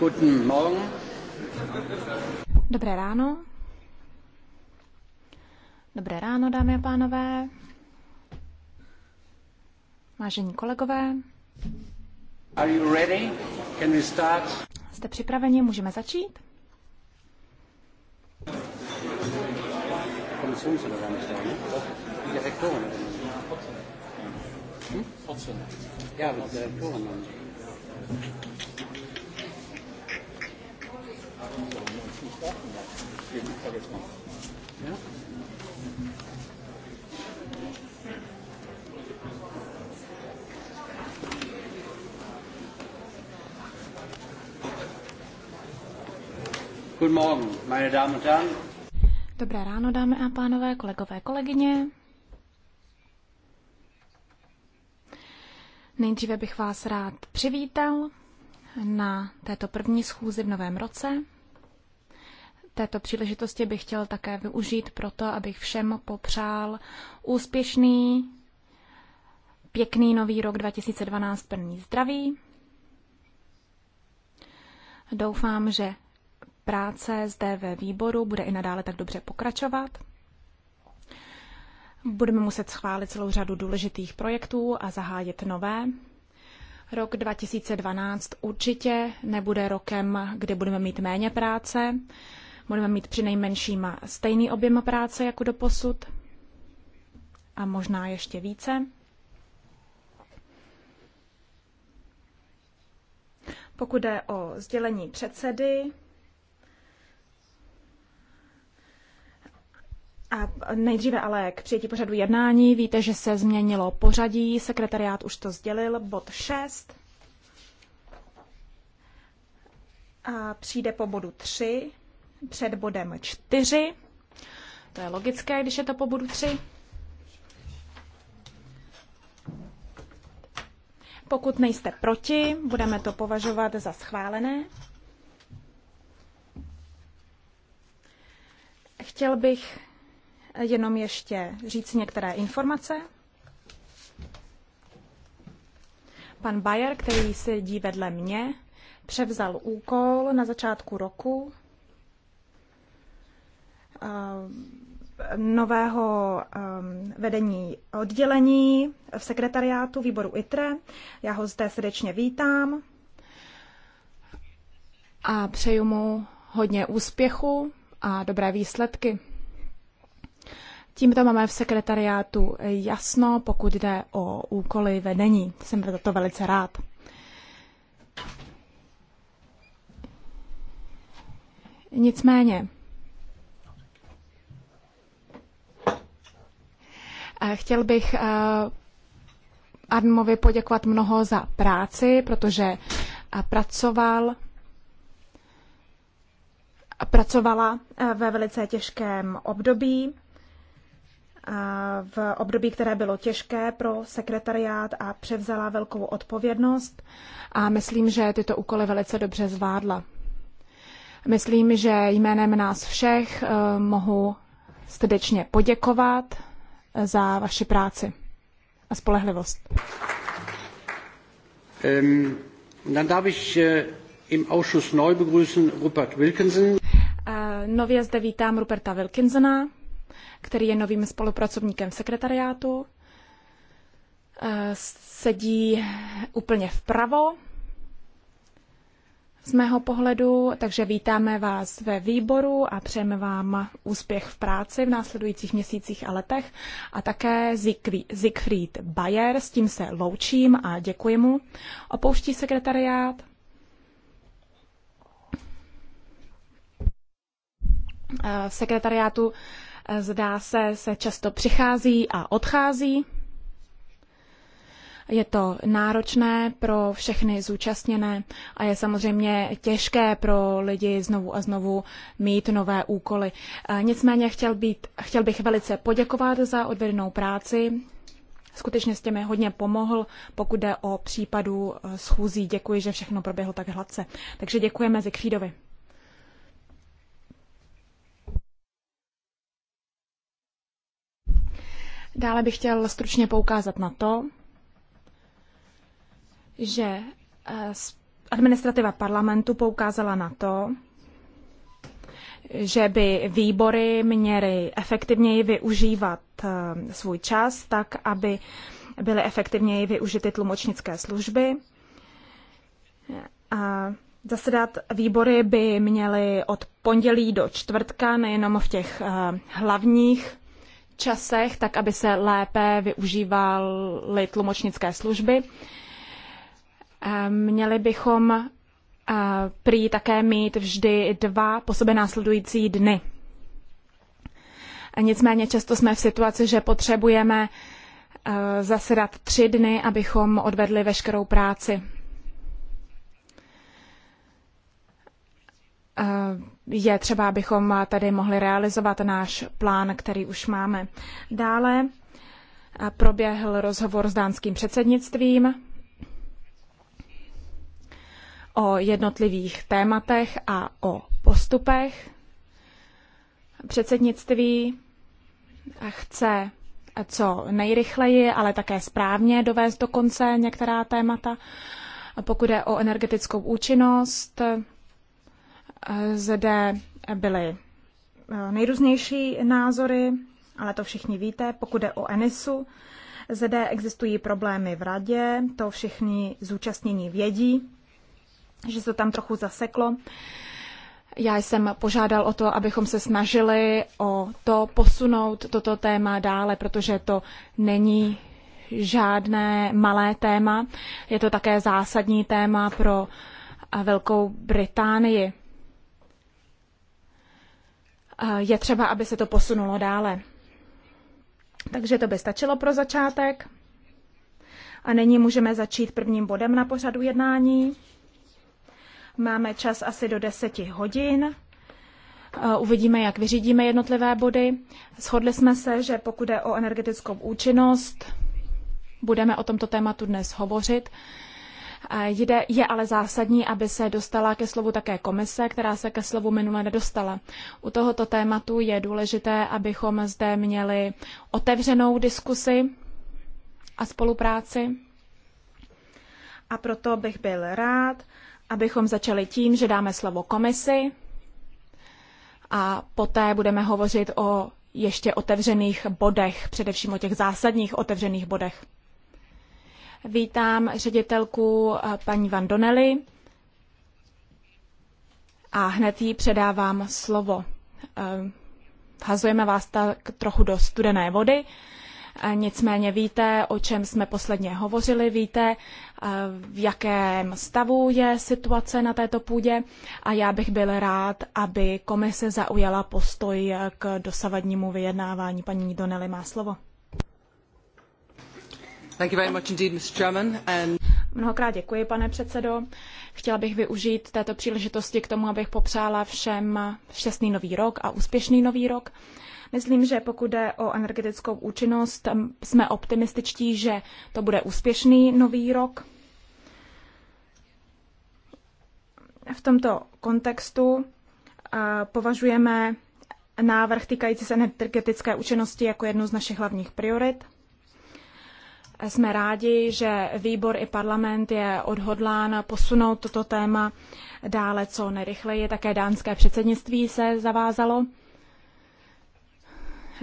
Guten Morgen. Dobré ráno. Dobré ráno, dámy a pánové. Vážení kolegové. Are you ready? Can we start? Jste připraveni? Můžeme začít? Hm? Ja, aber der Korn. Dobré ráno, dámy a pánové, kolegové, kolegyně. Nejdříve bych vás rád přivítal na této první schůzi v novém roce. Této příležitosti bych chtěl také využít proto, abych všem popřál úspěšný, pěkný nový rok 2012 plný zdraví. Doufám, že práce zde ve výboru bude i nadále tak dobře pokračovat. Budeme muset schválit celou řadu důležitých projektů a zahájit nové. Rok 2012 určitě nebude rokem, kdy budeme mít méně práce. Budeme mít při nejmenším stejný objem práce jako do posud a možná ještě více. Pokud jde o sdělení předsedy, A nejdříve ale k přijetí pořadu jednání. Víte, že se změnilo pořadí, sekretariát už to sdělil, bod 6. A přijde po bodu 3 před bodem 4. To je logické, když je to po bodu 3. Pokud nejste proti, budeme to považovat za schválené. Chtěl bych jenom ještě říct některé informace. Pan Bayer, který sedí vedle mě, převzal úkol na začátku roku Eh, nového eh, vedení oddělení v sekretariátu výboru ITRE. Já ho zde srdečně vítám a přeju mu hodně úspěchu a dobré výsledky. Tímto máme v sekretariátu jasno, pokud jde o úkoly vedení. Jsem za to velice rád. Nicméně, Chtěl bych eh, Admovi poděkovat mnoho za práci, protože eh, pracoval pracovala eh, ve velice těžkém období, v období, které bylo těžké pro sekretariát a převzala velkou odpovědnost a myslím, že tyto úkoly velice dobře zvládla. Myslím, že jménem nás všech mohu srdečně poděkovat za vaši práci a spolehlivost. Ähm, dann darf ich äh, im Ausschuss neu begrüßen Rupert Wilkinson. Äh, nově zde vítám Ruperta Wilkinsona, který je novým spolupracovníkem sekretariátu. Äh, sedí úplně vpravo z mého pohledu, takže vítáme vás ve výboru a přejeme vám úspěch v práci v následujících měsících a letech. A také Siegfried Bayer, s tím se loučím a děkuji mu. Opouští sekretariát. V eh, sekretariátu eh, zdá se, se často přichází a odchází. Je to náročné pro všechny zúčastněné a je samozřejmě těžké pro lidi znovu a znovu mít nové úkoly. E, nicméně chtěl, být, chtěl bych velice poděkovat za odvedenou práci. Skutečně s těmi hodně pomohl, pokud jde o případu e, schůzí. Děkuji, že všechno proběhlo tak hladce. Takže děkujeme Zikřídovi. Dále bych chtěl stručně poukázat na to, že eh, administrativa parlamentu poukázala na to, že by výbory měly efektivněji využívat eh, svůj čas tak, aby byly efektivněji využity tlumočnické služby. A zasedat výbory by měly od pondělí do čtvrtka, nejenom v těch eh, hlavních časech, tak aby se lépe využívaly tlumočnické služby. Ehm, měli bychom eh, prý také mít vždy dva po sobě následující dny. Nicméně často jsme v situaci, že potřebujeme eh, zasedat tři dny, abychom odvedli veškerou práci. Eh, je třeba, abychom tady mohli realizovat náš plán, který už máme. Dále proběhl rozhovor s dánským předsednictvím o jednotlivých tématech a o postupech. Předsednictví chce co nejrychleji, ale také správně dovést do konce některá témata. Pokud je o energetickou účinnost, zde byly eh, nejrůznější názory, ale to všichni víte. Pokud je o Enisu, zde existují problémy v radě, to všichni zúčastnění vědí že se tam trochu zaseklo. Já jsem požádal o to, abychom se snažili o to posunout toto téma dále, protože to není žádné malé téma. Je to také zásadní téma pro Velkou Británii. Je třeba, aby se to posunulo dále. Takže to by stačilo pro začátek. A nyní můžeme začít prvním bodem na pořadu jednání. Máme čas asi do deseti hodin. Eh, uvidíme, jak vyřídíme jednotlivé body. Shodli jsme se, že pokud je o energetickou účinnost, budeme o tomto tématu dnes hovořit. Eh, jde, je ale zásadní, aby se dostala ke slovu také komise, která se ke slovu minule nedostala. U tohoto tématu je důležité, abychom zde měli otevřenou diskusi a spolupráci. A proto bych byl rád, abychom začali tím, že dáme slovo komisi a poté budeme hovořit o ještě otevřených bodech, především o těch zásadních otevřených bodech. Vítám ředitelku eh, paní Van Donnelly a hned jí předávám slovo. Eh, hazujeme vás tak trochu do studené vody, eh, nicméně víte, o čem jsme posledně hovořili, víte, Eh, v jakém stavu je situace na této půdě a já bych byl rád, aby komise zaujala postoj k dosavadnímu vyjednávání. Paní Donnelly má slovo. Mnohokrát děkuji, pane předsedo. Chtěla bych využít této příležitosti k tomu, abych popřála všem šťastný nový rok a úspěšný nový rok. Myslím, že pokud jde o energetickou účinnost, jsme optimističtí, že to bude úspěšný nový rok. V tomto kontextu eh, považujeme návrh týkající se energetické účinnosti jako jednu z našich hlavních priorit. Jsme rádi, že výbor i parlament je odhodlán posunout toto téma dále co nejrychleji. Také dánské předsednictví se zavázalo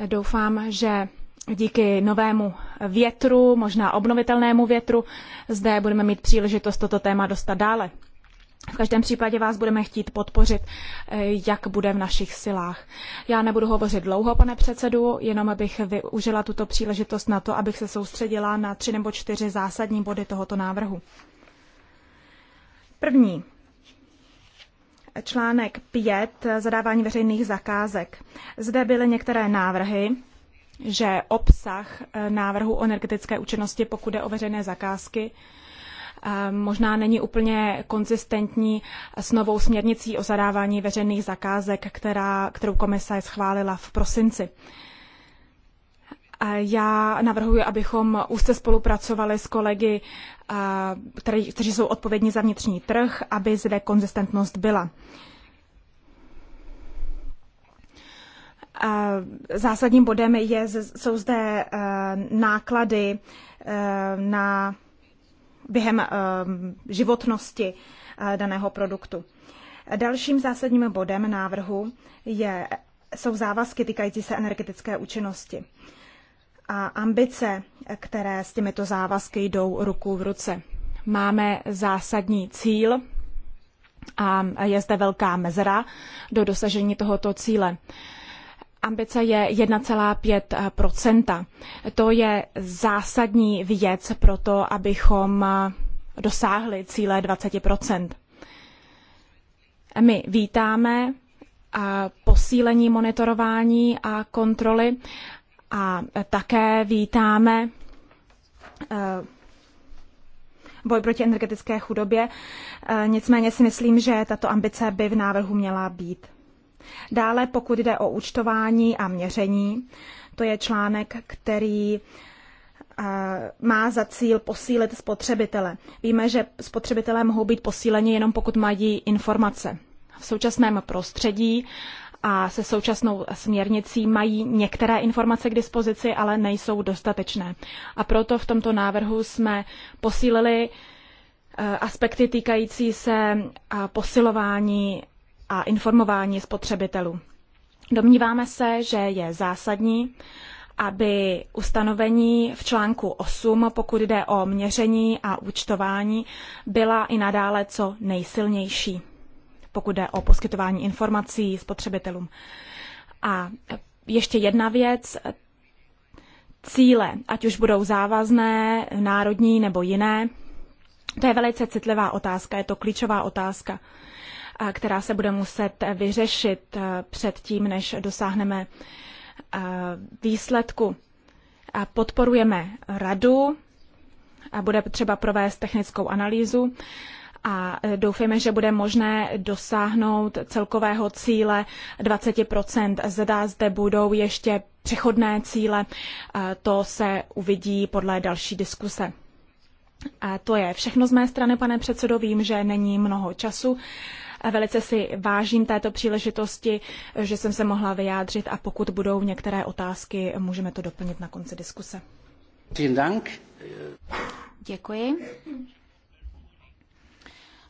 Doufám, že díky novému větru, možná obnovitelnému větru, zde budeme mít příležitost toto téma dostat dále. V každém případě vás budeme chtít podpořit, eh, jak bude v našich silách. Já nebudu hovořit dlouho, pane předsedu, jenom bych využila tuto příležitost na to, abych se soustředila na tři nebo čtyři zásadní body tohoto návrhu. První článek 5, zadávání veřejných zakázek. Zde byly některé návrhy, že obsah eh, návrhu o energetické účinnosti, pokud jde o veřejné zakázky, eh, možná není úplně konzistentní s novou směrnicí o zadávání veřejných zakázek, která, kterou komise schválila v prosinci. Já navrhuji, abychom úzce spolupracovali s kolegy, který, kteří jsou odpovědní za vnitřní trh, aby zde konzistentnost byla. Zásadním bodem je, jsou zde e, náklady e, na během e, životnosti daného produktu. Dalším zásadním bodem návrhu je, jsou závazky týkající se energetické účinnosti a ambice, které s těmito závazky jdou ruku v ruce. Máme zásadní cíl a je zde velká mezera do dosažení tohoto cíle. Ambice je 1,5 To je zásadní věc pro to, abychom dosáhli cíle 20 My vítáme posílení monitorování a kontroly a také vítáme eh, boj proti energetické chudobě. Eh, nicméně si myslím, že tato ambice by v návrhu měla být. Dále, pokud jde o účtování a měření, to je článek, který eh, má za cíl posílit spotřebitele. Víme, že spotřebitelé mohou být posíleni jenom pokud mají informace. V současném prostředí a se současnou směrnicí mají některé informace k dispozici, ale nejsou dostatečné. A proto v tomto návrhu jsme posílili eh, aspekty týkající se eh, posilování a informování spotřebitelů. Domníváme se, že je zásadní, aby ustanovení v článku 8, pokud jde o měření a účtování, byla i nadále co nejsilnější pokud jde o poskytování informací spotřebitelům. A ještě jedna věc, cíle, ať už budou závazné, národní nebo jiné, to je velice citlivá otázka, je to klíčová otázka, která se bude muset vyřešit před tím, než dosáhneme výsledku. Podporujeme radu, a bude třeba provést technickou analýzu a e, doufejme, že bude možné dosáhnout celkového cíle 20 Zda zde budou ještě přechodné cíle, e, to se uvidí podle další diskuse. A to je všechno z mé strany, pane předsedo. Vím, že není mnoho času. Velice si vážím této příležitosti, že jsem se mohla vyjádřit a pokud budou některé otázky, můžeme to doplnit na konci diskuse. Děkuji.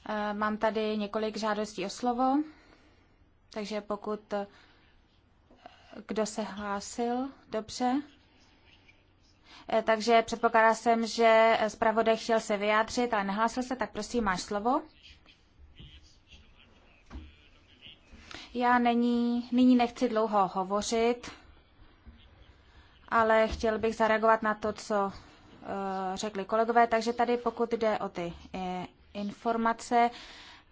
Eh, mám tady několik žádostí o slovo, takže pokud eh, kdo se hlásil, dobře. Eh, takže předpokládá jsem, že zpravodaj chtěl se vyjádřit, ale nehlásil se, tak prosím, máš slovo. Já není, nyní nechci dlouho hovořit, ale chtěl bych zareagovat na to, co řekli kolegové. Takže tady, pokud jde o ty informace.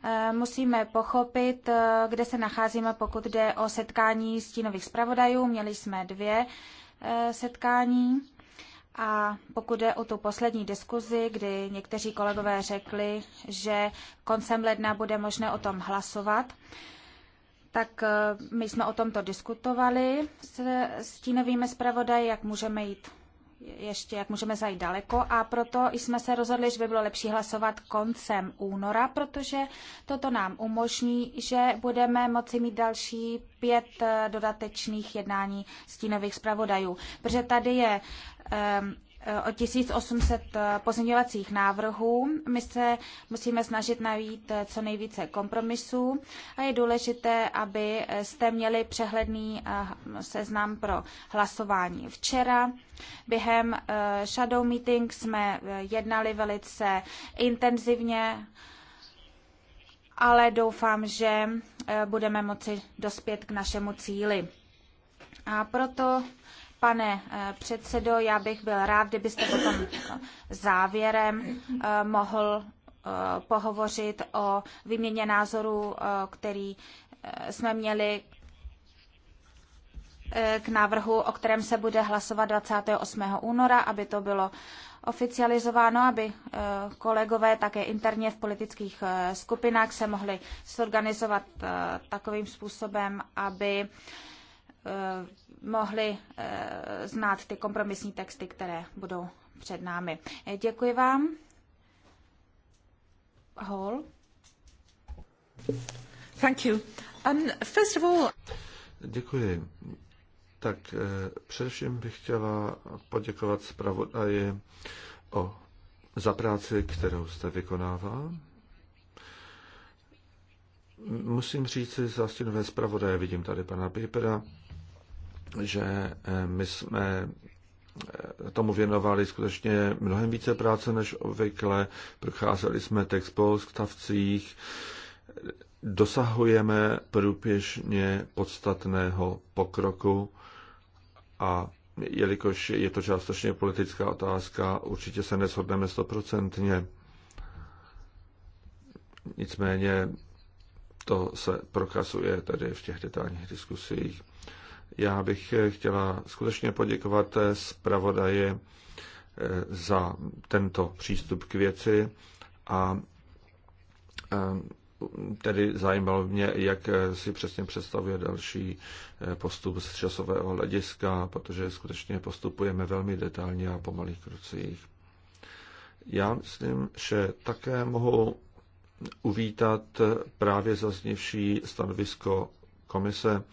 Eh, musíme pochopit, eh, kde se nacházíme, pokud jde o setkání stínových zpravodajů. Měli jsme dvě eh, setkání. A pokud jde o tu poslední diskuzi, kdy někteří kolegové řekli, že koncem ledna bude možné o tom hlasovat, tak my jsme o tomto diskutovali s stínovými zpravodaji, jak můžeme jít ještě, jak můžeme zajít daleko a proto jsme se rozhodli, že by bylo lepší hlasovat koncem února, protože toto nám umožní, že budeme moci mít další pět eh, dodatečných jednání stínových zpravodajů, protože tady je um, O 1800 eh, pozměňovacích návrhů. My se musíme snažit najít eh, co nejvíce kompromisů a je důležité, aby eh, jste měli přehledný seznam pro hlasování. Včera během shadow meeting jsme jednali velice intenzivně, ale doufám, že budeme moci dospět k našemu cíli. A proto Pane eh, předsedo, já bych byl rád, kdybyste potom závěrem eh, mohl eh, pohovořit o výměně názorů, který jsme měli k návrhu, o kterém se bude hlasovat 28. února, aby to bylo oficializováno, aby kolegové také interně v politických skupinách se mohli zorganizovat takovým způsobem, aby mohli eh, znát ty kompromisní texty, které budou před námi. Eh, děkuji vám. Hall. Thank you. Um, first of all... Děkuji. Tak eh, především bych chtěla poděkovat zpravodaji o, za práci, kterou jste vykonává. Musím říct, že zastínové zpravodaje, vidím tady pana Pipera, že eh, my jsme eh, tomu věnovali skutečně mnohem více práce než obvykle. Procházeli jsme text po stavcích, dosahujeme průběžně podstatného pokroku a jelikož je to částečně politická otázka, určitě se neshodneme stoprocentně. Nicméně to se prokazuje tady v těch detailních diskusích. Já bych eh, chtěla skutečně poděkovat eh, zpravodaji eh, za tento přístup k věci a tedy zajímalo mě, jak si přesně představuje další postup z časového hlediska, protože skutečně postupujeme velmi detailně a po malých krucích. Já myslím, že také mohu uvítat právě zaznivší stanovisko komise,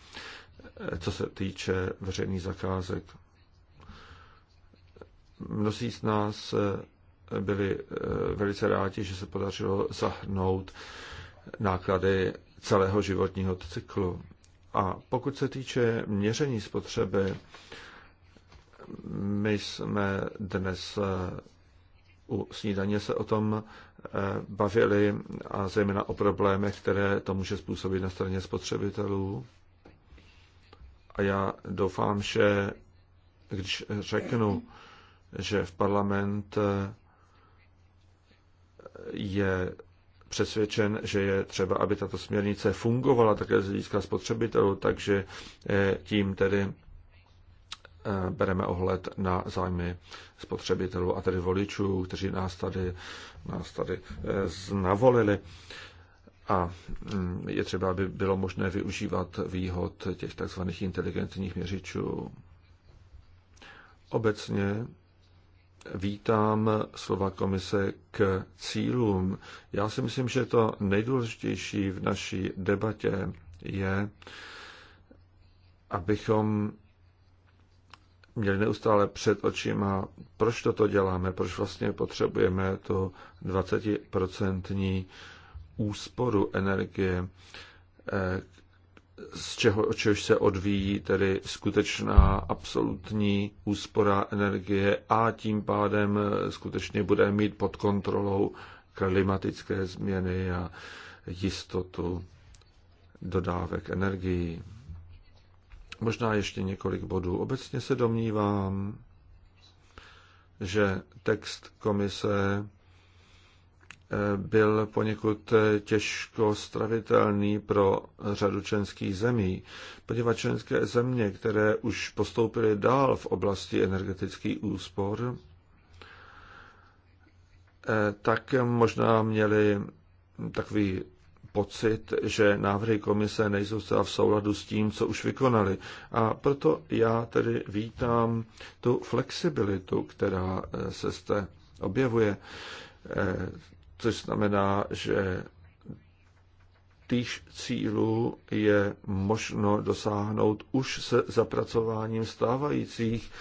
co se týče veřejných zakázek. Mnozí z nás eh, byli eh, velice rádi, že se podařilo zahnout náklady celého životního cyklu. A pokud se týče měření spotřeby, my jsme dnes eh, u snídaně se o tom bavili a zejména o problémech, které to může způsobit na straně spotřebitelů. A já doufám, že když řeknu, že v parlament eh, je přesvědčen, že je třeba, aby tato směrnice fungovala také z hlediska spotřebitelů, takže eh, tím tedy eh, bereme ohled na zájmy spotřebitelů a tedy voličů, kteří nás tady, nás tady navolili. A mm, je třeba, aby bylo možné využívat výhod těch tzv. inteligentních měřičů. Obecně vítám slova komise k cílům. Já si myslím, že to nejdůležitější v naší debatě je, abychom měli neustále před očima, proč toto děláme, proč vlastně potřebujeme tu 20% úsporu energie, eh, z čeho, od čehož se odvíjí tedy skutečná absolutní úspora energie a tím pádem eh, skutečně budeme mít pod kontrolou klimatické změny a jistotu dodávek energií. Možná ještě několik bodů. Obecně se domnívám, že text komise byl poněkud těžko stravitelný pro řadu členských zemí, Podívat členské země, které už postoupily dál v oblasti energetický úspor, eh, tak možná měli takový pocit, že návrhy komise nejsou zcela v souladu s tím, co už vykonali. A proto já tedy vítám tu flexibilitu, která eh, se zde objevuje eh, což znamená, že týž cílů je možno dosáhnout už se zapracováním stávajících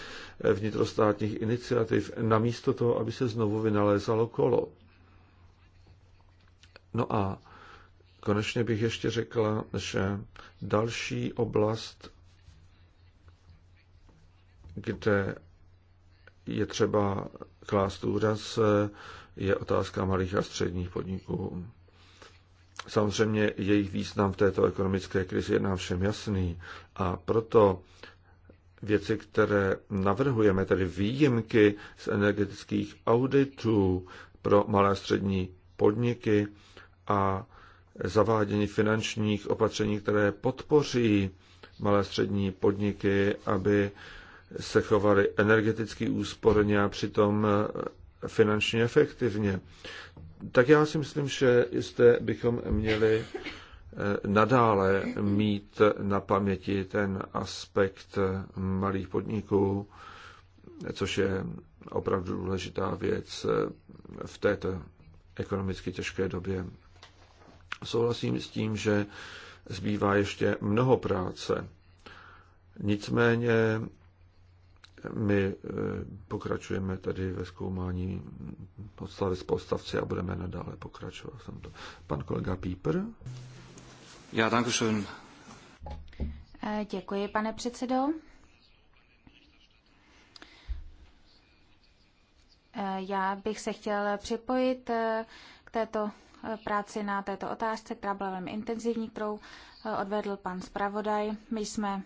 vnitrostátních iniciativ, namísto toho, aby se znovu vynalézalo kolo. No a konečně bych ještě řekla, že další oblast, kde je třeba klást úraz, je otázka malých a středních podniků. Samozřejmě jejich význam v této ekonomické krizi je nám všem jasný a proto věci, které navrhujeme, tedy výjimky z energetických auditů pro malé a střední podniky a zavádění finančních opatření, které podpoří malé a střední podniky, aby se chovaly energeticky úsporně a přitom finančně efektivně. Tak já si myslím, že jste bychom měli eh, nadále mít na paměti ten aspekt eh, malých podniků, což je opravdu důležitá věc eh, v této ekonomicky těžké době. Souhlasím s tím, že zbývá ještě mnoho práce. Nicméně my eh, pokračujeme tady ve zkoumání podstavy z odstavci a budeme nadále pokračovat v tomto. Pan kolega Píper. Já, dankeschön. Eh, děkuji, pane předsedo. Eh, já bych se chtěl připojit k této práci na této otázce, která byla velmi intenzivní, kterou odvedl pan zpravodaj. My jsme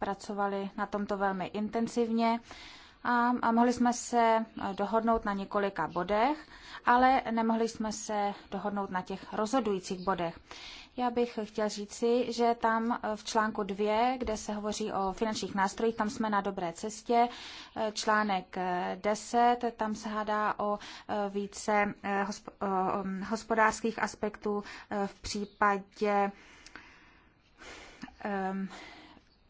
pracovali na tomto velmi intenzivně a, a mohli jsme se eh, dohodnout na několika bodech, ale nemohli jsme se dohodnout na těch rozhodujících bodech. Já bych chtěl říci, že tam eh, v článku 2, kde se hovoří o finančních nástrojích, tam jsme na dobré cestě. Eh, článek 10, tam se hádá o více um, hospodářských aspektů v případě ehm,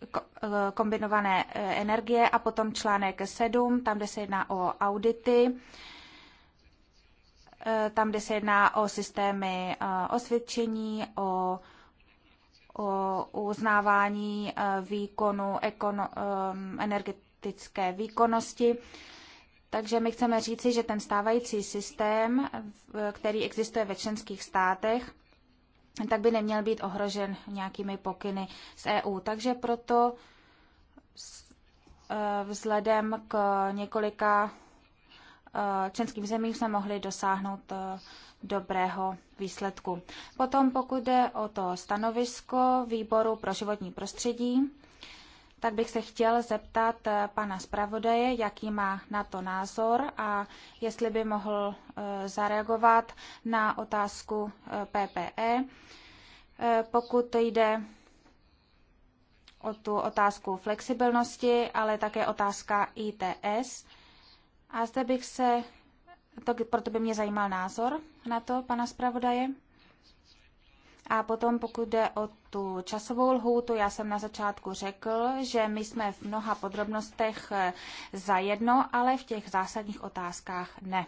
Eh, kombinované eh, energie a potom článek 7, tam, kde se jedná o audity, eh, tam, kde se jedná o systémy osvědčení, o, o uznávání výkonu ekono, energetické výkonnosti. Takže my chceme říci, že ten stávající systém, který existuje ve členských státech, tak by neměl být ohrožen nějakými pokyny z EU. Takže proto e, vzhledem k několika e, členským zemím jsme mohli dosáhnout e, dobrého výsledku. Potom, pokud jde o to stanovisko výboru pro životní prostředí, tak bych se chtěl zeptat eh, pana zpravodaje, jaký má na to názor a jestli by mohl eh, zareagovat na otázku eh, PPE. Pokud jde o tu otázku flexibilnosti, ale také otázka ITS. A zde bych se, to, proto by mě zajímal názor na to pana zpravodaje. A potom, pokud jde o tu časovou lhůtu, já jsem na začátku řekl, že my jsme v mnoha podrobnostech eh, za jedno, ale v těch zásadních otázkách ne.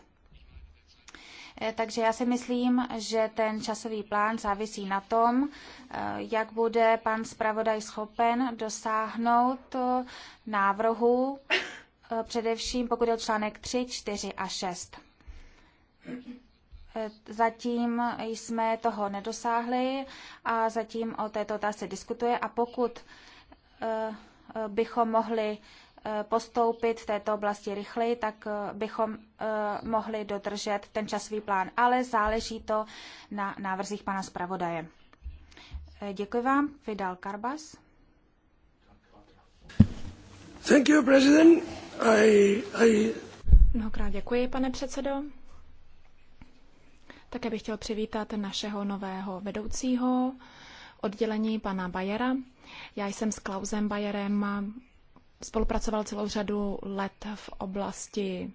Eh, takže já si myslím, že ten časový plán závisí na tom, eh, jak bude pan zpravodaj schopen dosáhnout návrhu, především pokud je o článek 3, 4 a 6. Zatím jsme toho nedosáhli a zatím o této otázce diskutuje a pokud eh, bychom mohli eh, postoupit v této oblasti rychleji, tak eh, bychom mohli dodržet ten časový plán. Ale záleží to na návrzích pana zpravodaje. Děkuji vám. Vidal Karbas. Thank you, president. I, I... Mnohokrát děkuji, pane předsedo. Také bych chtěl přivítat našeho nového vedoucího oddělení, pana Bajera. Já jsem s Klausem Bajerem spolupracoval celou řadu let v oblasti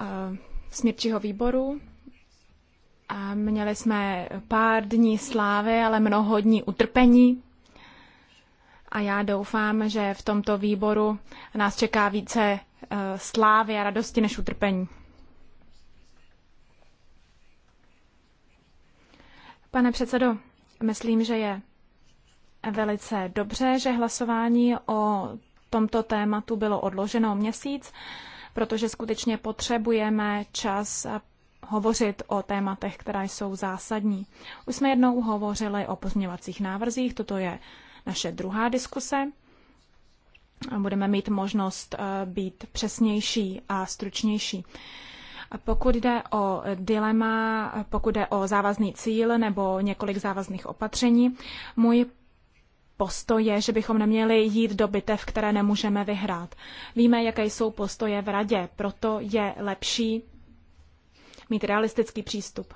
uh, eh, smírčího výboru. A měli jsme pár dní slávy, ale mnoho dní utrpení. A já doufám, že v tomto výboru nás čeká více eh, slávy a radosti než utrpení. Pane předsedo, myslím, že je velice dobře, že hlasování o tomto tématu bylo odloženo měsíc, protože skutečně potřebujeme čas hovořit o tématech, která jsou zásadní. Už jsme jednou hovořili o pozměňovacích návrzích, toto je naše druhá diskuse. Budeme mít možnost eh, být přesnější a stručnější. Pokud jde o dilema, pokud jde o závazný cíl nebo několik závazných opatření, můj postoje, že bychom neměli jít do bitev, které nemůžeme vyhrát. Víme, jaké jsou postoje v radě, proto je lepší mít realistický přístup.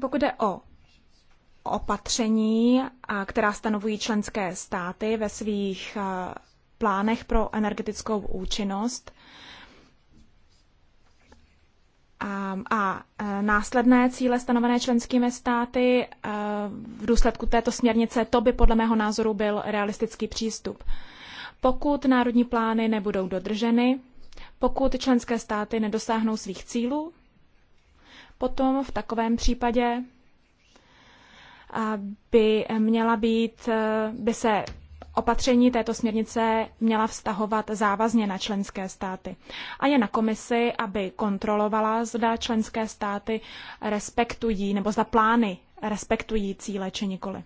Pokud jde o opatření, která stanovují členské státy ve svých eh, plánech pro energetickou účinnost a, eh, následné cíle stanovené členskými státy eh, v důsledku této směrnice, to by podle mého názoru byl realistický přístup. Pokud národní plány nebudou dodrženy, pokud členské státy nedosáhnou svých cílů, potom v takovém případě by měla být, by se opatření této směrnice měla vztahovat závazně na členské státy. A je na komisi, aby kontrolovala, zda členské státy respektují nebo zda plány respektují cíle či nikoli.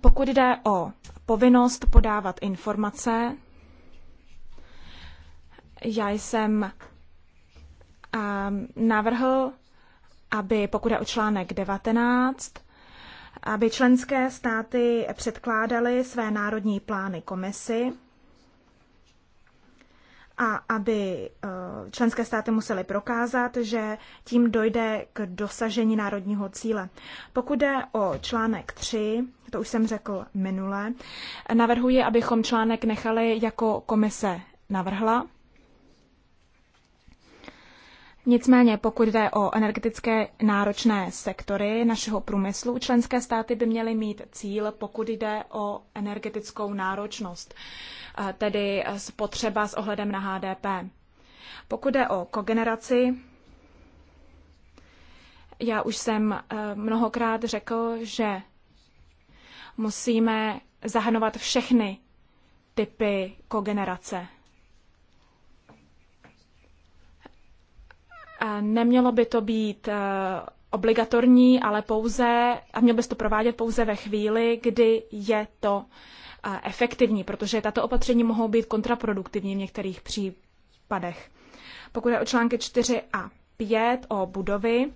Pokud jde o povinnost podávat informace, já jsem navrhl aby, pokud je o článek 19, aby členské státy předkládaly své národní plány komisi a aby eh, členské státy musely prokázat, že tím dojde k dosažení národního cíle. Pokud jde o článek 3, to už jsem řekl minule, navrhuji, abychom článek nechali jako komise navrhla Nicméně, pokud jde o energetické náročné sektory našeho průmyslu, členské státy by měly mít cíl, pokud jde o energetickou náročnost, eh, tedy spotřeba s ohledem na HDP. Pokud jde o kogeneraci, já už jsem eh, mnohokrát řekl, že musíme zahrnovat všechny typy kogenerace. Nemělo by to být eh, obligatorní, ale pouze, a měl bys to provádět pouze ve chvíli, kdy je to eh, efektivní, protože tato opatření mohou být kontraproduktivní v některých případech. Pokud je o články 4 a 5 o budovy,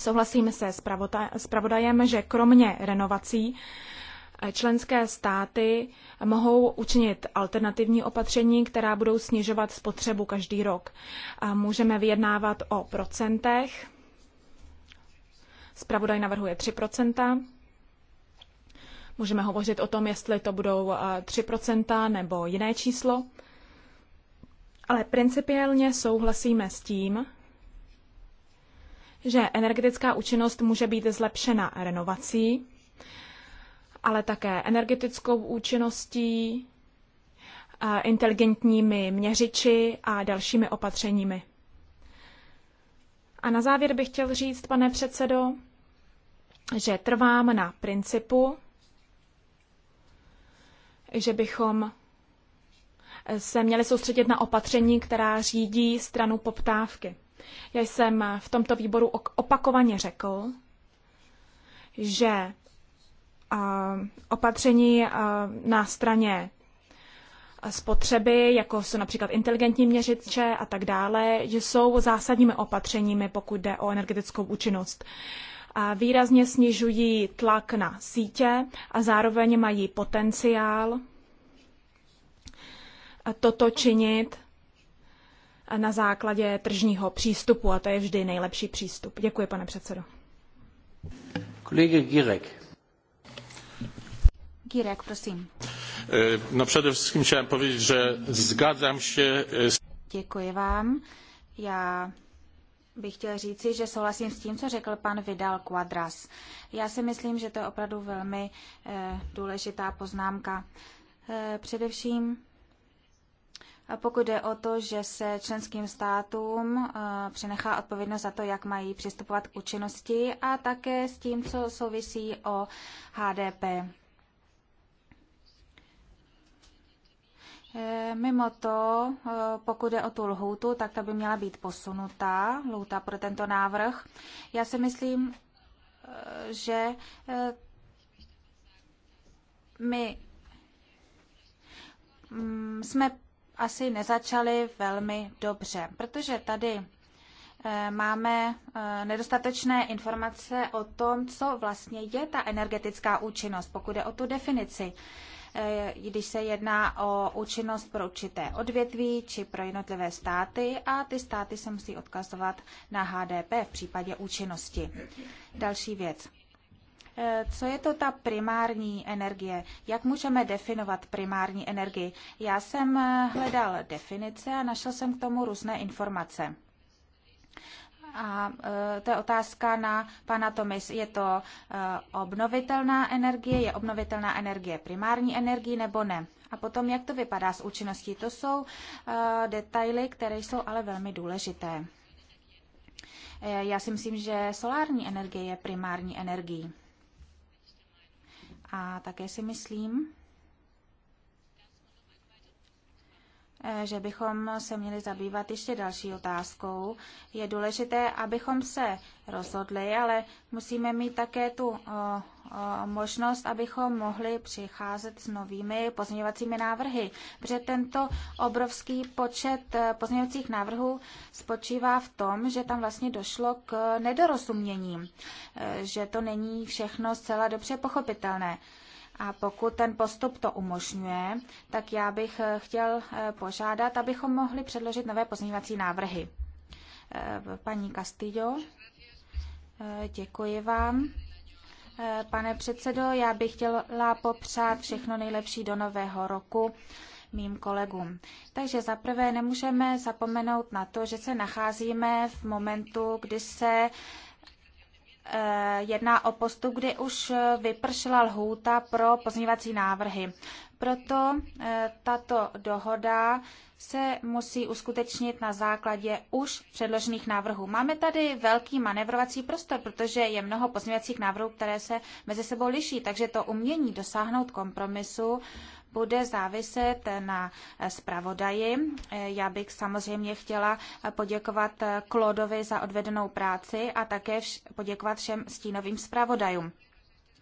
souhlasíme se s pravodajem, že kromě renovací členské státy mohou učinit alternativní opatření, která budou snižovat spotřebu každý rok. Můžeme vyjednávat o procentech. Spravodaj navrhuje 3 Můžeme hovořit o tom, jestli to budou 3 nebo jiné číslo. Ale principiálně souhlasíme s tím, že energetická účinnost může být zlepšena renovací ale také energetickou účinností, inteligentními měřiči a dalšími opatřeními. A na závěr bych chtěl říct, pane předsedo, že trvám na principu, že bychom se měli soustředit na opatření, která řídí stranu poptávky. Já jsem v tomto výboru opakovaně řekl, že opatření na straně spotřeby, jako jsou například inteligentní měřiče a tak dále, že jsou zásadními opatřeními, pokud jde o energetickou účinnost. A výrazně snižují tlak na sítě a zároveň mají potenciál toto činit na základě tržního přístupu a to je vždy nejlepší přístup. Děkuji, pane předsedo. Kolega Girek. Girek, prosím. E, no przede wszystkim chciałem powiedzieć, że zgadzam się... E, Děkuji vám. Já bych chtěl říci, že souhlasím s tím, co řekl pan Vidal Quadras. Já si myslím, že to je opravdu velmi eh, důležitá poznámka. Eh, především a pokud jde o to, že se členským státům e, přenechá odpovědnost za to, jak mají přistupovat k účinnosti a také s tím, co souvisí o HDP. Eh, mimo to, eh, pokud je o tu lhoutu, tak ta by měla být posunutá, lhouta pro tento návrh. Já si myslím, eh, že my mm, jsme asi nezačali velmi dobře, protože tady máme nedostatečné informace o tom, co vlastně je ta energetická účinnost, pokud je o tu definici. Eh, když se jedná o účinnost pro určité odvětví či pro jednotlivé státy a ty státy se musí odkazovat na HDP v případě účinnosti. Další věc. Eh, co je to ta primární energie? Jak můžeme definovat primární energii? Já jsem eh, hledal definice a našel jsem k tomu různé informace. A e, to je otázka na pana Tomis. Je to e, obnovitelná energie? Je obnovitelná energie primární energie nebo ne? A potom, jak to vypadá s účinností? To jsou e, detaily, které jsou ale velmi důležité. Já si myslím, že solární energie je primární energií. A také si myslím, Eh, že bychom se měli zabývat ještě další otázkou. Je důležité, abychom se rozhodli, ale musíme mít také tu eh, eh, možnost, abychom mohli přicházet s novými pozměňovacími návrhy, protože tento obrovský počet pozměňovacích návrhů spočívá v tom, že tam vlastně došlo k nedorozuměním, že to není všechno zcela dobře pochopitelné. A pokud ten postup to umožňuje, tak já bych eh, chtěl eh, požádat, abychom mohli předložit nové pozměňovací návrhy. Eh, paní Castillo, děkuji vám. Pane předsedo, já bych chtěla popřát všechno nejlepší do nového roku mým kolegům. Takže zaprvé nemůžeme zapomenout na to, že se nacházíme v momentu, kdy se uh, Eh, jedná o postup, kdy už vypršela lhůta pro pozměňovací návrhy. Proto eh, tato dohoda se musí uskutečnit na základě už předložených návrhů. Máme tady velký manevrovací prostor, protože je mnoho pozměňovacích návrhů, které se mezi sebou liší, takže to umění dosáhnout kompromisu bude záviset na zpravodaji. Já bych samozřejmě chtěla poděkovat Klodovi za odvedenou práci a také poděkovat všem stínovým zpravodajům.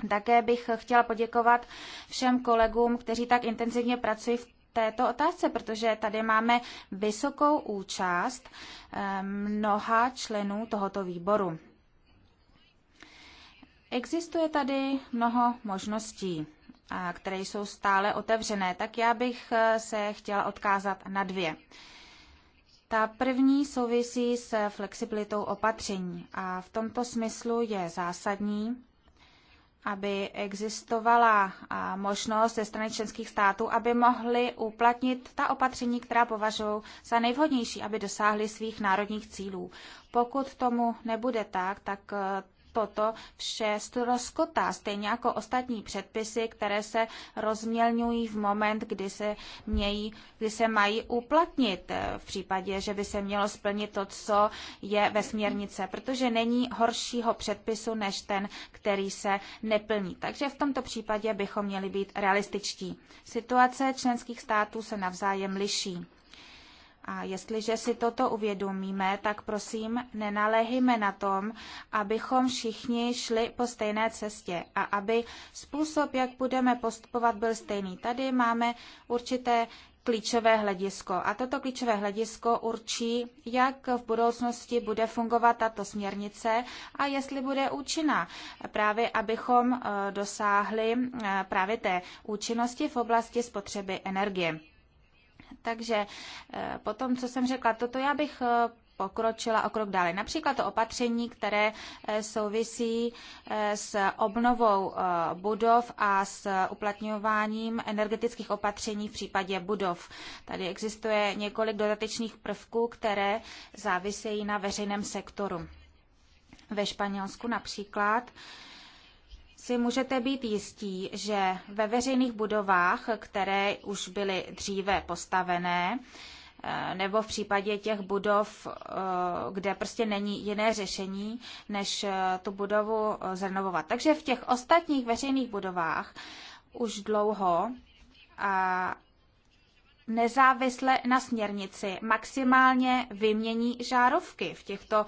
Také bych chtěla poděkovat všem kolegům, kteří tak intenzivně pracují v této otázce, protože tady máme vysokou účast eh, mnoha členů tohoto výboru. Existuje tady mnoho možností které jsou stále otevřené, tak já bych eh, se chtěla odkázat na dvě. Ta první souvisí s flexibilitou opatření a v tomto smyslu je zásadní, aby existovala eh, možnost ze strany členských států, aby mohli uplatnit ta opatření, která považují za nejvhodnější, aby dosáhli svých národních cílů. Pokud tomu nebude tak, tak eh, toto vše rozkotá, stejně jako ostatní předpisy, které se rozmělňují v moment, kdy se, mějí, kdy se mají uplatnit eh, v případě, že by se mělo splnit to, co je ve směrnice, protože není horšího předpisu než ten, který se neplní. Takže v tomto případě bychom měli být realističtí. Situace členských států se navzájem liší. A jestliže si toto uvědomíme, tak prosím, nenaléhejme na tom, abychom všichni šli po stejné cestě a aby způsob, jak budeme postupovat, byl stejný. Tady máme určité klíčové hledisko. A toto klíčové hledisko určí, jak v budoucnosti bude fungovat tato směrnice a jestli bude účinná. Právě abychom eh, dosáhli eh, právě té účinnosti v oblasti spotřeby energie. Takže eh, po tom, co jsem řekla, toto já bych eh, pokročila o krok dále. Například to opatření, které eh, souvisí s obnovou budov a s uplatňováním energetických opatření v případě budov. Tady existuje několik dodatečných prvků, které závisejí na veřejném sektoru. Ve Španělsku například si můžete být jistí, že ve veřejných budovách, které už byly dříve postavené, eh, nebo v případě těch budov, eh, kde prostě není jiné řešení, než eh, tu budovu zrenovovat. Takže v těch ostatních veřejných budovách už dlouho a nezávisle na směrnici maximálně vymění žárovky v těchto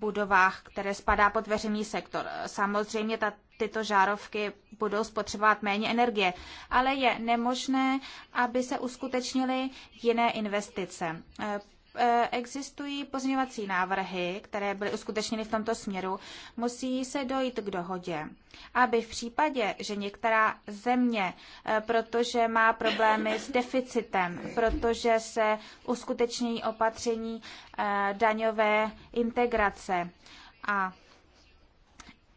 budovách, které spadá pod veřejný sektor. Samozřejmě ta tyto žárovky budou spotřebovat méně energie, ale je nemožné, aby se uskutečnily jiné investice. E, e, existují pozměňovací návrhy, které byly uskutečněny v tomto směru. Musí se dojít k dohodě, aby v případě, že některá země, e, protože má problémy s deficitem, protože se uskuteční opatření daňové integrace a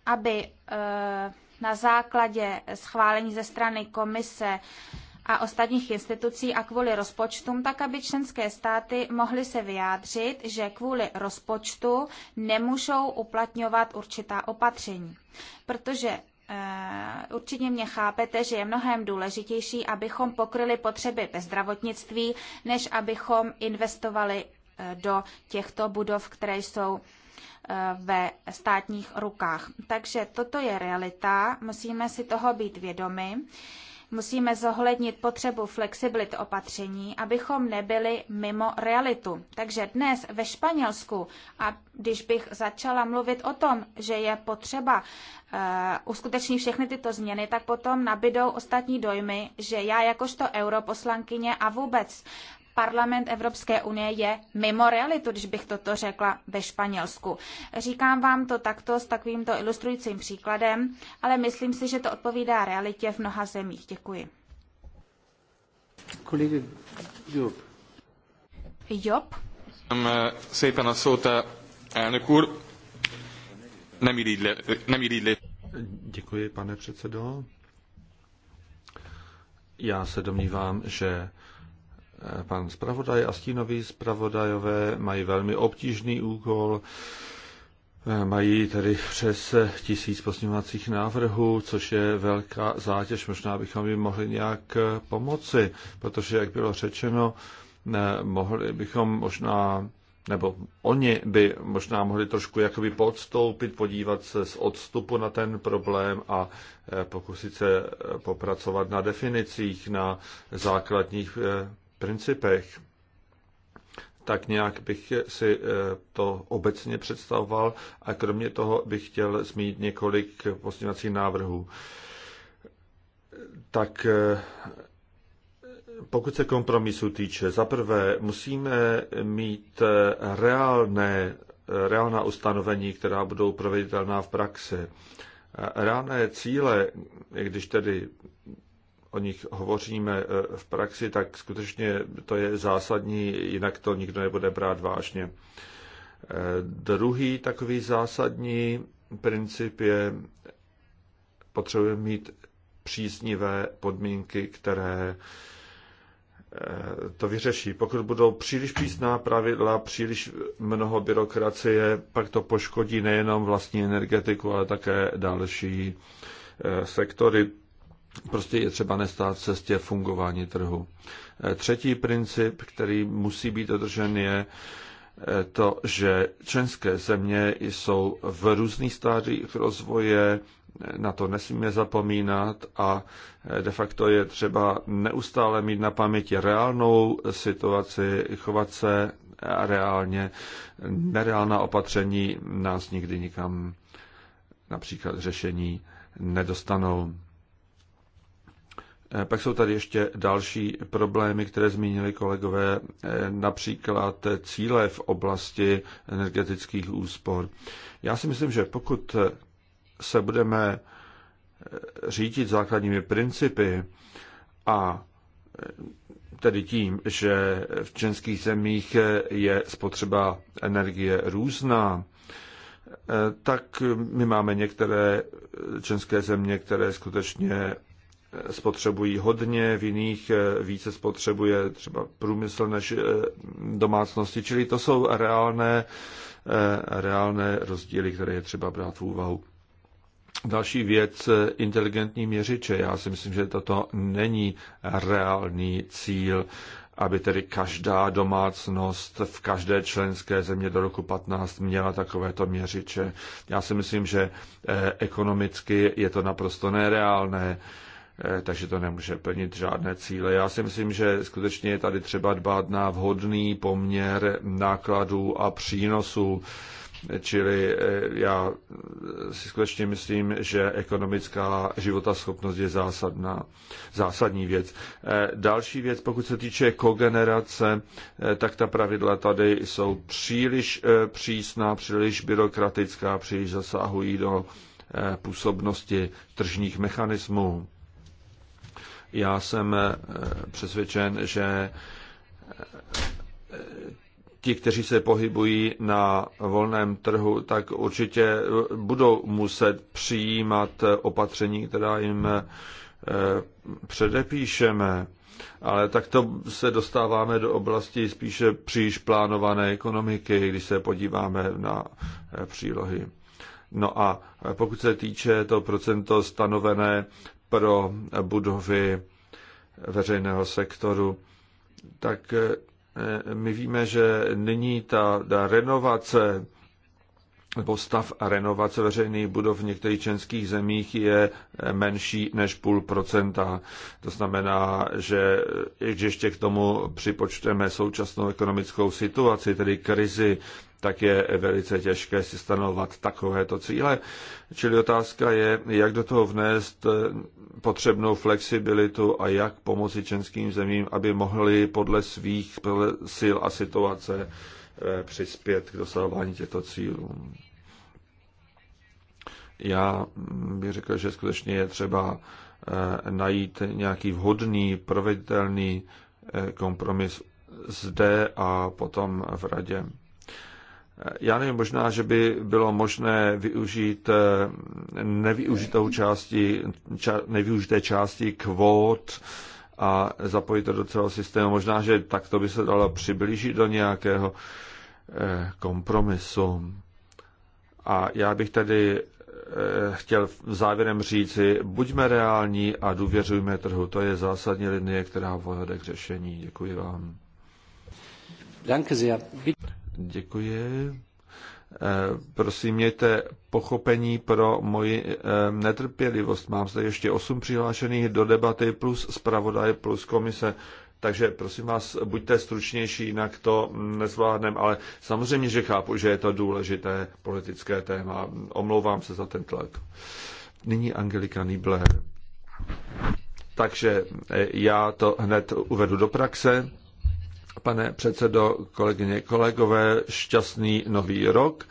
aby eh, na základě schválení ze strany komise a ostatních institucí a kvůli rozpočtům, tak aby členské státy mohly se vyjádřit, že kvůli rozpočtu nemůžou uplatňovat určitá opatření. Protože eh, Určitě mě chápete, že je mnohem důležitější, abychom pokryli potřeby ve zdravotnictví, než abychom investovali eh, do těchto budov, které jsou Eh, ve státních rukách. Takže toto je realita, musíme si toho být vědomi. Musíme zohlednit potřebu flexibility opatření, abychom nebyli mimo realitu. Takže dnes ve Španělsku, a když bych začala mluvit o tom, že je potřeba uh, uskutečnit všechny tyto změny, tak potom nabidou ostatní dojmy, že já jakožto europoslankyně a vůbec parlament Evropské unie je mimo realitu, když bych toto řekla ve Španělsku. Říkám vám to takto s takovýmto ilustrujícím příkladem, ale myslím si, že to odpovídá realitě v mnoha zemích. Děkuji. Kolega Job. Job. a eh, Děkuji, pane předsedo. Já se domnívám, že pan zpravodaj a stínoví zpravodajové mají velmi obtížný úkol. Mají tedy přes tisíc posněvacích návrhů, což je velká zátěž. Možná bychom jim mohli nějak pomoci, protože, jak bylo řečeno, mohli bychom možná nebo oni by možná mohli trošku jakoby podstoupit, podívat se z odstupu na ten problém a eh, pokusit se eh, popracovat na definicích, na základních eh, principech, tak nějak bych si eh, to obecně představoval a kromě toho bych chtěl zmínit několik pozměňovacích návrhů. Tak eh, pokud se kompromisu týče, za prvé musíme mít eh, reálné, reálná ustanovení, která budou proveditelná v praxi. Reálné cíle, když tedy o nich hovoříme eh, v praxi, tak skutečně to je zásadní, jinak to nikdo nebude brát vážně. Eh, druhý takový zásadní princip je, potřebujeme mít příznivé podmínky, které eh, to vyřeší. Pokud budou příliš přísná pravidla, příliš mnoho byrokracie, pak to poškodí nejenom vlastní energetiku, ale také další sektory. Prostě je třeba nestát cestě fungování trhu. Eh, třetí princip, který musí být dodržen, je eh, to, že členské země jsou v různých stádiích rozvoje, eh, na to nesmíme zapomínat a de facto je třeba neustále mít na paměti reálnou situaci, chovat se reálně. Nereálná opatření nás nikdy nikam například řešení nedostanou. Eh, pak jsou tady ještě další problémy, které zmínili kolegové, eh, například cíle v oblasti energetických úspor. Já si myslím, že pokud se budeme eh, řídit základními principy a tedy tím, že v českých zemích je spotřeba energie různá, tak my máme některé české země, které skutečně spotřebují hodně, v jiných eh, více spotřebuje třeba průmysl než eh, domácnosti. Čili to jsou reálné, eh, reálné rozdíly, které je třeba brát v úvahu. Další věc, inteligentní měřiče. Já si myslím, že toto není reálný cíl, aby tedy každá domácnost v každé členské země do roku 15 měla takovéto měřiče. Já si myslím, že ekonomicky je to naprosto nereálné. Eh, takže to nemůže plnit žádné cíle. Já si myslím, že skutečně je tady třeba dbát na vhodný poměr nákladů a přínosů. Čili eh, já si skutečně myslím, že ekonomická životaschopnost je zásadná, zásadní věc. Eh, další věc, pokud se týče kogenerace, tak ta pravidla tady jsou příliš přísná, příliš byrokratická, příliš zasahují do působnosti tržních mechanismů. Já jsem eh, přesvědčen, že eh, ti, kteří se pohybují na volném trhu, tak určitě eh, budou muset přijímat opatření, která jim předepíšeme. Ale takto se dostáváme do oblasti spíše příliš plánované ekonomiky, když se podíváme na přílohy. No a pokud se týče to procento stanovené pro budovy veřejného sektoru, tak eh, my víme, že nyní ta, ta renovace nebo stav a renovace veřejných budov v některých českých zemích je menší než půl procenta. To znamená, že když ještě k tomu připočteme současnou ekonomickou situaci, tedy krizi, tak je velice těžké si stanovat takovéto cíle. Čili otázka je, jak do toho vnést eh, potřebnou flexibilitu a jak pomoci českým zemím, aby mohli podle svých sil a situace eh, přispět k dosahování těchto cílů. Já bych řekl, že skutečně je třeba eh, najít nějaký vhodný, proveditelný kompromis zde a potom v radě. Já nevím, možná, že by bylo možné využít eh, nevyužitou části, ča, nevyužité části kvót a zapojit to do celého systému. Možná, že takto by se dalo přiblížit do nějakého eh, kompromisu. A já bych tady eh, chtěl v závěrem říci, buďme reální a důvěřujme trhu. To je zásadní linie, která vede k řešení. Děkuji vám. Danke sehr. Děkuji. Eh, prosím, mějte pochopení pro moji eh, netrpělivost. Mám zde ještě osm přihlášených do debaty plus zpravodaj plus komise. Takže prosím vás, buďte stručnější, jinak to nezvládneme, ale samozřejmě, že chápu, že je to důležité politické téma. Omlouvám se za ten tlak. Nyní Angelika Nibler. Takže eh, já to hned uvedu do praxe pane předsedo, kolegyně, kolegové, šťastný nový rok.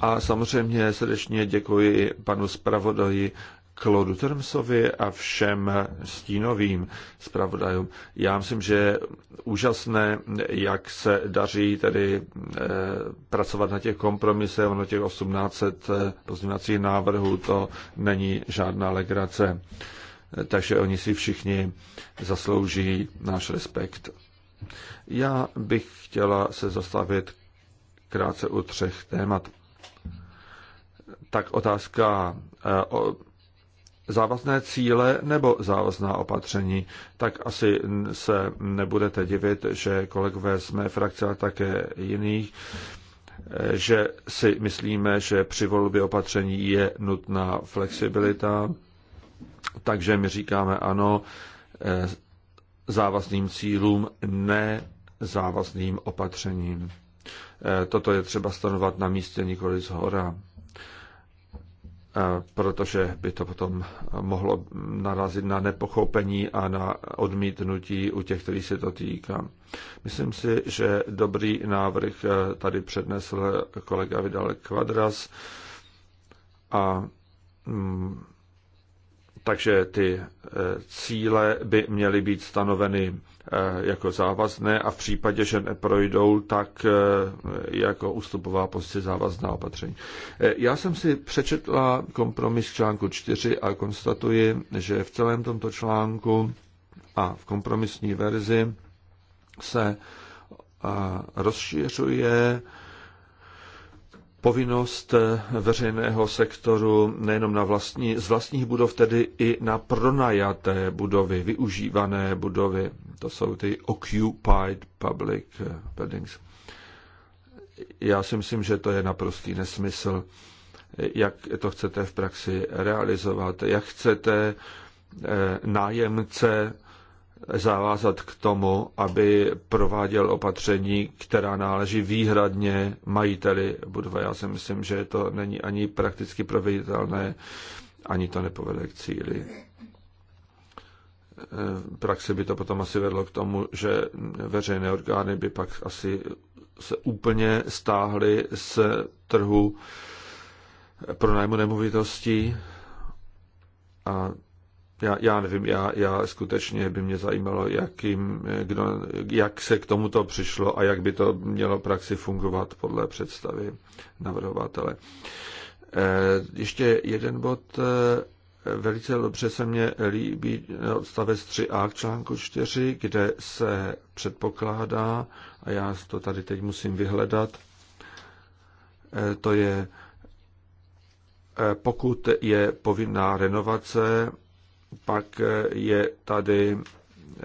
A samozřejmě srdečně děkuji panu zpravodaji Claudu Termsovi a všem stínovým zpravodajům. Já myslím, že je úžasné, jak se daří tedy eh, pracovat na těch kompromisech, ono těch 1800 eh, pozměňovacích návrhů, to není žádná legrace. Eh, takže oni si všichni zaslouží náš respekt. Já bych chtěla se zastavit krátce u třech témat. Tak otázka eh, o závazné cíle nebo závazná opatření, tak asi se nebudete divit, že kolegové z mé frakce a také jiných, eh, že si myslíme, že při volbě opatření je nutná flexibilita, takže my říkáme ano, eh, závazným cílům, ne závazným opatřením. E, toto je třeba stanovat na místě nikoli z hora, e, protože by to potom mohlo narazit na nepochopení a na odmítnutí u těch, kteří se to týká. Myslím si, že dobrý návrh e, tady přednesl kolega Vidal Kvadras a mm, takže ty eh, cíle by měly být stanoveny eh, jako závazné a v případě, že neprojdou, tak eh, jako ústupová pozice závazná opatření. Já jsem si přečetla kompromis článku 4 a konstatuji, že v celém tomto článku a v kompromisní verzi se rozšiřuje povinnost eh, veřejného sektoru nejenom na vlastní, z vlastních budov, tedy i na pronajaté budovy, využívané budovy. To jsou ty occupied public eh, buildings. Já si myslím, že to je naprostý nesmysl, jak to chcete v praxi realizovat, jak chcete eh, nájemce zavázat k tomu, aby prováděl opatření, která náleží výhradně majiteli budova. Já si myslím, že to není ani prakticky proveditelné, ani to nepovede k cíli. V eh, praxi by to potom asi vedlo k tomu, že veřejné orgány by pak asi se úplně stáhly z trhu pro nájmu nemovitostí a já, já nevím, já, já skutečně by mě zajímalo, jakým, kdo, jak se k tomuto přišlo a jak by to mělo praxi fungovat podle představy navrhovatele. Eh, ještě jeden bod, eh, velice dobře se mně líbí odstavec 3a k článku 4, kde se předpokládá, a já to tady teď musím vyhledat, eh, to je pokud je povinná renovace pak eh, je tady eh,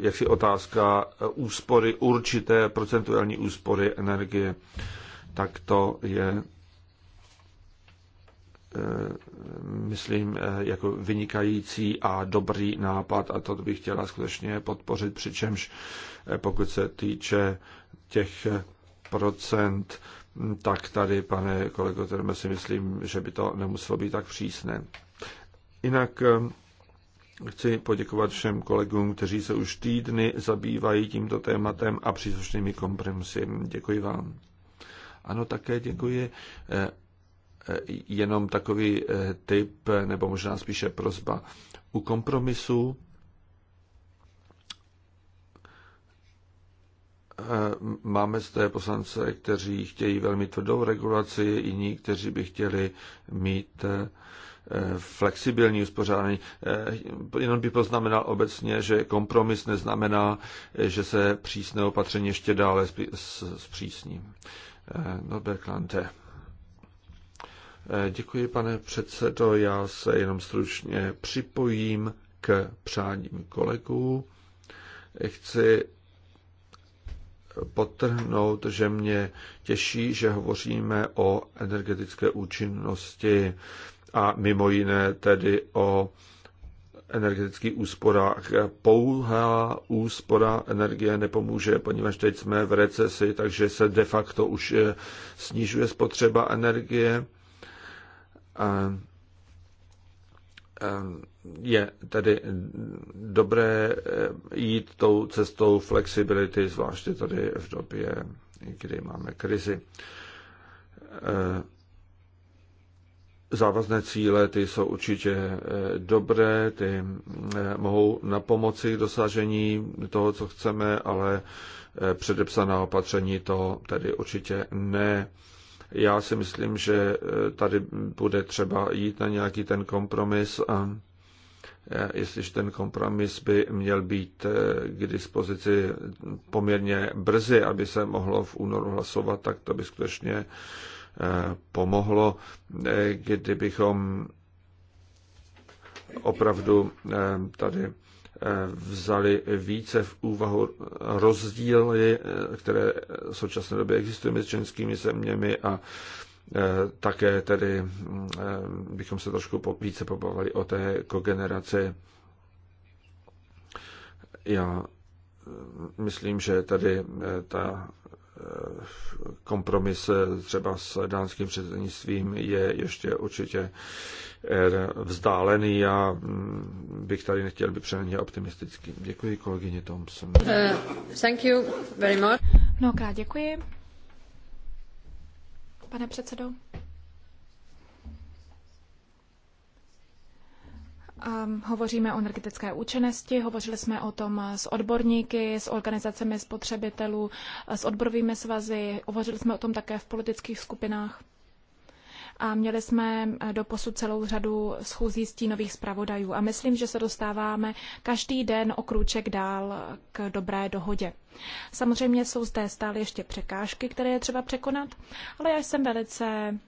jaksi otázka eh, úspory, určité procentuální úspory energie. Tak to je myslím, jako vynikající a dobrý nápad a to bych chtěla skutečně podpořit, přičemž pokud se týče těch procent, tak tady, pane kolego, si myslím, že by to nemuselo být tak přísné. Jinak eh, chci poděkovat všem kolegům, kteří se už týdny zabývají tímto tématem a příslušnými kompromisy. Děkuji vám. Ano, také děkuji. Eh, eh, jenom takový tip, nebo možná spíše prozba. U kompromisu máme zde poslance, kteří chtějí velmi tvrdou regulaci, jiní, kteří by chtěli mít flexibilní uspořádání. Eh, jenom by poznamenal obecně, že kompromis neznamená, že se přísné opatření ještě dále zpřísní. Eh, no, Berklante. Eh, děkuji, pane předsedo. Já se jenom stručně připojím k přáním kolegů. Chci potrhnout, že mě těší, že hovoříme o energetické účinnosti a mimo jiné tedy o energetických úsporách. Pouhá úspora energie nepomůže, poněvadž teď jsme v recesi, takže se de facto už eh, snižuje spotřeba energie. Eh, je tedy dobré eh, jít tou cestou flexibility, zvláště tady v době, kdy máme krizi závazné cíle, ty jsou určitě eh, dobré, ty eh, mohou na pomoci dosažení toho, co chceme, ale eh, předepsaná opatření to tedy určitě ne. Já si myslím, že tady bude třeba jít na nějaký ten kompromis a jestliže ten kompromis by měl být k dispozici poměrně brzy, aby se mohlo v únoru hlasovat, tak to by skutečně pomohlo, kdybychom opravdu eh, tady eh, vzali více v úvahu rozdíly, eh, které v současné době existují mezi členskými zeměmi a také tedy bychom se trošku více pobavili o té kogeneraci. Já myslím, že tady ta kompromis třeba s dánským předsednictvím je ještě určitě eh, vzdálený a mm, bych tady nechtěl být přeměně optimistický. Děkuji kolegyně Thompson. Uh, thank you very much. Mnohokrát děkuji. Pane předsedo. Ehm, hovoříme o energetické účinnosti, hovořili jsme o tom s odborníky, s organizacemi spotřebitelů, s odborovými svazy, hovořili jsme o tom také v politických skupinách. A měli jsme eh, do posud celou řadu schůzí stínových zpravodajů. A myslím, že se dostáváme každý den o krůček dál eh, k dobré dohodě. Samozřejmě jsou zde stále ještě překážky, které je třeba překonat, ale já jsem velice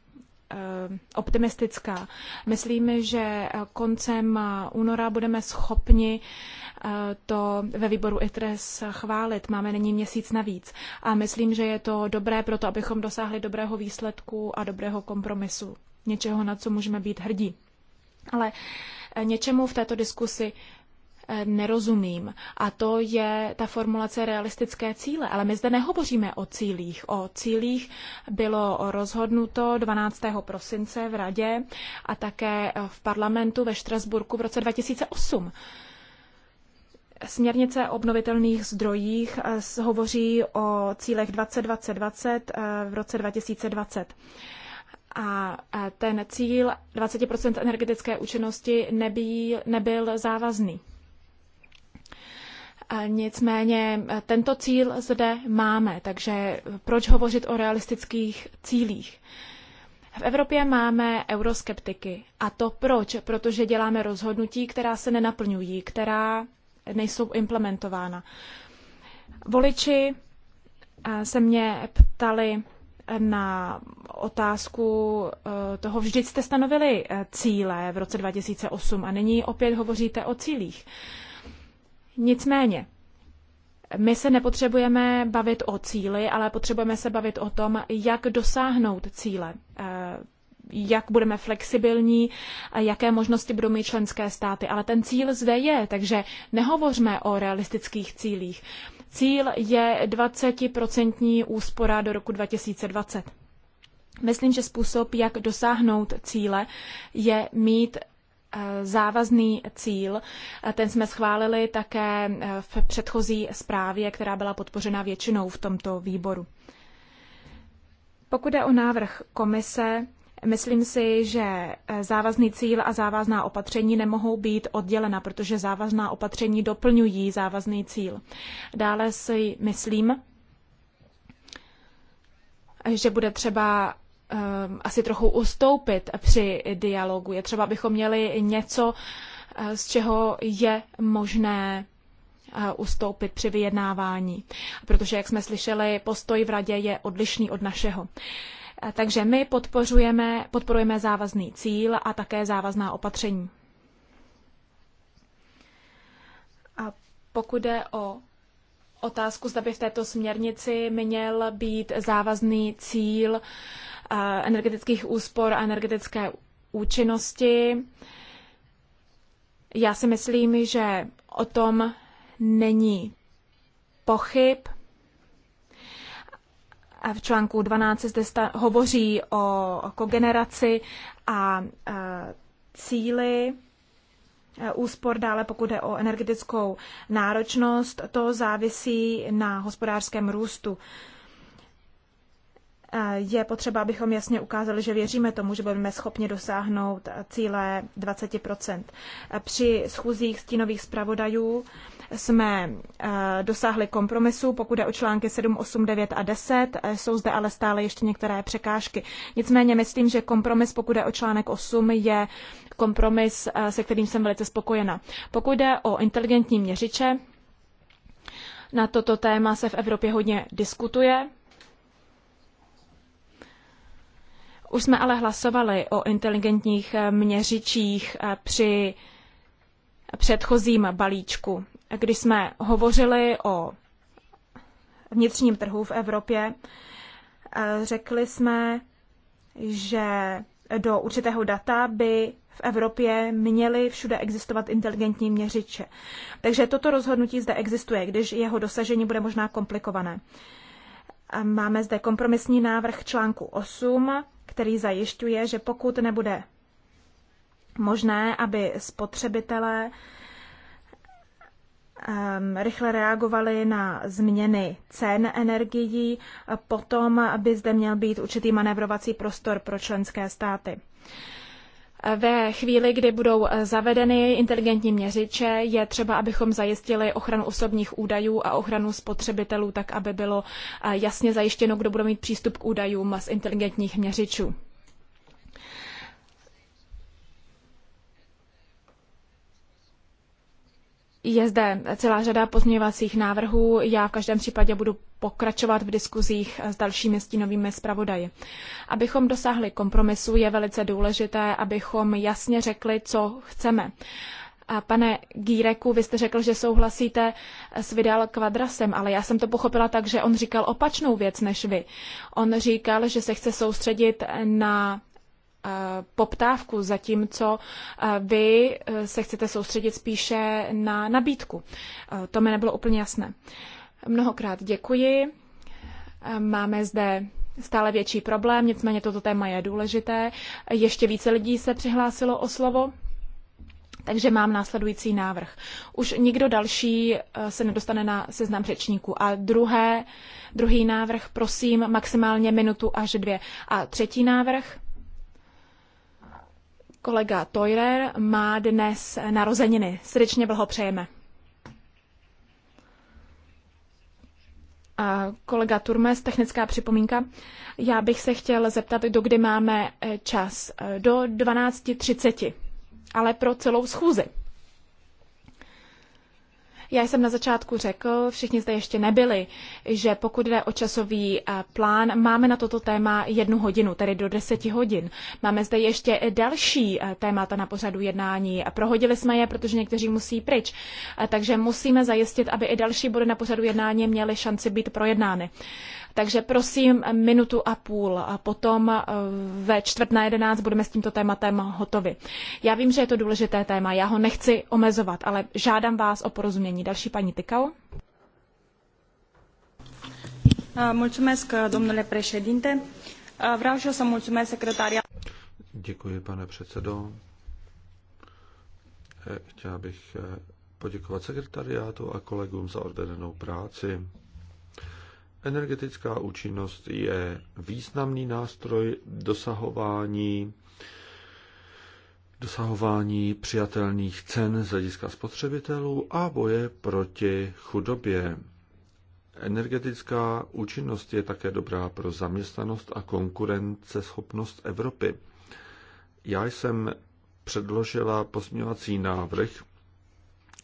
Eh, optimistická. Myslím, že koncem února budeme schopni eh, to ve výboru ITRES chválit. Máme nyní měsíc navíc. A myslím, že je to dobré pro to, abychom dosáhli dobrého výsledku a dobrého kompromisu. Něčeho, na co můžeme být hrdí. Ale eh, něčemu v této diskusi Eh, nerozumím. A to je ta formulace realistické cíle. Ale my zde nehovoříme o cílích. O cílích bylo rozhodnuto 12. prosince v Radě a také eh, v parlamentu ve Štrasburku v roce 2008. Směrnice o obnovitelných zdrojích eh, hovoří o cílech 2020 v roce 2020 a ten cíl 20 energetické účinnosti nebyl, nebyl závazný. Nicméně eh, tento cíl zde máme, takže eh, proč hovořit o realistických cílích? V Evropě máme euroskeptiky. A to proč? Protože děláme rozhodnutí, která se nenaplňují, která nejsou implementována. Voliči eh, se mě ptali na otázku toho, vždyť jste stanovili cíle v roce 2008 a nyní opět hovoříte o cílích. Nicméně, my se nepotřebujeme bavit o cíli, ale potřebujeme se bavit o tom, jak dosáhnout cíle, eh, jak budeme flexibilní, jaké možnosti budou mít členské státy. Ale ten cíl zde je, takže nehovořme o realistických cílích. Cíl je 20% úspora do roku 2020. Myslím, že způsob, jak dosáhnout cíle, je mít Eh, závazný cíl. Ten jsme schválili také eh, v předchozí zprávě, která byla podpořena většinou v tomto výboru. Pokud je o návrh komise, myslím si, že eh, závazný cíl a závazná opatření nemohou být oddělena, protože závazná opatření doplňují závazný cíl. Dále si myslím, že bude třeba Um, asi trochu ustoupit při dialogu. Je třeba, abychom měli něco, uh, z čeho je možné uh, ustoupit při vyjednávání, protože, jak jsme slyšeli, postoj v radě je odlišný od našeho. Uh, takže my podporujeme, podporujeme závazný cíl a také závazná opatření. A pokud jde o otázku, zda by v této směrnici měl být závazný cíl energetických úspor a energetické účinnosti. Já si myslím, že o tom není pochyb. A v článku 12 zde hovoří o kogeneraci a e, cíly e, úspor dále, pokud jde o energetickou náročnost, to závisí na hospodářském růstu je potřeba, abychom jasně ukázali, že věříme tomu, že budeme schopni dosáhnout cíle 20 Při schůzích stínových zpravodajů jsme e, dosáhli kompromisu, pokud je o články 7, 8, 9 a 10. E, jsou zde ale stále ještě některé překážky. Nicméně myslím, že kompromis, pokud je o článek 8, je kompromis, e, se kterým jsem velice spokojena. Pokud jde o inteligentní měřiče, na toto téma se v Evropě hodně diskutuje. Už jsme ale hlasovali o inteligentních eh, měřičích eh, při předchozím balíčku. Když jsme hovořili o vnitřním trhu v Evropě, eh, řekli jsme, že do určitého data by v Evropě měly všude existovat inteligentní měřiče. Takže toto rozhodnutí zde existuje, když jeho dosažení bude možná komplikované. Máme zde kompromisní návrh článku 8, který zajišťuje, že pokud nebude možné, aby spotřebitelé ehm, rychle reagovali na změny cen energií, potom by zde měl být určitý manevrovací prostor pro členské státy. Ve chvíli, kdy budou eh, zavedeny inteligentní měřiče, je třeba, abychom zajistili ochranu osobních údajů a ochranu spotřebitelů, tak aby bylo eh, jasně zajištěno, kdo bude mít přístup k údajům z inteligentních měřičů. Je zde celá řada pozměňovacích návrhů. Já v každém případě budu pokračovat v diskuzích s dalšími stínovými zpravodaji. Abychom dosáhli kompromisu, je velice důležité, abychom jasně řekli, co chceme. A pane Gíreku, vy jste řekl, že souhlasíte s Vidal Kvadrasem, ale já jsem to pochopila tak, že on říkal opačnou věc než vy. On říkal, že se chce soustředit na Eh, poptávku, zatímco eh, vy eh, se chcete soustředit spíše na nabídku. To mi nebylo úplně jasné. Mnohokrát děkuji. Máme zde stále větší problém, nicméně toto téma je důležité. Ještě více lidí se přihlásilo o slovo. Takže mám následující návrh. Už nikdo další se nedostane na seznam řečníků. A druhé, druhý návrh, prosím, maximálně minutu až dvě. A třetí návrh, Kolega Toirer má dnes narozeniny. Srdečně blahopřejeme. A kolega Turmes, technická připomínka. Já bych se chtěl zeptat, do kdy máme eh, čas. Eh, do 12.30, ale pro celou schůzi. Já jsem na začátku řekl, všichni zde ještě nebyli, že pokud jde o časový eh, plán, máme na toto téma jednu hodinu, tedy do deseti hodin. Máme zde ještě další eh, témata na pořadu jednání. Prohodili jsme je, protože někteří musí pryč. Eh, takže musíme zajistit, aby i další body na pořadu jednání měly šanci být projednány. Takže prosím minutu a půl a potom eh, ve čtvrt na jedenáct budeme s tímto tématem hotovi. Já vím, že je to důležité téma, já ho nechci omezovat, ale žádám vás o porozumění. Další paní Tykal. Eh, mulțumesc, eh, domnule președinte. Vreau și eu să mulțumesc Děkuji, pane předsedo. Chtěla bych poděkovat sekretariátu a kolegům za odvedenou práci. Energetická účinnost je významný nástroj dosahování dosahování přijatelných cen z hlediska spotřebitelů a boje proti chudobě. Energetická účinnost je také dobrá pro zaměstnanost a konkurenceschopnost Evropy. Já jsem předložila posměvací návrh,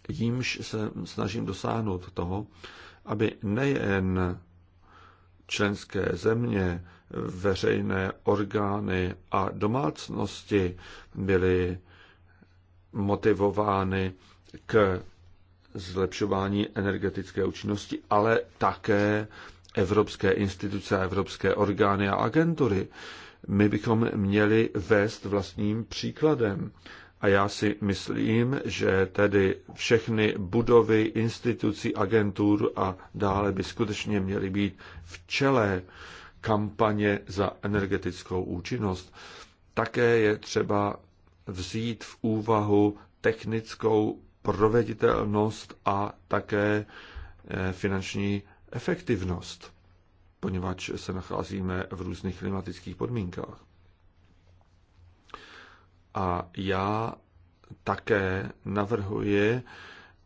jímž se snažím dosáhnout toho, aby nejen členské země, veřejné orgány a domácnosti byly motivovány k zlepšování energetické účinnosti, ale také evropské instituce, evropské orgány a agentury. My bychom měli vést vlastním příkladem a já si myslím, že tedy všechny budovy, institucí, agentur a dále by skutečně měly být v čele kampaně za energetickou účinnost. Také je třeba vzít v úvahu technickou proveditelnost a také eh, finanční efektivnost, poněvadž se nacházíme v různých klimatických podmínkách. A já také navrhuji,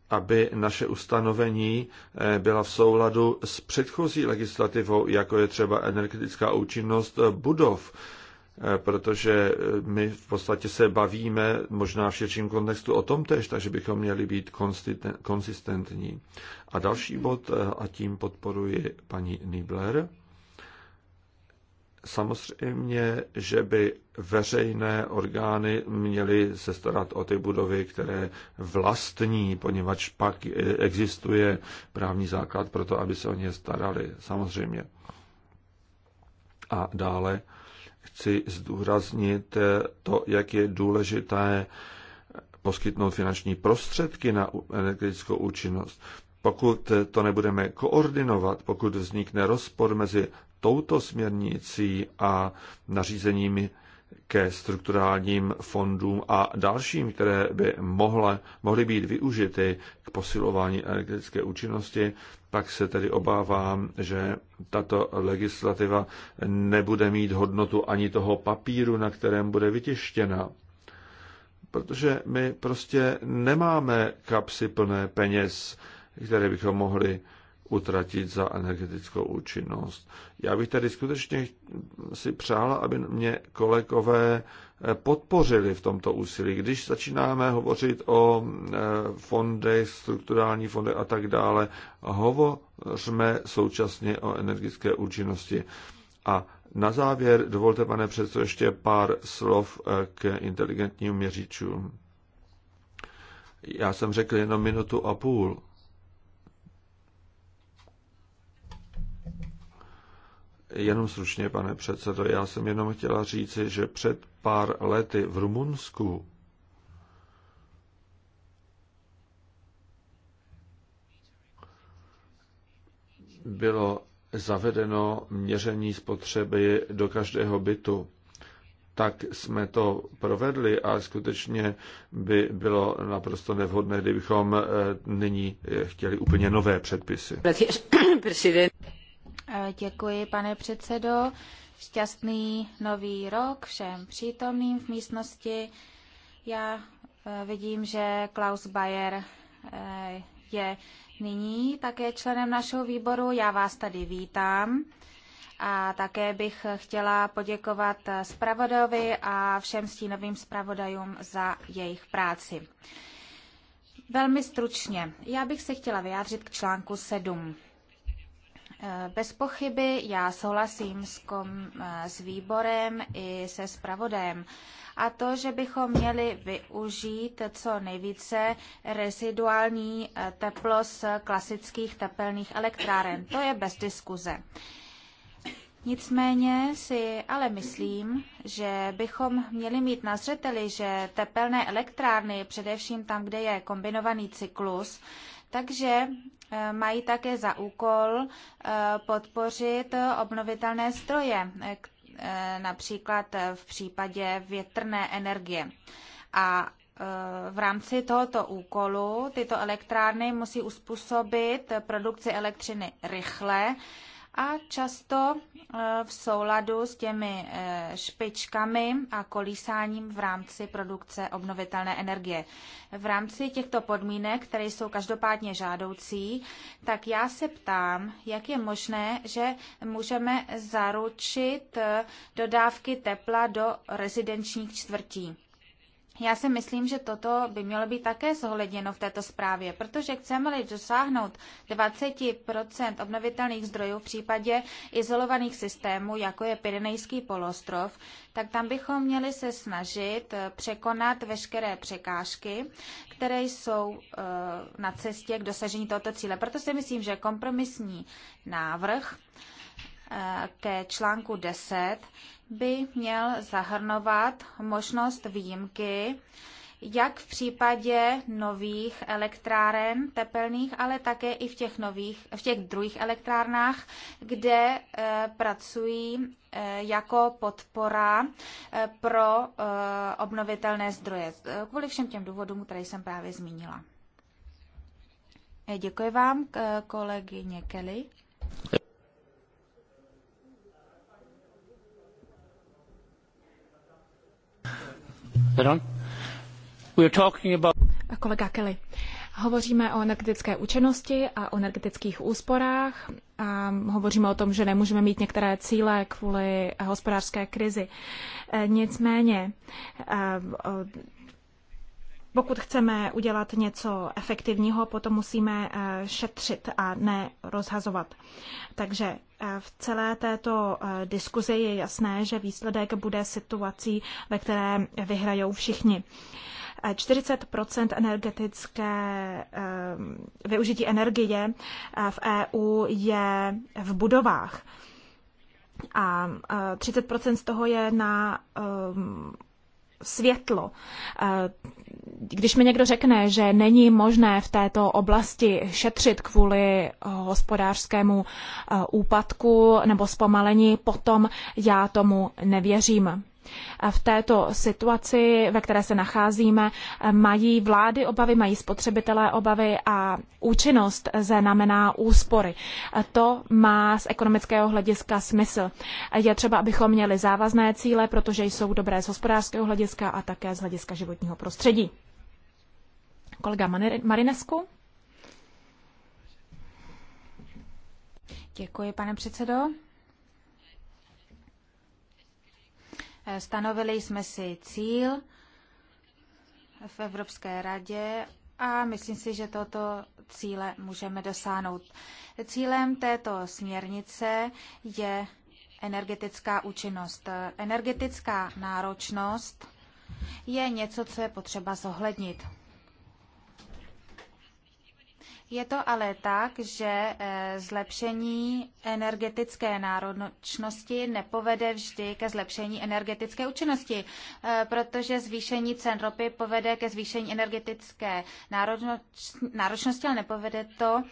aby naše ustanovení eh, byla v souladu s předchozí legislativou, jako je třeba energetická účinnost budov, eh, protože eh, my v podstatě se bavíme možná v širším kontextu o tom tež, takže bychom měli být konsistentní. A další bod, a tím podporuji paní Nibler, samozřejmě, že by veřejné orgány měly se starat o ty budovy, které vlastní, poněvadž pak existuje právní základ pro to, aby se o ně starali, samozřejmě. A dále chci zdůraznit to, jak je důležité poskytnout finanční prostředky na energetickou účinnost. Pokud to nebudeme koordinovat, pokud vznikne rozpor mezi touto směrnicí a nařízeními ke strukturálním fondům a dalším, které by mohle, mohly být využity k posilování energetické účinnosti, pak se tedy obávám, že tato legislativa nebude mít hodnotu ani toho papíru, na kterém bude vytištěna. Protože my prostě nemáme kapsy plné peněz, které bychom mohli utratit za energetickou účinnost. Já bych tady skutečně si přála, aby mě kolegové eh, podpořili v tomto úsilí. Když začínáme hovořit o eh, fondech, strukturální fondy a tak dále, hovořme současně o energetické účinnosti. A na závěr dovolte, pane předsedo, ještě pár slov eh, k inteligentním měřičům. Já jsem řekl jenom minutu a půl. Jenom slušně, pane předsedo, já jsem jenom chtěla říci, že před pár lety v Rumunsku bylo zavedeno měření spotřeby do každého bytu. Tak jsme to provedli a skutečně by bylo naprosto nevhodné, kdybychom eh, nyní eh, chtěli úplně nové předpisy. Eh, děkuji, pane předsedo. Šťastný nový rok všem přítomným v místnosti. Já eh, vidím, že Klaus Bayer eh, je nyní také členem našeho výboru. Já vás tady vítám. A také bych chtěla poděkovat zpravodajovi a všem stínovým zpravodajům za jejich práci. Velmi stručně, já bych se chtěla vyjádřit k článku 7. Bez pochyby já souhlasím s, kom, eh, s výborem i se zpravodajem. A to, že bychom měli využít co nejvíce reziduální eh, teplo z klasických tepelných elektráren, to je bez diskuze. Nicméně si ale myslím, že bychom měli mít na zřeteli, že tepelné elektrárny, především tam, kde je kombinovaný cyklus, takže eh, mají také za úkol eh, podpořit obnovitelné stroje, eh, například v případě větrné energie. A v rámci tohoto úkolu tyto elektrárny musí uspůsobit produkci elektřiny rychle a často eh, v souladu s těmi eh, špičkami a kolísáním v rámci produkce obnovitelné energie. V rámci těchto podmínek, které jsou každopádně žádoucí, tak já se ptám, jak je možné, že můžeme zaručit eh, dodávky tepla do rezidenčních čtvrtí. Já si myslím, že toto by mělo být také zohledněno v této zprávě, protože chceme-li dosáhnout 20 obnovitelných zdrojů v případě izolovaných systémů, jako je Pirinejský polostrov, tak tam bychom měli se snažit eh, překonat veškeré překážky, které jsou eh, na cestě k dosažení tohoto cíle. Proto si myslím, že kompromisní návrh ke článku 10 by měl zahrnovat možnost výjimky, jak v případě nových elektráren tepelných, ale také i v těch, nových, v těch druhých elektrárnách, kde eh, pracují eh, jako podpora eh, pro obnovitelné zdroje. Kvůli všem těm důvodům, které jsem právě zmínila. Děkuji vám, kolegyně Kelly. Kolega Kelly. Hovoříme o energetické účinnosti a o energetických úsporách. A hovoříme o tom, že nemůžeme mít některé cíle kvůli hospodářské krizi. E, nicméně e, pokud chceme udělat něco efektivního, potom musíme eh, šetřit a ne rozhazovat. Takže eh, v celé této eh, diskuzi je jasné, že výsledek bude situací, ve které vyhrajou všichni. 40 energetické využití energie v EU je v budovách a 30 z toho je na ehm, světlo. Eh, když mi někdo řekne, že není možné v této oblasti šetřit kvůli hospodářskému eh, úpadku nebo zpomalení, potom já tomu nevěřím. V této situaci, ve které se nacházíme, mají vlády obavy, mají spotřebitelé obavy a účinnost znamená úspory. To má z ekonomického hlediska smysl. Je třeba, abychom měli závazné cíle, protože jsou dobré z hospodářského hlediska a také z hlediska životního prostředí. Kolega Marinesku. Děkuji, pane předsedo. Eh, stanovili jsme si cíl v Evropské radě a myslím si, že toto cíle můžeme dosáhnout. Cílem této směrnice je energetická účinnost. Energetická náročnost je něco, co je potřeba zohlednit. Je to ale tak, že eh, zlepšení energetické náročnosti nepovede vždy ke zlepšení energetické účinnosti, eh, protože zvýšení cen ropy povede ke zvýšení energetické náročnosti, ale nepovede to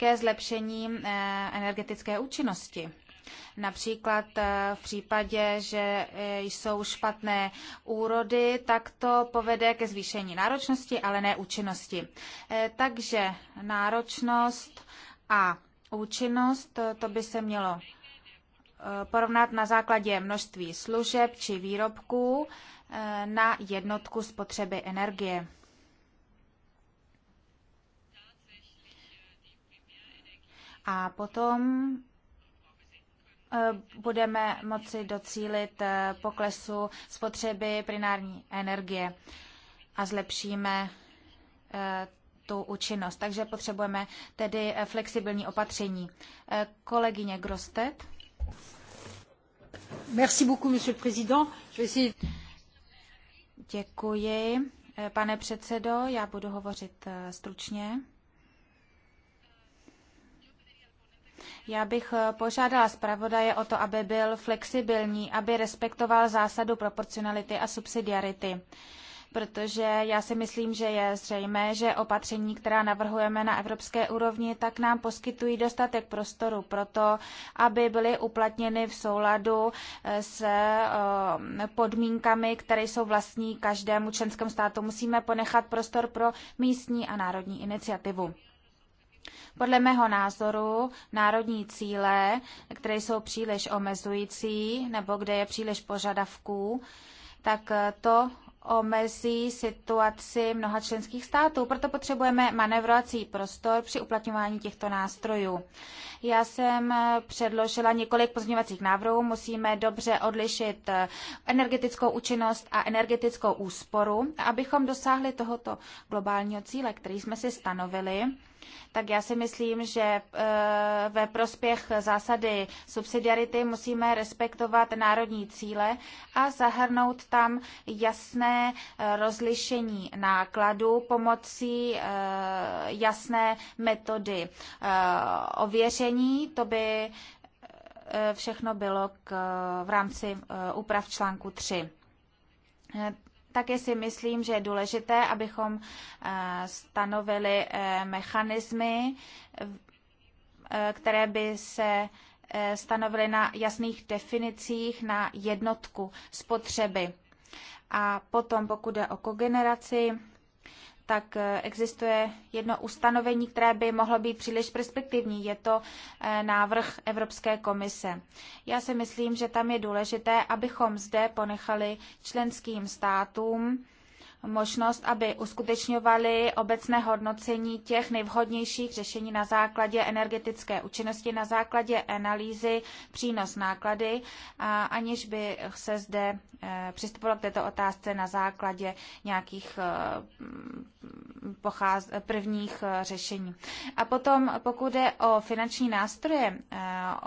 ke zlepšení eh, energetické účinnosti. Například eh, v případě, že eh, jsou špatné úrody, tak to povede ke zvýšení náročnosti, ale ne účinnosti. Eh, takže náročnost a účinnost, to by se mělo porovnat na základě množství služeb či výrobků na jednotku spotřeby energie. A potom Eh, budeme moci docílit eh, poklesu spotřeby primární energie a zlepšíme eh, tu účinnost. Takže potřebujeme tedy flexibilní opatření. Kolegyně Grostet. Merci beaucoup, monsieur le président. Děkuji, pane předsedo. Já budu hovořit stručně. Já bych eh, požádala zpravodaje o to, aby byl flexibilní, aby respektoval zásadu proporcionality a subsidiarity protože já si myslím, že je zřejmé, že opatření, která navrhujeme na evropské úrovni, tak nám poskytují dostatek prostoru pro to, aby byly uplatněny v souladu eh, s eh, podmínkami, které jsou vlastní každému členskému státu. Musíme ponechat prostor pro místní a národní iniciativu. Podle mého názoru národní cíle, které jsou příliš omezující nebo kde je příliš požadavků, tak to omezí situaci mnoha členských států. Proto potřebujeme manevrovací prostor při uplatňování těchto nástrojů. Já jsem eh, předložila několik pozměňovacích návrhů. Musíme dobře odlišit eh, energetickou účinnost a energetickou úsporu. Abychom dosáhli tohoto globálního cíle, který jsme si stanovili, tak já si myslím, že eh, ve prospěch zásady subsidiarity musíme respektovat národní cíle a zahrnout tam jasné rozlišení nákladů pomocí jasné metody ověření nařízení, to by eh, všechno bylo k, v rámci eh, úprav článku 3. Eh, Také si myslím, že je důležité, abychom stanovili mechanismy, které by se stanovily na jasných definicích na jednotku spotřeby. A potom, pokud jde o kogeneraci, tak eh, existuje jedno ustanovení, které by mohlo být příliš perspektivní. Je to eh, návrh Evropské komise. Já si myslím, že tam je důležité, abychom zde ponechali členským státům možnost, aby uskutečňovali obecné hodnocení těch nejvhodnějších řešení na základě energetické účinnosti, na základě analýzy přínos náklady, a aniž by se zde e, přistupovalo k této otázce na základě nějakých e, pocház, prvních e, řešení. A potom, pokud je o finanční nástroje,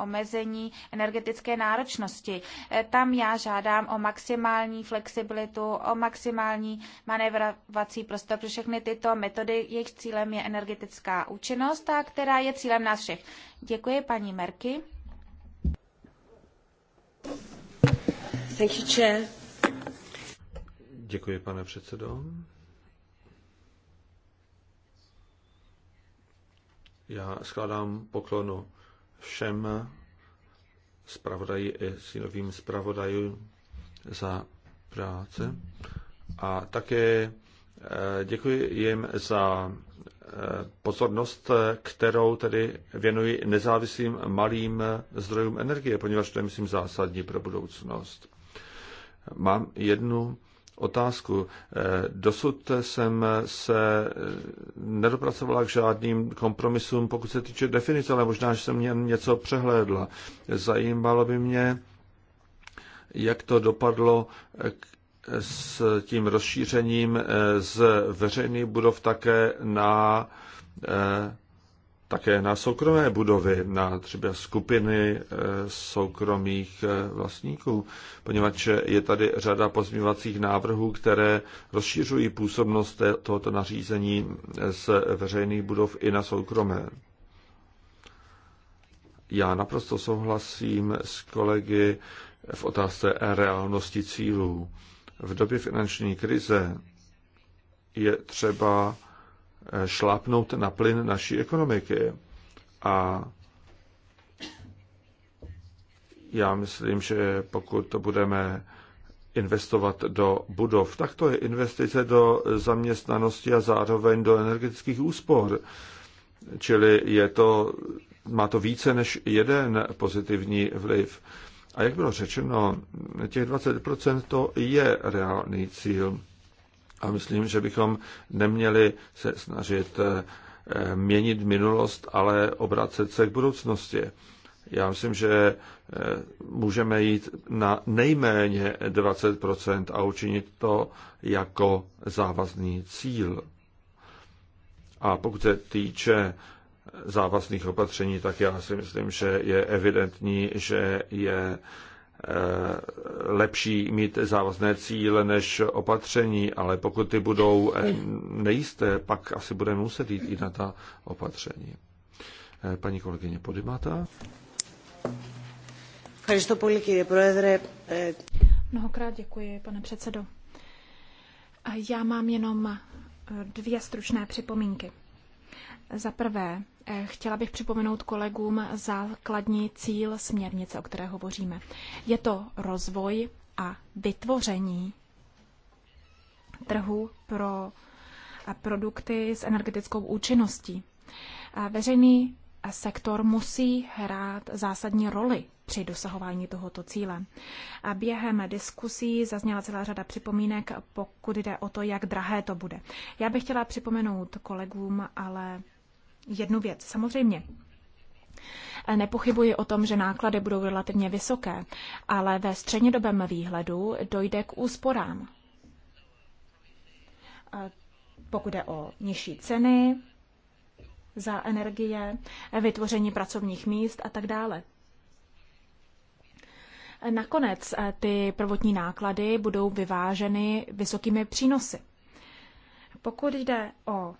omezení energetické náročnosti, tam já žádám o maximální flexibilitu, o maximální manévrovací prostor pro všechny tyto metody, jejich cílem je energetická účinnost, a která je cílem nás všech. Děkuji paní Merky. Thank you, chair. Děkuji, pane předsedo. Já skládám poklonu všem zpravodaji i synovým zpravodajům za práce. A také eh, děkuji jim za eh, pozornost, kterou tedy věnuji nezávislým malým eh, zdrojům energie, poněvadž to je, myslím, zásadní pro budoucnost. Mám jednu otázku. Dosud jsem se nedopracovala k žádným kompromisům, pokud se týče definice, ale možná, že jsem mě něco přehlédla. Zajímalo by mě, jak to dopadlo s tím rozšířením eh, z veřejných budov také na, eh, také na soukromé budovy, na třeba skupiny eh, soukromých vlastníků, poněvadž je tady řada pozměňovacích návrhů, které rozšířují působnost tohoto nařízení z veřejných budov i na soukromé. Já naprosto souhlasím s kolegy v otázce reálnosti cílů v době finanční krize je třeba eh, šlápnout na plyn naší ekonomiky. A já myslím, že pokud to budeme investovat do budov, tak to je investice do zaměstnanosti a zároveň do energetických úspor. Čili je to, má to více než jeden pozitivní vliv. A jak bylo řečeno, těch 20% to je reálný cíl. A myslím, že bychom neměli se snažit eh, měnit minulost, ale obracet se k budoucnosti. Já myslím, že eh, můžeme jít na nejméně 20% a učinit to jako závazný cíl. A pokud se týče závazných opatření, tak já si myslím, že je evidentní, že je eh, lepší mít závazné cíle než opatření, ale pokud ty budou eh, nejisté, pak asi budeme muset jít i na ta opatření. Eh, paní kolegyně Podimata. Mnohokrát děkuji, pane předsedo. Já mám jenom dvě stručné připomínky. Za prvé, eh, chtěla bych připomenout kolegům základní cíl směrnice, o které hovoříme. Je to rozvoj a vytvoření trhu pro eh, produkty s energetickou účinností. Eh, veřejný sektor musí hrát zásadní roli při dosahování tohoto cíle. A během diskusí zazněla celá řada připomínek, pokud jde o to, jak drahé to bude. Já bych chtěla připomenout kolegům, ale jednu věc. Samozřejmě, Nepochybuji o tom, že náklady budou relativně vysoké, ale ve střednědobém výhledu dojde k úsporám. Pokud jde o nižší ceny za energie, vytvoření pracovních míst a tak dále. Nakonec eh, ty prvotní náklady budou vyváženy vysokými přínosy. Pokud jde o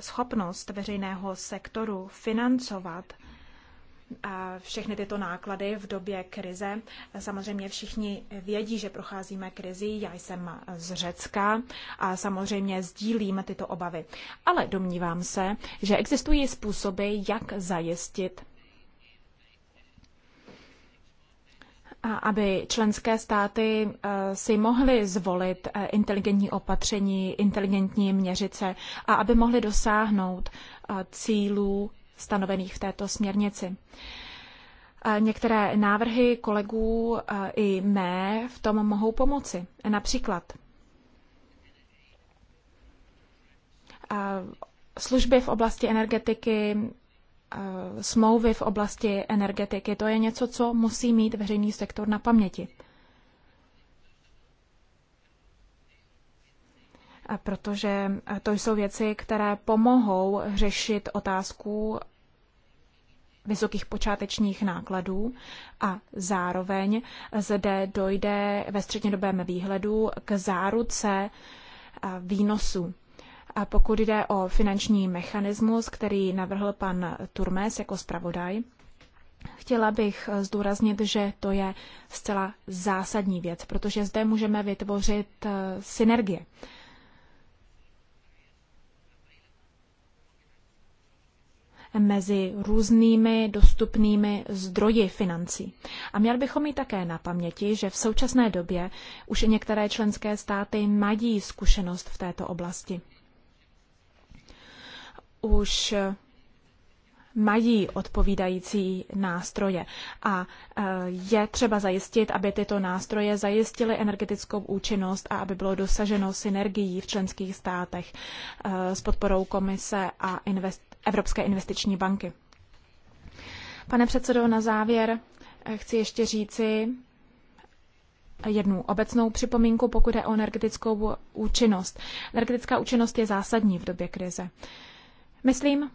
schopnost veřejného sektoru financovat eh, všechny tyto náklady v době krize. Samozřejmě všichni vědí, že procházíme krizi. Já jsem z Řecka a samozřejmě sdílím tyto obavy. Ale domnívám se, že existují způsoby, jak zajistit aby členské státy eh, si mohly zvolit eh, inteligentní opatření, inteligentní měřice a aby mohly dosáhnout eh, cílů stanovených v této směrnici. Některé návrhy kolegů i mé v tom mohou pomoci. Například služby v oblasti energetiky, Eh, smlouvy v oblasti energetiky. To je něco, co musí mít veřejný sektor na paměti. protože eh, to jsou věci, které pomohou řešit otázku vysokých počátečních nákladů a zároveň zde dojde ve střednědobém výhledu k záruce eh, výnosu. A pokud jde o finanční mechanismus, který navrhl pan Turmes jako zpravodaj, chtěla bych zdůraznit, že to je zcela zásadní věc, protože zde můžeme vytvořit eh, synergie. mezi různými dostupnými zdroji financí. A měl bychom mít také na paměti, že v současné době už některé členské státy mají zkušenost v této oblasti už mají odpovídající nástroje a e, je třeba zajistit, aby tyto nástroje zajistily energetickou účinnost a aby bylo dosaženo synergií v členských státech e, s podporou komise a invest Evropské investiční banky. Pane předsedo, na závěr e, chci ještě říci jednu obecnou připomínku, pokud je o energetickou účinnost. Energetická účinnost je zásadní v době krize. Myslím,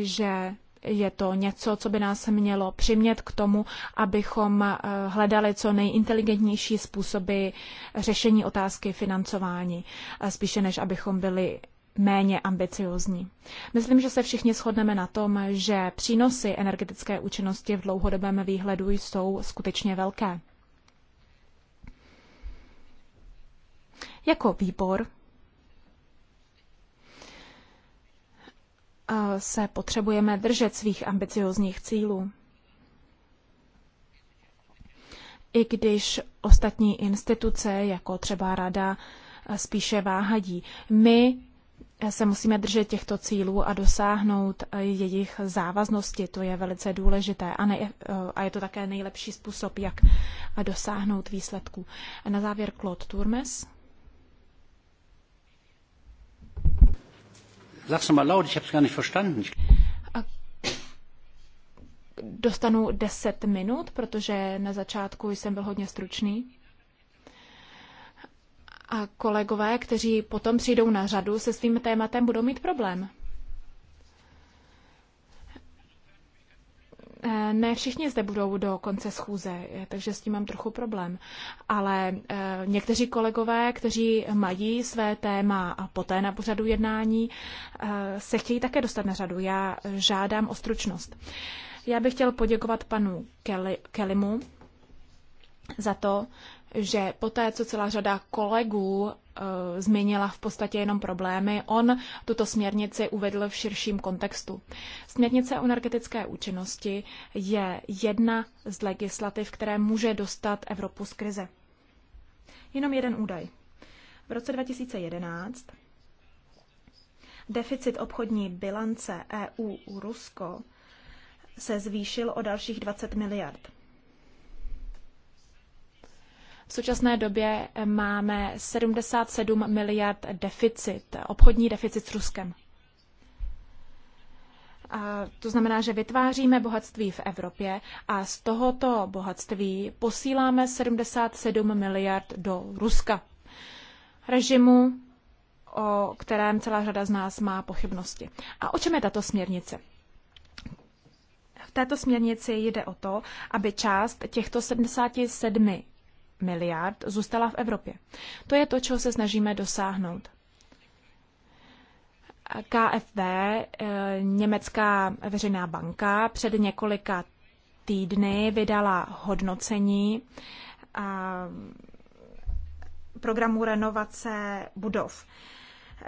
že je to něco, co by nás mělo přimět k tomu, abychom eh, hledali co nejinteligentnější způsoby řešení otázky financování, eh, spíše než abychom byli méně ambiciozní. Myslím, že se všichni shodneme na tom, že přínosy energetické účinnosti v dlouhodobém výhledu jsou skutečně velké. Jako výbor se potřebujeme držet svých ambiciozních cílů. I když ostatní instituce, jako třeba rada, spíše váhají, my se musíme držet těchto cílů a dosáhnout jejich závaznosti. To je velice důležité a, ne, a je to také nejlepší způsob, jak dosáhnout výsledků. na závěr Claude Turmes. Sag's nochmal laut, ich hab's gar nicht verstanden. dostanu 10 minut, protože na začátku jsem byl hodně stručný. A kolegové, kteří potom přijdou na řadu se svým tématem, budou mít problém. Eh, ne všichni zde budou do konce schůze, eh, takže s tím mám trochu problém. Ale eh, někteří kolegové, kteří mají své téma a poté na pořadu jednání, se chtějí také dostat na řadu. Já žádám o stručnost. Já bych chtěl poděkovat panu Kelly, Kellymu za to, že poté, co celá řada kolegů Eh, zmínila v podstatě jenom problémy. On tuto směrnici uvedl v širším kontextu. Směrnice o energetické účinnosti je jedna z legislativ, které může dostat Evropu z krize. Jenom jeden údaj. V roce 2011 deficit obchodní bilance EU-Rusko u se zvýšil o dalších 20 miliard současné době eh, máme 77 miliard deficit, obchodní deficit s Ruskem. A to znamená, že vytváříme bohatství v Evropě a z tohoto bohatství posíláme 77 miliard do Ruska. Režimu, o kterém celá řada z nás má pochybnosti. A o čem je tato směrnice? V této směrnici jde o to, aby část těchto 77 miliard zůstala v Evropě. To je to, čeho se snažíme dosáhnout. KFV, eh, Německá veřejná banka, před několika týdny vydala hodnocení programu renovace budov.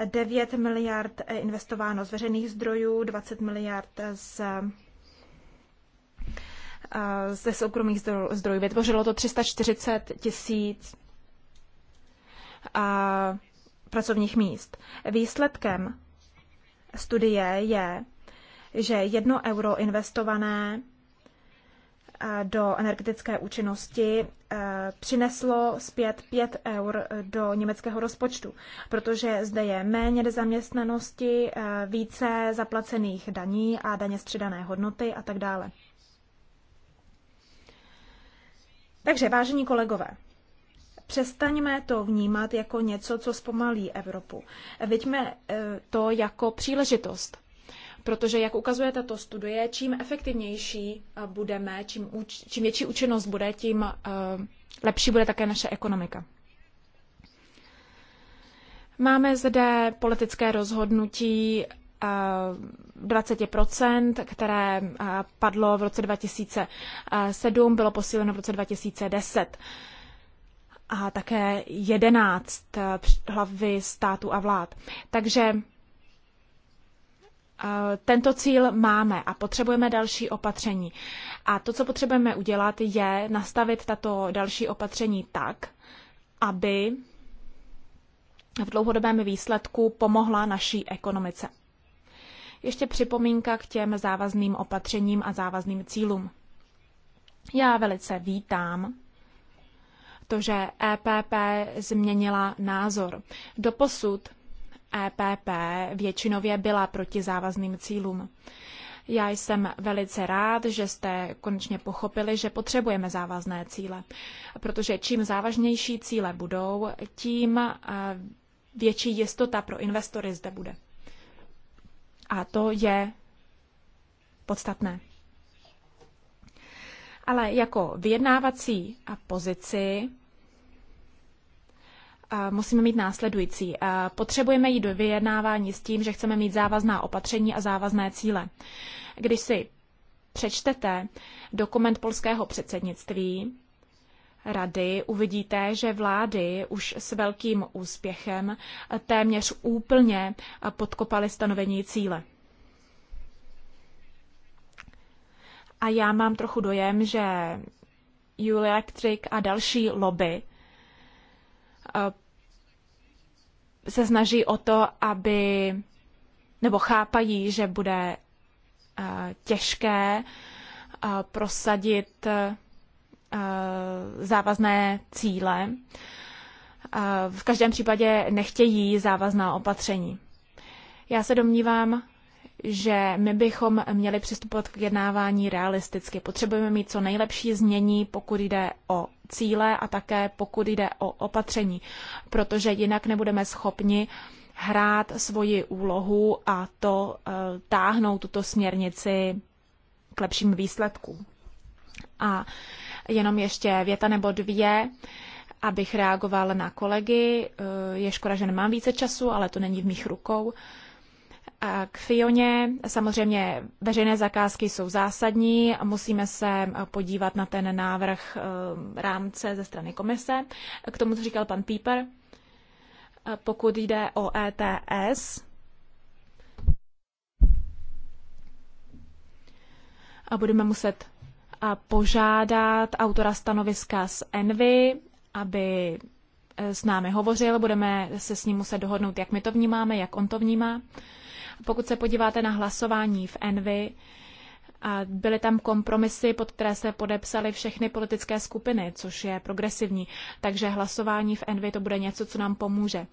9 miliard eh, investováno z veřejných zdrojů, 20 miliard z ze soukromých zdrojů. Vytvořilo to 340 tisíc pracovních míst. Výsledkem studie je, že jedno euro investované do energetické účinnosti přineslo zpět 5 eur do německého rozpočtu, protože zde je méně nezaměstnanosti, více zaplacených daní a daně z přidané hodnoty a tak dále. Takže, vážení kolegové, přestaňme to vnímat jako něco, co zpomalí Evropu. Veďme eh, to jako příležitost. Protože, jak ukazuje tato studie, čím efektivnější eh, budeme, čím, čím větší účinnost bude, tím eh, lepší bude také naše ekonomika. Máme zde politické rozhodnutí 20%, které eh, padlo v roce 2007, bylo posíleno v roce 2010 a také 11 eh, hlavy států a vlád. Takže eh, tento cíl máme a potřebujeme další opatření. A to, co potřebujeme udělat, je nastavit tato další opatření tak, aby v dlouhodobém výsledku pomohla naší ekonomice. Ještě připomínka k těm závazným opatřením a závazným cílům. Já velice vítám to, že EPP změnila názor. Doposud EPP většinově byla proti závazným cílům. Já jsem velice rád, že jste konečně pochopili, že potřebujeme závazné cíle, protože čím závažnější cíle budou, tím eh, větší jistota pro investory zde bude. A to je podstatné. Ale jako vyjednávací a pozici eh, musíme mít následující. Eh, potřebujeme jít do vyjednávání s tím, že chceme mít závazná opatření a závazné cíle. Když si přečtete dokument polského předsednictví, rady uvidíte, že vlády už s velkým úspěchem téměř úplně podkopaly stanovení cíle. A já mám trochu dojem, že Electric a další lobby eh, se snaží o to, aby nebo chápají, že bude eh, těžké eh, prosadit Eh, závazné cíle. Eh, v každém případě nechtějí závazná opatření. Já se domnívám, že my bychom měli přistupovat k jednávání realisticky. Potřebujeme mít co nejlepší změní, pokud jde o cíle a také pokud jde o opatření, protože jinak nebudeme schopni hrát svoji úlohu a to eh, táhnout tuto směrnici k lepším výsledkům. A Jenom ještě věta nebo dvě, abych reagoval na kolegy. Eh, je škoda, že nemám více času, ale to není v mých rukou. K Fioně samozřejmě veřejné zakázky jsou zásadní. Musíme se podívat na ten návrh eh, rámce ze strany komise. K tomu, co říkal pan Píper, eh, pokud jde o ETS, a budeme muset požádat autora stanoviska z Envy, aby eh, s námi hovořil, budeme se s ním muset dohodnout, jak my to vnímáme, jak on to vnímá. Pokud se podíváte na hlasování v Envy, a byly tam kompromisy, pod které se podepsaly všechny politické skupiny, což je progresivní. Takže hlasování v Envy to bude něco, co nám pomůže.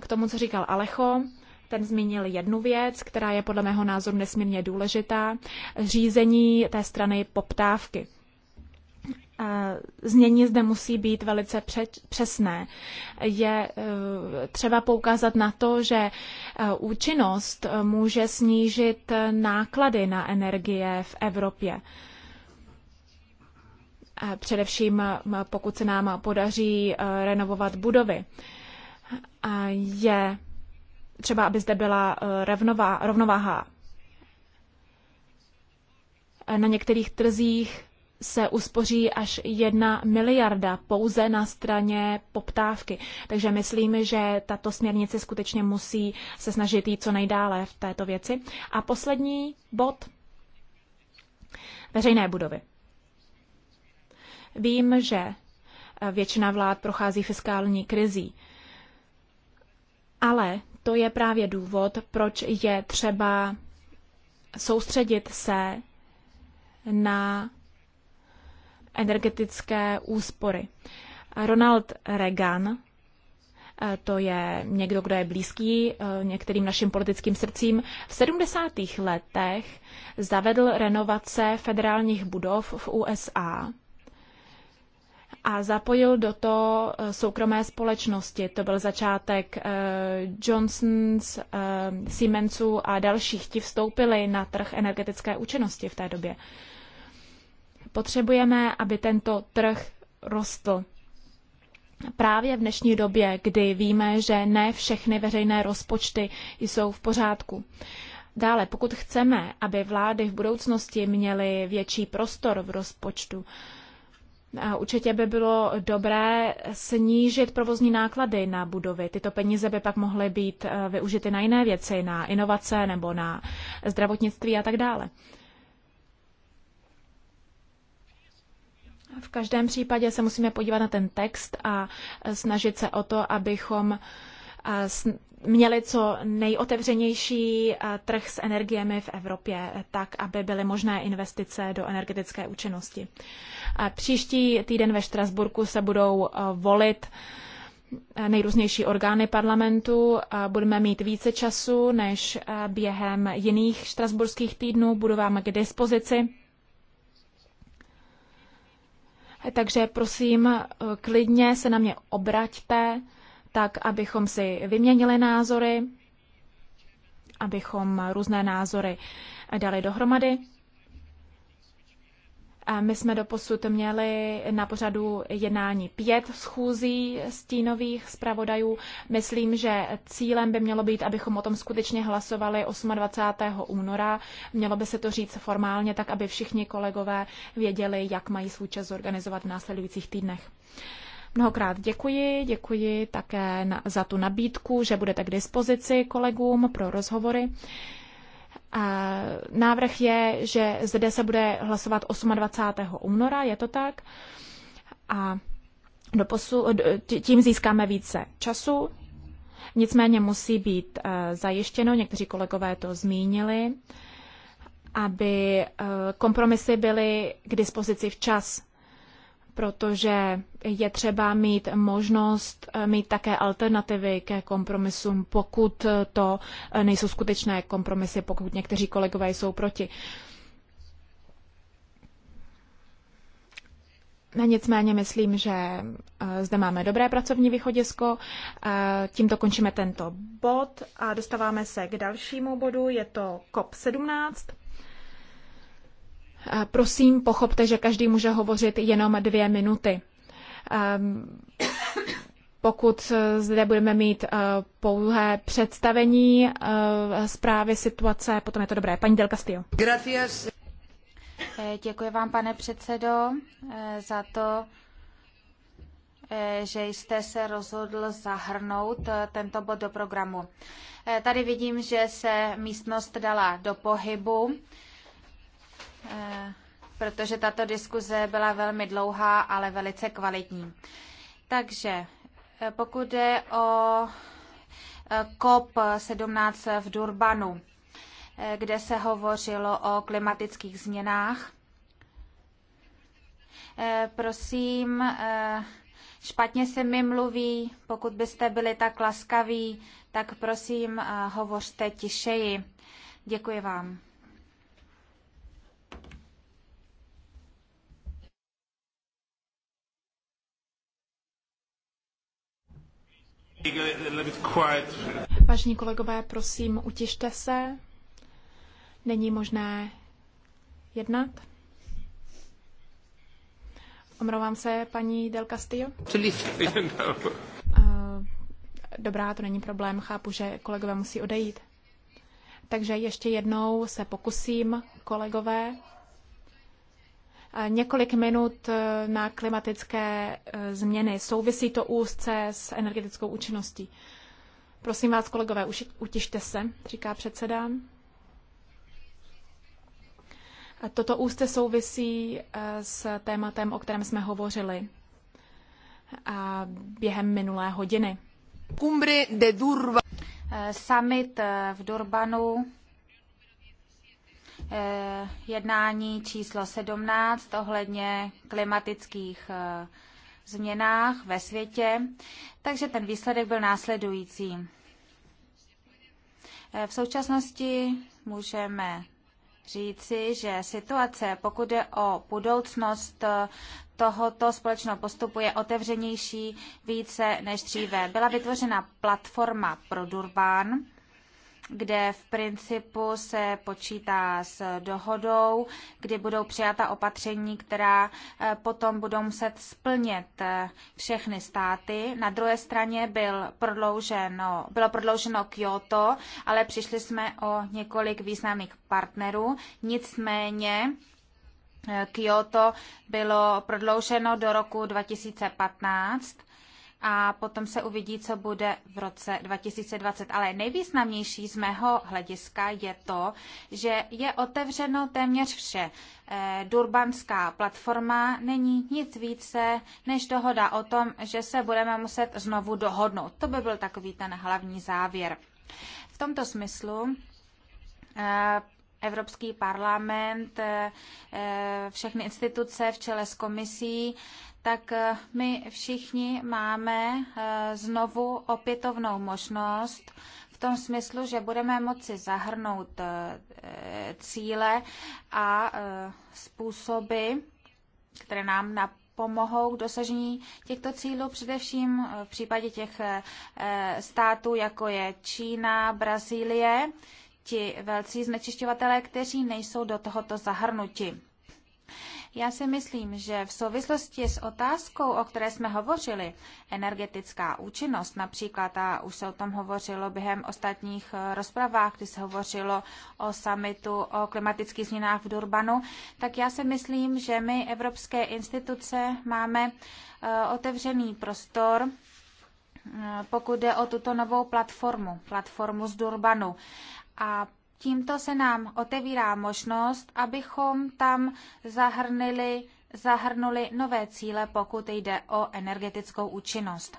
K tomu, co říkal Alecho, ten zmínil jednu věc, která je podle mého názoru nesmírně důležitá, řízení té strany poptávky. Znění zde musí být velice přesné. Je e, třeba poukázat na to, že e, účinnost e, může snížit náklady na energie v Evropě. Především pokud se nám podaří renovovat budovy. Je třeba aby zde byla eh, rovnová, rovnováha. Na některých trzích se uspoří až jedna miliarda pouze na straně poptávky. Takže myslím, že tato směrnice skutečně musí se snažit jít co nejdále v této věci. A poslední bod. Veřejné budovy. Vím, že eh, většina vlád prochází fiskální krizí. Ale to je právě důvod, proč je třeba soustředit se na energetické úspory. Ronald Reagan, eh, to je někdo, kdo je blízký eh, některým našim politickým srdcím, v 70. letech zavedl renovace federálních budov v USA a zapojil do toho eh, soukromé společnosti. To byl začátek eh, Johnsons, eh, Siemensů a dalších. Ti vstoupili na trh energetické účinnosti v té době. Potřebujeme, aby tento trh rostl. Právě v dnešní době, kdy víme, že ne všechny veřejné rozpočty jsou v pořádku. Dále, pokud chceme, aby vlády v budoucnosti měly větší prostor v rozpočtu, Určitě by bylo dobré snížit provozní náklady na budovy. Tyto peníze by pak mohly být eh, využity na jiné věci, na inovace nebo na zdravotnictví a tak dále. V každém případě se musíme podívat na ten text a snažit se o to, abychom eh, měli co nejotevřenější eh, trh s energiemi v Evropě, eh, tak aby byly možné investice do energetické účinnosti. Příští týden ve Štrasburku se budou eh, volit nejrůznější orgány parlamentu. Budeme mít více času než během jiných štrasburských týdnů. Budu vám k dispozici. Takže prosím, klidně se na mě obraťte tak abychom si vyměnili názory, abychom různé názory dali dohromady. A my jsme doposud měli na pořadu jednání pět schůzí stínových zpravodajů. Myslím, že cílem by mělo být, abychom o tom skutečně hlasovali 28. února. Mělo by se to říct formálně, tak aby všichni kolegové věděli, jak mají svůj čas zorganizovat v následujících týdnech. Mnohokrát děkuji, děkuji také za tu nabídku, že budete k dispozici kolegům pro rozhovory. Návrh je, že zde se bude hlasovat 28. února, je to tak? A do posu, tím získáme více času. Nicméně musí být eh, zajištěno, někteří kolegové to zmínili, aby eh, kompromisy byly k dispozici včas protože je třeba mít možnost eh, mít také alternativy ke kompromisům, pokud to eh, nejsou skutečné kompromisy, pokud někteří kolegové jsou proti. Nicméně myslím, že eh, zde máme dobré pracovní východisko. Tímto končíme tento bod a dostáváme se k dalšímu bodu. Je to COP17. Prosím, pochopte, že každý může hovořit jenom dvě minuty. Ehm, pokud zde budeme mít eh, pouhé představení eh, zprávy situace, potom je to dobré. Paní Del Castillo. Gracias. Eh, děkuji vám, pane předsedo, za to, že jste se rozhodl zahrnout tento bod do programu. Tady vidím, že se místnost dala do pohybu. Eh, protože tato diskuze byla velmi dlouhá, ale velice kvalitní. Takže eh, pokud jde o eh, COP17 v Durbanu, kde se hovořilo o klimatických změnách, prosím, špatně se mi mluví, pokud byste byli tak laskaví, tak prosím, hovořte tišeji. Děkuji vám. Vážení kolegové, prosím, utište se. Není možné jednat. Omlouvám se, paní Del Castillo. Eh, dobrá, to není problém, chápu, že kolegové musí odejít. Takže ještě jednou se pokusím, kolegové, Několik minut eh, na klimatické eh, změny. Souvisí to úzce s energetickou účinností. Prosím vás, kolegové, utište se, říká předseda. Toto úzce souvisí eh, s tématem, o kterém jsme hovořili během minulé hodiny. Cumbre de Durban. Summit v Durbanu Eh, jednání číslo 17 ohledně klimatických eh, změnách ve světě. Takže ten výsledek byl následující. Eh, v současnosti můžeme říci, že situace, pokud je o budoucnost tohoto společného postupu, je otevřenější více než dříve. Byla vytvořena platforma pro Durban kde v principu se počítá s dohodou, kdy budou přijata opatření, která eh, potom budou muset splnit eh, všechny státy. Na druhé straně byl prodlouženo, bylo prodlouženo Kyoto, ale přišli jsme o několik významných partnerů. Nicméně eh, Kyoto bylo prodlouženo do roku 2015 a potom se uvidí, co bude v roce 2020. Ale nejvýznamnější z mého hlediska je to, že je otevřeno téměř vše. Eh, Durbanská platforma není nic více než dohoda o tom, že se budeme muset znovu dohodnout. To by byl takový ten hlavní závěr. V tomto smyslu eh, Evropský parlament, eh, všechny instituce v čele s komisí tak eh, my všichni máme eh, znovu opětovnou možnost v tom smyslu, že budeme moci zahrnout eh, cíle a způsoby, které nám na pomohou k dosažení těchto cílů, především v případě těch států, jako je Čína, Brazílie, ti velcí znečišťovatelé, kteří nejsou do tohoto zahrnuti. Já si myslím, že v souvislosti s otázkou, o které jsme hovořili, energetická účinnost například, a už se o tom hovořilo během ostatních eh, rozpravách, kdy se hovořilo o samitu o klimatických změnách v Durbanu, tak já si myslím, že my, evropské instituce, máme eh, otevřený prostor eh, pokud jde o tuto novou platformu, platformu z Durbanu. A Tímto se nám otevírá možnost, abychom tam zahrnili, zahrnuli nové cíle, pokud jde o energetickou účinnost.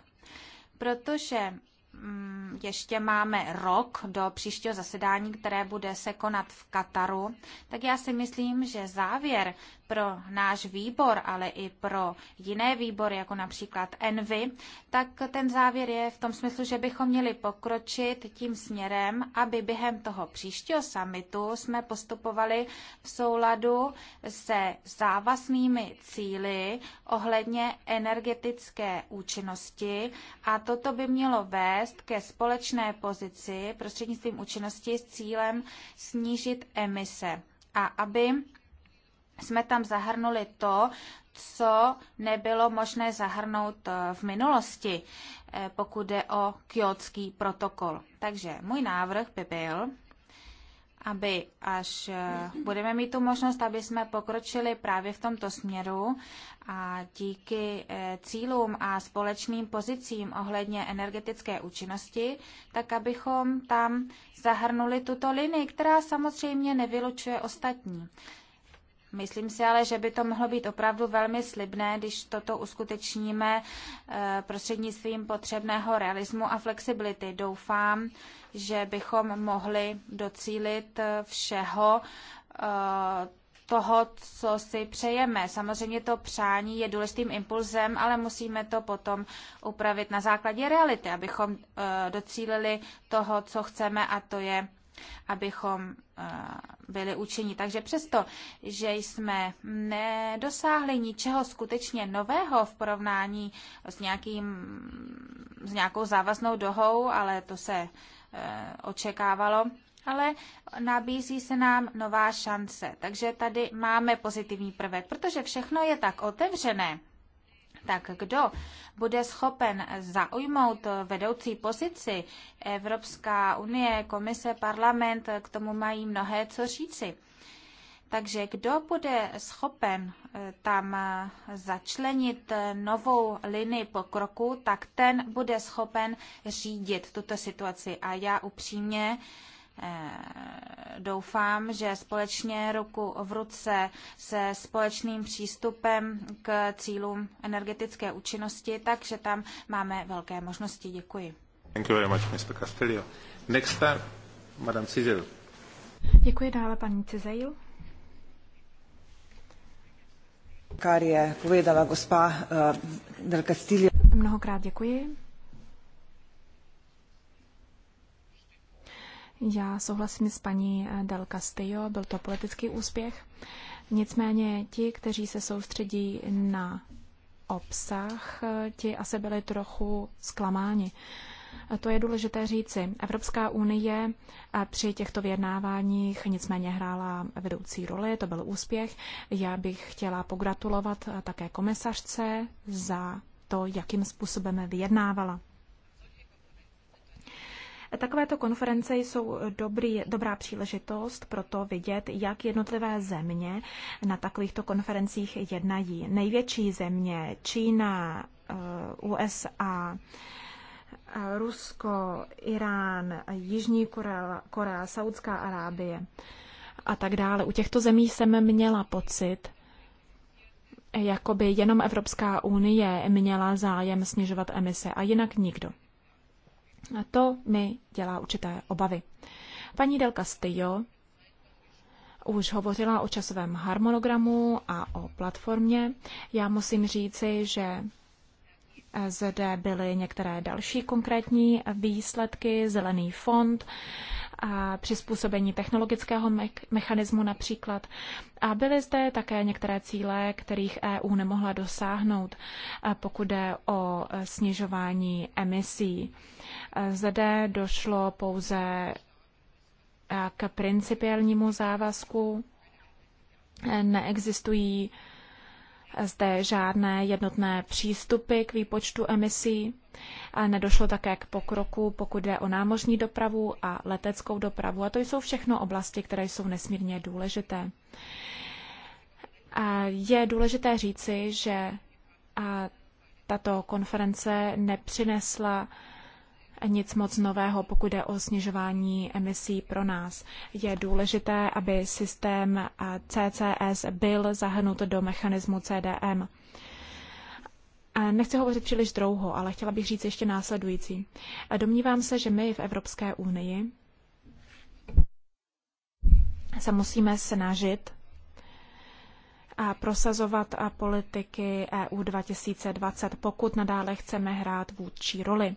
Protože mm, ještě máme rok do příštího zasedání, které bude se konat v Kataru, tak já si myslím, že závěr pro náš výbor, ale i pro jiné výbory, jako například Envy, tak ten závěr je v tom smyslu, že bychom měli pokročit tím směrem, aby během toho příštího summitu jsme postupovali v souladu se závaznými cíly ohledně energetické účinnosti a toto by mělo vést ke společné pozici prostřednictvím účinnosti s cílem snížit emise a aby jsme tam zahrnuli to, co nebylo možné zahrnout eh, v minulosti, eh, pokud jde o kyotský protokol. Takže můj návrh by byl, aby až eh, budeme mít tu možnost, aby jsme pokročili právě v tomto směru a díky cílům a společným pozicím ohledně energetické účinnosti, tak abychom tam zahrnuli tuto linii, která samozřejmě nevylučuje ostatní. Myslím si ale, že by to mohlo být opravdu velmi slibné, když toto uskutečníme eh, prostřednictvím potřebného realismu a flexibility. Doufám, že bychom mohli docílit eh, všeho eh, toho, co si přejeme. Samozřejmě to přání je důležitým impulzem, ale musíme to potom upravit na základě reality, abychom docílili toho, co chceme, a to je abychom eh, byli učeni. Takže přesto, že jsme nedosáhli ničeho skutečně nového v porovnání s, nějakým, s nějakou závaznou dohou, ale to se eh, očekávalo, ale nabízí se nám nová šance. Takže tady máme pozitivní prvek, protože všechno je tak otevřené tak kdo bude schopen zaujmout vedoucí pozici? Evropská unie, komise, parlament k tomu mají mnohé co říci. Takže kdo bude schopen eh, tam eh, začlenit eh, novou linii pokroku, tak ten bude schopen řídit tuto situaci. A já upřímně Eh, doufám, že společně ruku v ruce se společným přístupem k cílům energetické účinnosti, takže tam máme velké možnosti. Děkuji. Thank you very much, Mr. Castillo. Next time, Madam Cizil. Děkuji dále, paní Cizail. Kar je povedala gospa uh, Del Castillo. Mnohokrát děkuji. Já souhlasím s paní eh, Del Castillo, byl to politický úspěch. Nicméně ti, kteří se soustředí na obsah, eh, ti asi byli trochu zklamáni. To je důležité říci. Evropská unie eh, při těchto vyjednáváních nicméně hrála vedoucí roli, to byl úspěch. Já bych chtěla pogratulovat také komisařce za to, jakým způsobem vyjednávala. Takovéto konference jsou dobrý, dobrá příležitost pro to vidět, jak jednotlivé země na takovýchto konferencích jednají. Největší země Čína, eh, USA, eh, Rusko, Irán, Jižní Korea, Korea Saudská Arábie a tak dále. U těchto zemí jsem měla pocit, jakoby jenom Evropská unie měla zájem snižovat emise a jinak nikdo. A to mi dělá určité obavy. Paní Del Castillo už hovořila o časovém harmonogramu a o platformě. Já musím říci, že zde byly některé další konkrétní výsledky, zelený fond, a přizpůsobení technologického me- mechanismu například. A byly zde také některé cíle, kterých EU nemohla dosáhnout, pokud jde o snižování emisí. Zde došlo pouze k principiálnímu závazku. Neexistují zde žádné jednotné přístupy k výpočtu emisí. A nedošlo také k pokroku, pokud jde o námořní dopravu a leteckou dopravu. A to jsou všechno oblasti, které jsou nesmírně důležité. A je důležité říci, že a tato konference nepřinesla nic moc nového, pokud je o snižování emisí pro nás. Je důležité, aby systém CCS byl zahrnut do mechanismu CDM. Nechci hovořit příliš dlouho, ale chtěla bych říct ještě následující. Domnívám se, že my v Evropské unii se musíme snažit a prosazovat a politiky EU 2020, pokud nadále chceme hrát vůdčí roli.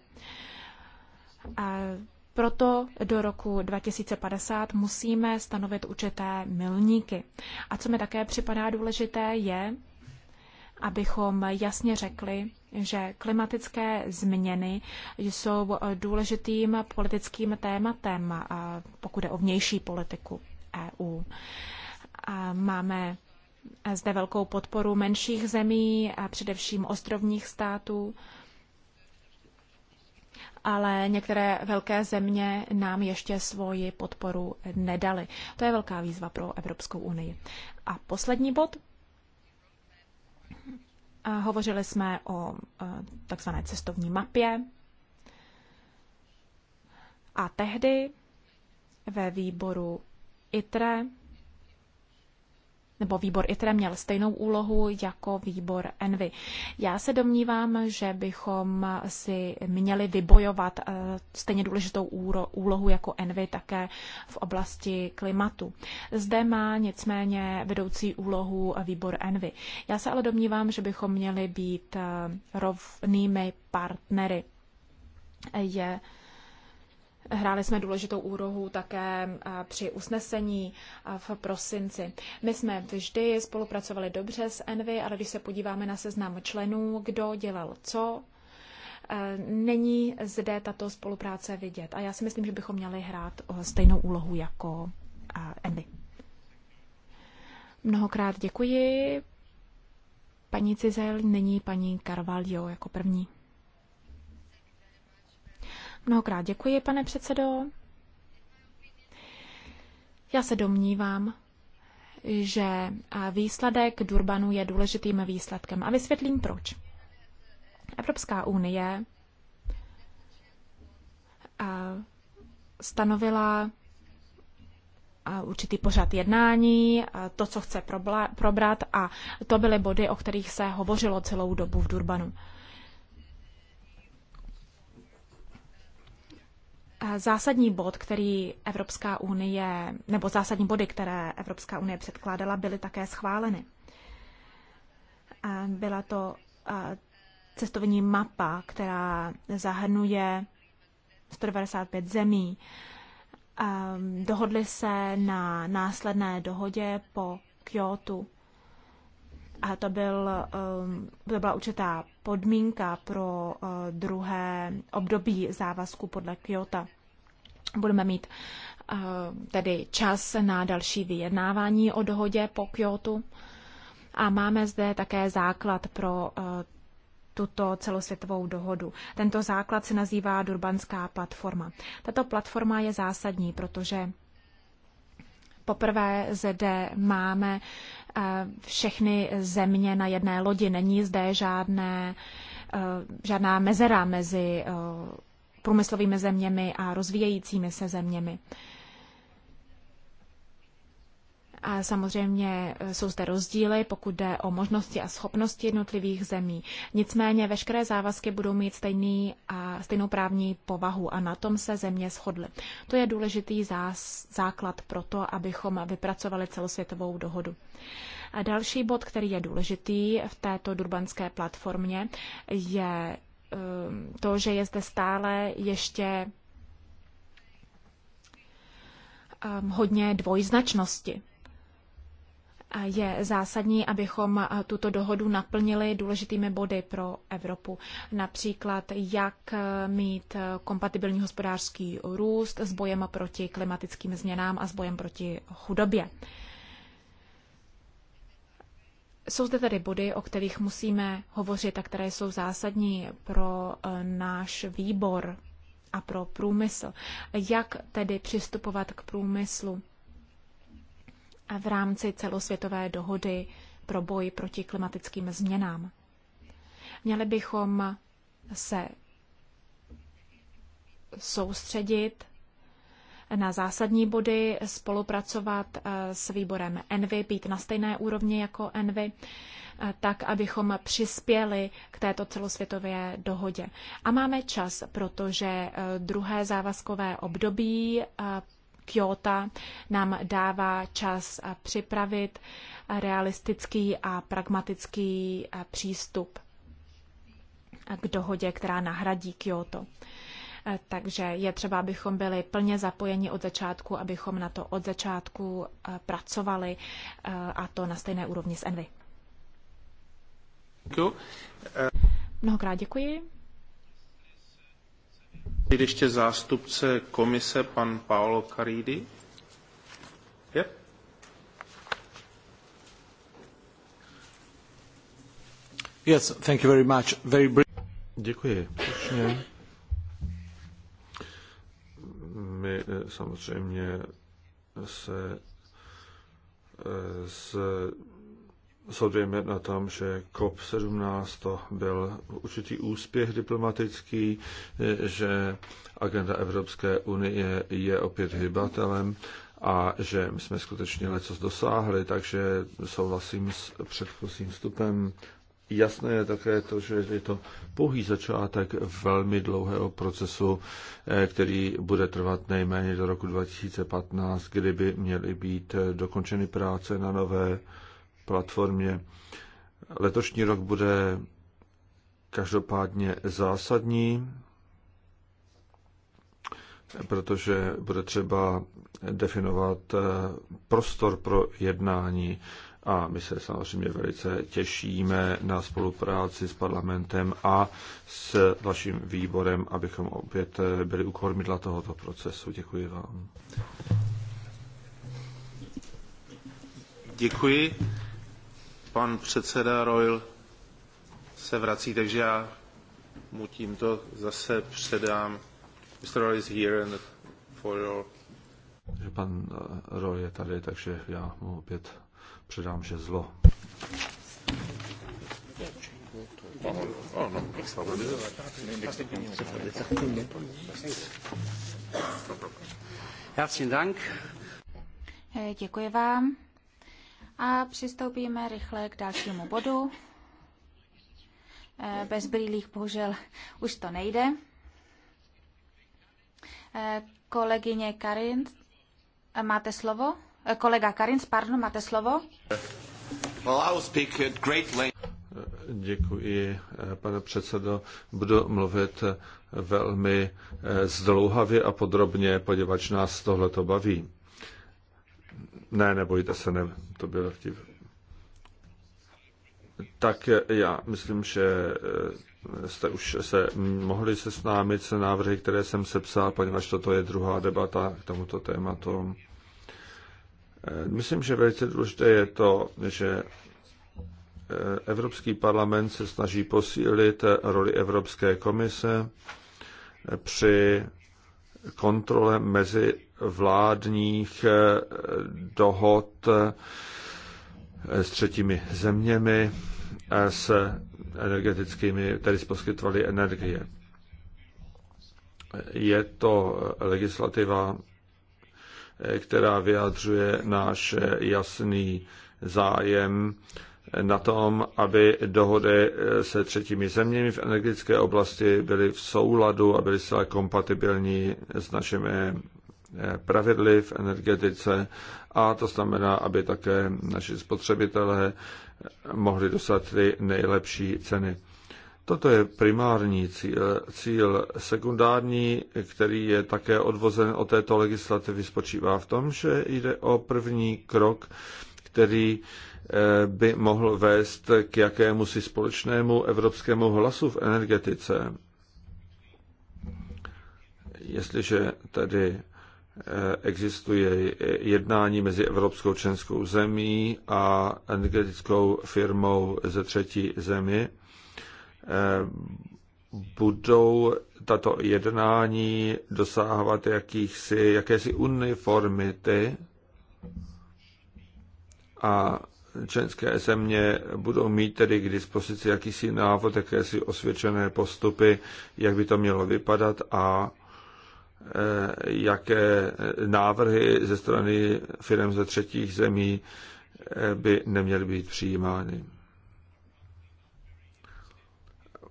Proto do roku 2050 musíme stanovit určité milníky. A co mi také připadá důležité, je, abychom jasně řekli, že klimatické změny jsou důležitým politickým tématem, pokud je o vnější politiku EU. A máme zde velkou podporu menších zemí, a především ostrovních států, ale některé velké země nám ještě svoji podporu nedaly. To je velká výzva pro Evropskou unii. A poslední bod. hovořili jsme o e, takzvané cestovní mapě. A tehdy ve výboru ITRE nebo výbor ITRE měl stejnou úlohu jako výbor ENVY. Já se domnívám, že bychom si měli vybojovat eh, stejně důležitou úlohu jako ENVY také v oblasti klimatu. Zde má nicméně vedoucí úlohu výbor ENVY. Já se ale domnívám, že bychom měli být eh, rovnými partnery. Je Hráli jsme důležitou úrohu také při usnesení v prosinci. My jsme vždy spolupracovali dobře s Envy, ale když se podíváme na seznam členů, kdo dělal co, není zde tato spolupráce vidět. A já si myslím, že bychom měli hrát stejnou úlohu jako Envy. Mnohokrát děkuji. Paní Cizel, není paní Carvalho jako první. Mnohokrát děkuji, pane předsedo. Já se domnívám, že výsledek Durbanu je důležitým výsledkem a vysvětlím proč. Evropská unie eh, stanovila eh, určitý pořad jednání, eh, to, co chce probrat a to byly body, o kterých se hovořilo celou dobu v Durbanu. Zásadní bod, který Evropská unie, nebo zásadní body, které Evropská unie předkládala, byly také schváleny. Byla to cestovní mapa, která zahrnuje 195 zemí. Dohodli se na následné dohodě po Kyoto a to, byl, um, to byla určitá podmínka pro uh, druhé období závazku podle Kyoto. Budeme mít uh, tedy čas na další vyjednávání o dohodě po Kyoto. A máme zde také základ pro uh, tuto celosvětovou dohodu. Tento základ se nazývá Durbanská platforma. Tato platforma je zásadní, protože poprvé zde máme všechny země na jedné lodi. Není zde žádné, eh, žádná mezera mezi eh, průmyslovými zeměmi a rozvíjejícími se zeměmi. A samozřejmě e, jsou zde rozdíly, pokud jde o možnosti a schopnosti jednotlivých zemí. Nicméně veškeré závazky budou mít stejný a stejnou právní povahu a na tom se země shodly. To je důležitý zás, základ pro to, abychom vypracovali celosvětovou dohodu. A další bod, který je důležitý v této durbanské platformě, je ehm, to, že je zde stále ještě ehm, hodně dvojznačnosti je zásadní, abychom eh, tuto dohodu naplnili důležitými body pro Evropu. Například, jak eh, mít eh, kompatibilní hospodářský růst s bojem proti klimatickým změnám a s bojem proti chudobě. Jsou zde tedy body, o kterých musíme hovořit a které jsou zásadní pro náš výbor a pro průmysl. Jak tedy přistupovat k průmyslu? v rámci celosvětové dohody pro boj proti klimatickým změnám. Měli bychom se soustředit na zásadní body, spolupracovat eh, s výborem Envy, být na stejné úrovni jako Envy, eh, tak, abychom přispěli k této celosvětové dohodě. A máme čas, protože eh, druhé závazkové období Kyoto nám dává čas připravit realistický a pragmatický přístup k dohodě, která nahradí Kyoto. Takže je třeba, abychom byli plně zapojeni od začátku, abychom na to od začátku pracovali a to na stejné úrovni s Envy. Mnohokrát děkuji. Ještě zástupce komise, pan Paolo Caridi. Yep. Yes, thank you very much. Very brief. Děkuji. Pěkně. My eh, samozřejmě se eh, s shodujeme na tom, že COP17 to byl určitý úspěch diplomatický, že agenda Evropské unie je opět hybatelem a že my jsme skutečně něco dosáhli, takže souhlasím s předchozím vstupem. Jasné je také to, že je to pouhý začátek velmi dlouhého procesu, eh, který bude trvat nejméně do roku 2015, kdyby měly být dokončeny práce na nové platformě. Letošní rok bude každopádně zásadní, protože bude třeba definovat eh, prostor pro jednání a my se samozřejmě velice těšíme na spolupráci s parlamentem a s vaším výborem, abychom opět eh, byli u kormidla tohoto procesu. Děkuji vám. Děkuji pan předseda Royal se vrací, takže já mu tímto zase předám. Mr. Royal is here and for your... Že pan eh, Roy je tady, takže já mu opět předám žezlo. Herzlichen Dank. Eh, děkuji vám. A přistoupíme rychle k dalšímu bodu. Eh, bez brýlích bohužel už to nejde. Eh, kolegyně Karin, eh, máte slovo? Kolega Karin, pardon, máte slovo? Děkuji, pane předsedo. Budu mluvit velmi zdlouhavě a podrobně, poněvadž nás tohle to baví. Ne, nebojte se, ne, to byl vtip. Tak já myslím, že eh, jste už se mohli seznámit se návrhy, které jsem sepsal, poněvadž toto je druhá debata k tomuto tématu. Eh, myslím, že velice důležité je to, že eh, Evropský parlament se snaží posílit roli Evropské komise při kontrole mezi vládních eh, dohod eh, s třetími zeměmi, eh, s energetickými, tedy s poskytovali energie. Je to legislativa, která vyjadřuje náš jasný zájem na tom, aby dohody se třetími zeměmi v energetické oblasti byly v souladu a byly zcela kompatibilní s našimi Eh, pravidly v energetice a to znamená, aby také naši spotřebitelé mohli dostat ty nejlepší ceny. Toto je primární cíl. Cíl sekundární, který je také odvozen od této legislativy, spočívá v tom, že jde o první krok, který eh, by mohl vést k jakému si společnému evropskému hlasu v energetice. Jestliže tedy existuje jednání mezi Evropskou členskou zemí a energetickou firmou ze třetí zemi. Budou tato jednání dosáhovat jakýchsi, jakési uniformity a členské země budou mít tedy k dispozici jakýsi návod, jakési osvědčené postupy, jak by to mělo vypadat a Eh, jaké návrhy ze strany firm ze třetích zemí eh, by neměly být přijímány.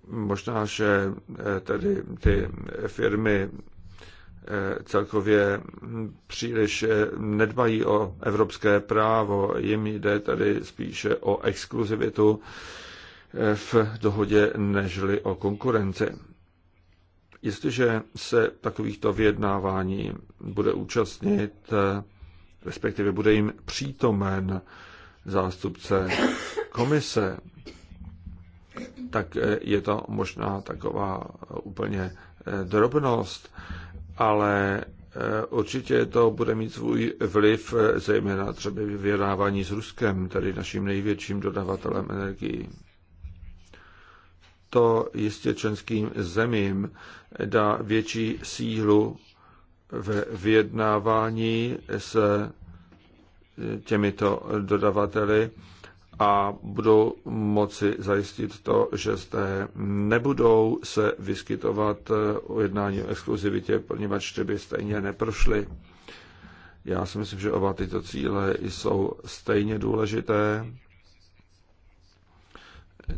Možná, že eh, tedy ty firmy celkově příliš nedbají o evropské právo, jim jde tady spíše o exkluzivitu v dohodě nežli o konkurenci. Jestliže se takovýchto vyjednávání bude účastnit, respektive bude jim přítomen zástupce komise, tak je to možná taková úplně drobnost, ale určitě to bude mít svůj vliv, zejména třeba vyjednávání s Ruskem, tedy naším největším dodavatelem energii to jistě členským zemím dá větší sílu ve vyjednávání s těmito dodavateli a budou moci zajistit to, že zde nebudou se vyskytovat eh, o jednání o exkluzivitě, poněvadž ty by stejně neprošly. Já si myslím, že oba tyto cíle jsou stejně důležité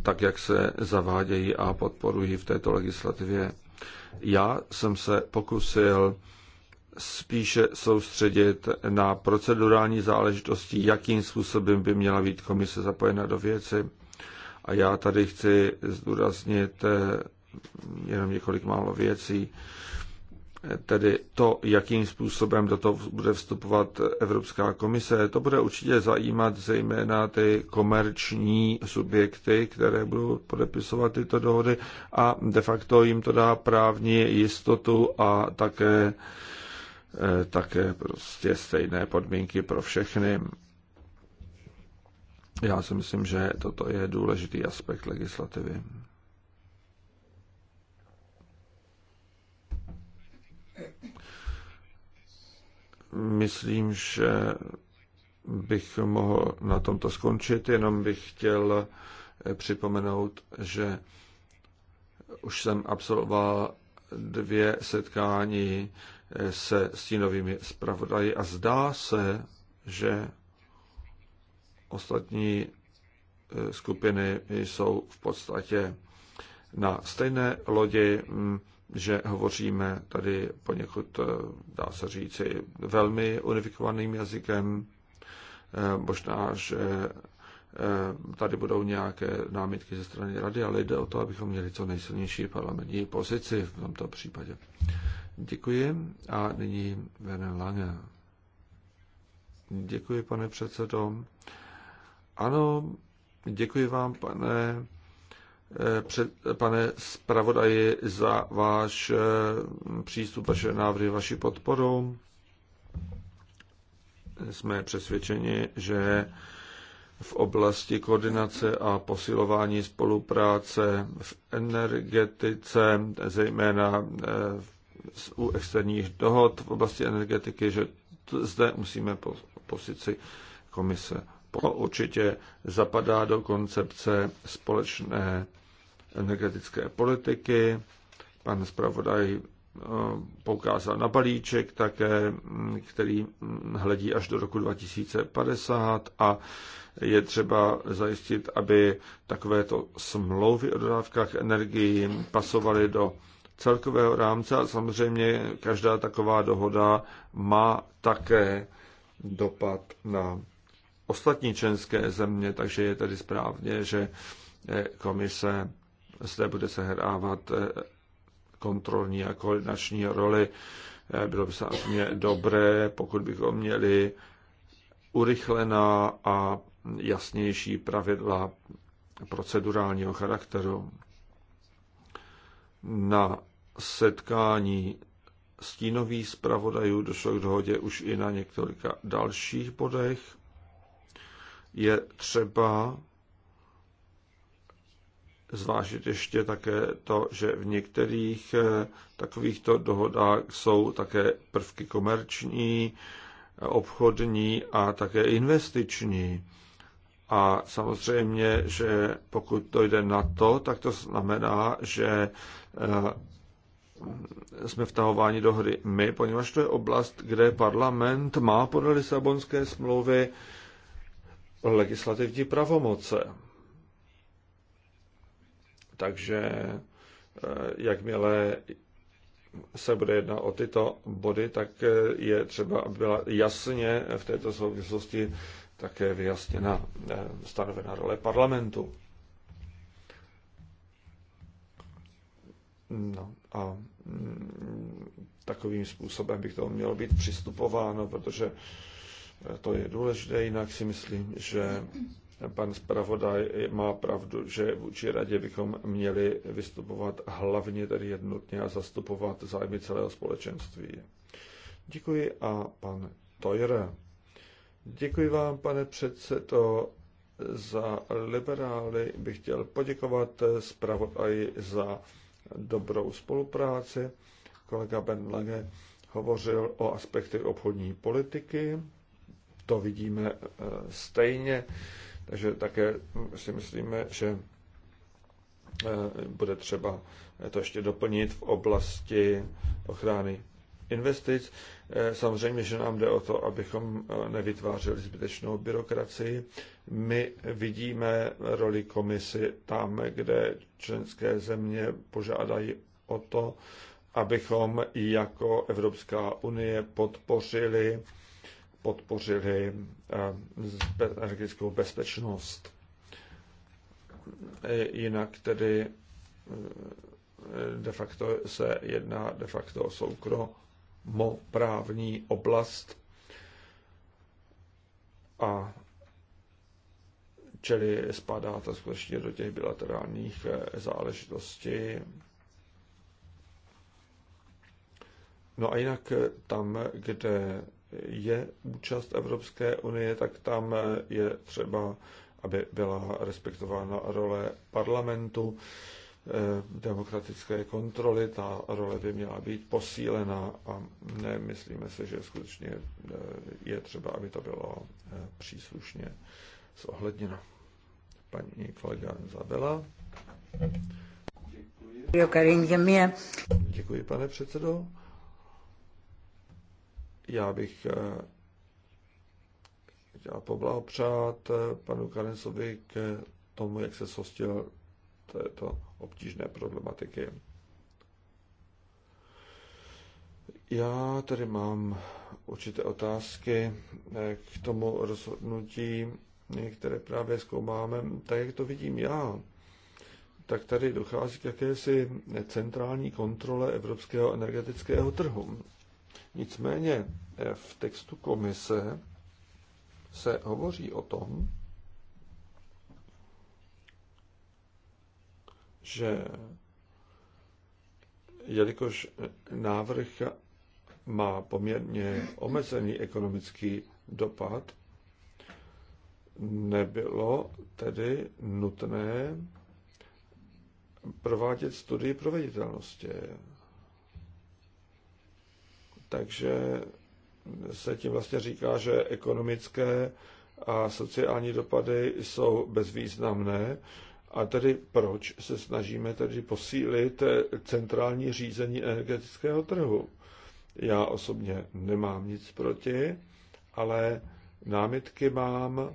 tak jak se zavádějí a podporují v této legislativě. Já jsem se pokusil spíše soustředit na procedurální záležitosti, jakým způsobem by měla být komise zapojena do věci. A já tady chci zdůraznit eh, jenom několik málo věcí tedy to, jakým způsobem do toho bude vstupovat Evropská komise. To bude určitě zajímat zejména ty komerční subjekty, které budou podepisovat tyto dohody a de facto jim to dá právní jistotu a také, eh, také prostě stejné podmínky pro všechny. Já si myslím, že toto je důležitý aspekt legislativy. myslím, že bych mohl na tomto skončit, jenom bych chtěl eh, připomenout, že už jsem absolvoval dvě setkání eh, se stínovými zpravodaji a zdá se, že ostatní eh, skupiny jsou v podstatě na stejné lodi. Mm, že hovoříme tady poněkud, eh, dá se říci, velmi unifikovaným jazykem. Eh, možná, že eh, tady budou nějaké námitky ze strany rady, ale jde o to, abychom měli co nejsilnější parlamentní pozici v tomto případě. Děkuji a nyní Werner Lange. Děkuji, pane předsedo. Ano, děkuji vám, pane Eh, pane zpravodaji, za váš eh, přístup, vaše návrhy, vaši podporu. Jsme přesvědčeni, že v oblasti koordinace a posilování spolupráce v energetice, zejména eh, u externích dohod v oblasti energetiky, že zde musíme posici komise. Určitě zapadá do koncepce společné energetické politiky. Pan zpravodaj eh, poukázal na balíček také, mm, který mm, hledí až do roku 2050 a je třeba zajistit, aby takovéto smlouvy o dodávkách energii pasovaly do celkového rámce a samozřejmě každá taková dohoda má také dopad na ostatní členské země, takže je tedy správně, že eh, komise zde bude sehrávat eh, kontrolní a koordinační roli. Eh, bylo by samozřejmě dobré, pokud bychom měli urychlená a jasnější pravidla procedurálního charakteru. Na setkání stínových zpravodajů došlo k dohodě už i na několika dalších bodech. Je třeba zvážit ještě také to, že v některých eh, takovýchto dohodách jsou také prvky komerční, obchodní a také investiční. A samozřejmě, že pokud to jde na to, tak to znamená, že eh, jsme vtahováni do hry my, poněvadž to je oblast, kde parlament má podle Lisabonské smlouvy legislativní pravomoce. Takže eh, jakmile se bude jednat o tyto body, tak eh, je třeba, aby byla jasně v této souvislosti také vyjasněna eh, stanovená role parlamentu. No a mm, takovým způsobem by to mělo být přistupováno, protože to je důležité, jinak si myslím, že pan zpravodaj má pravdu, že vůči radě bychom měli vystupovat hlavně tedy jednotně a zastupovat zájmy celého společenství. Děkuji a pan Tojere. Děkuji vám, pane předsedo, za liberály. Bych chtěl poděkovat zpravodaji za dobrou spolupráci. Kolega Ben Lange hovořil o aspekty obchodní politiky. To vidíme eh, stejně takže také si myslíme, že eh, bude třeba to ještě doplnit v oblasti ochrany investic. Eh, samozřejmě, že nám jde o to, abychom eh, nevytvářeli zbytečnou byrokracii. My vidíme roli komisy tam, kde členské země požádají o to, abychom jako Evropská unie podpořili podpořili eh, energetickou bezpečnost. Eh, jinak tedy eh, de facto se jedná de facto o soukromoprávní oblast a čili spadá to skutečně do těch bilaterálních záležitostí. No a jinak tam, kde je účast Evropské unie, tak tam je třeba, aby byla respektována role parlamentu, eh, demokratické kontroly, ta role by měla být posílena a nemyslíme se, že skutečně eh, je třeba, aby to bylo eh, příslušně zohledněno. Paní kolega Zabela. Děkuji. Děkuji, pane předsedo. Já bych eh, chtěl poblahopřát eh, panu Karensovi k tomu, jak se sostil této obtížné problematiky. Já tady mám určité otázky eh, k tomu rozhodnutí, které právě zkoumáme. Tak, jak to vidím já, tak tady dochází k jakési centrální kontrole evropského energetického trhu. Nicméně eh, v textu komise se hovoří o tom, že jelikož návrh má poměrně omezený ekonomický dopad, nebylo tedy nutné provádět studii proveditelnosti takže se tím vlastně říká, že ekonomické a sociální dopady jsou bezvýznamné. A tedy proč se snažíme tedy posílit centrální řízení energetického trhu? Já osobně nemám nic proti, ale námitky mám eh,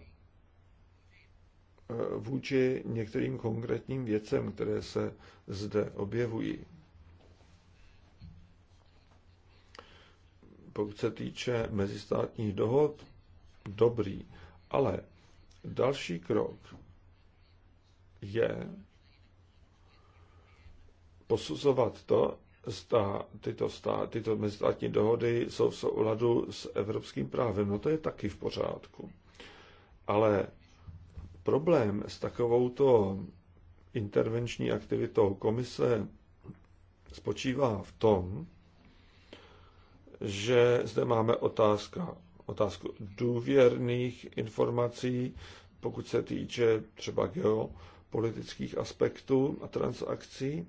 vůči některým konkrétním věcem, které se zde objevují. pokud se týče mezistátních dohod, dobrý. Ale další krok je posuzovat to, zda tyto, stát, tyto mezistátní dohody jsou v souladu s evropským právem. No to je taky v pořádku. Ale problém s takovouto intervenční aktivitou komise spočívá v tom, že zde máme otázka, otázku důvěrných informací, pokud se týče třeba geopolitických aspektů a transakcí.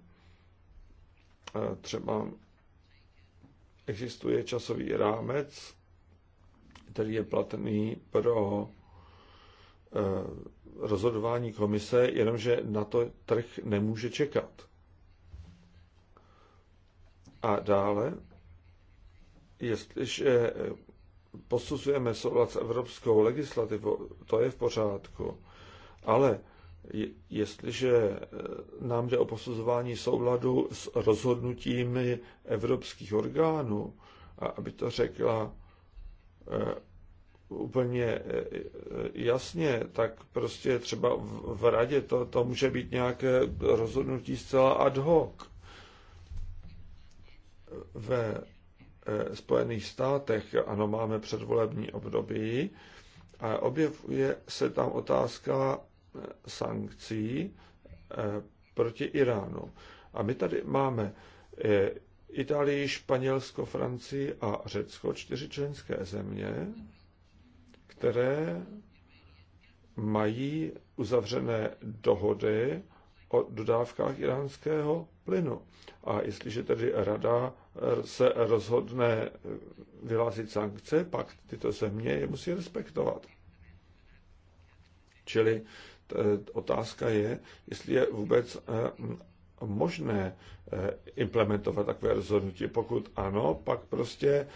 Třeba existuje časový rámec, který je platný pro eh, rozhodování komise, jenomže na to trh nemůže čekat. A dále jestliže eh, posuzujeme souhlas s evropskou legislativou, to je v pořádku. Ale jestliže eh, nám jde o posuzování souladu s rozhodnutími evropských orgánů, a aby to řekla eh, úplně jasně, tak prostě třeba v radě to, to může být nějaké rozhodnutí zcela ad hoc. Ve Eh, Spojených státech, ano, máme předvolební období, a objevuje se tam otázka eh, sankcí eh, proti Iránu. A my tady máme Itálii, Španělsko, Francii a Řecko, čtyři členské země, které mají uzavřené dohody o dodávkách iránského plynu. A jestliže tedy Rada se rozhodne vyhlásit sankce, pak tyto země je musí respektovat. Čili otázka je, jestli je vůbec eh, možné eh, implementovat takové rozhodnutí. Pokud ano, pak prostě eh,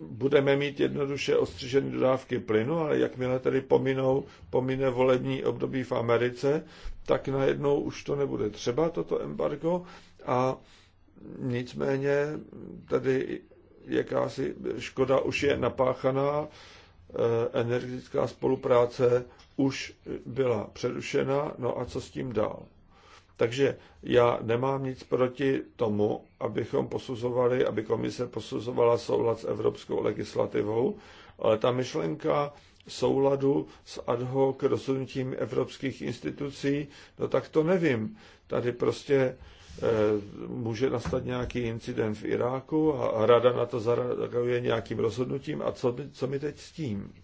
budeme mít jednoduše ostřižené dodávky plynu, ale jakmile tedy pominou, pomine volební období v Americe, tak najednou už to nebude třeba, toto embargo, a Nicméně tady jakási škoda už je napáchaná, eh, energetická spolupráce už byla přerušena, no a co s tím dál? Takže já nemám nic proti tomu, abychom posuzovali, aby komise posuzovala soulad s evropskou legislativou, ale ta myšlenka souladu s ad hoc rozhodnutím evropských institucí, no tak to nevím. Tady prostě Eh, může nastat nějaký incident v Iráku a rada na to zareaguje nějakým rozhodnutím a co, co mi teď s tím?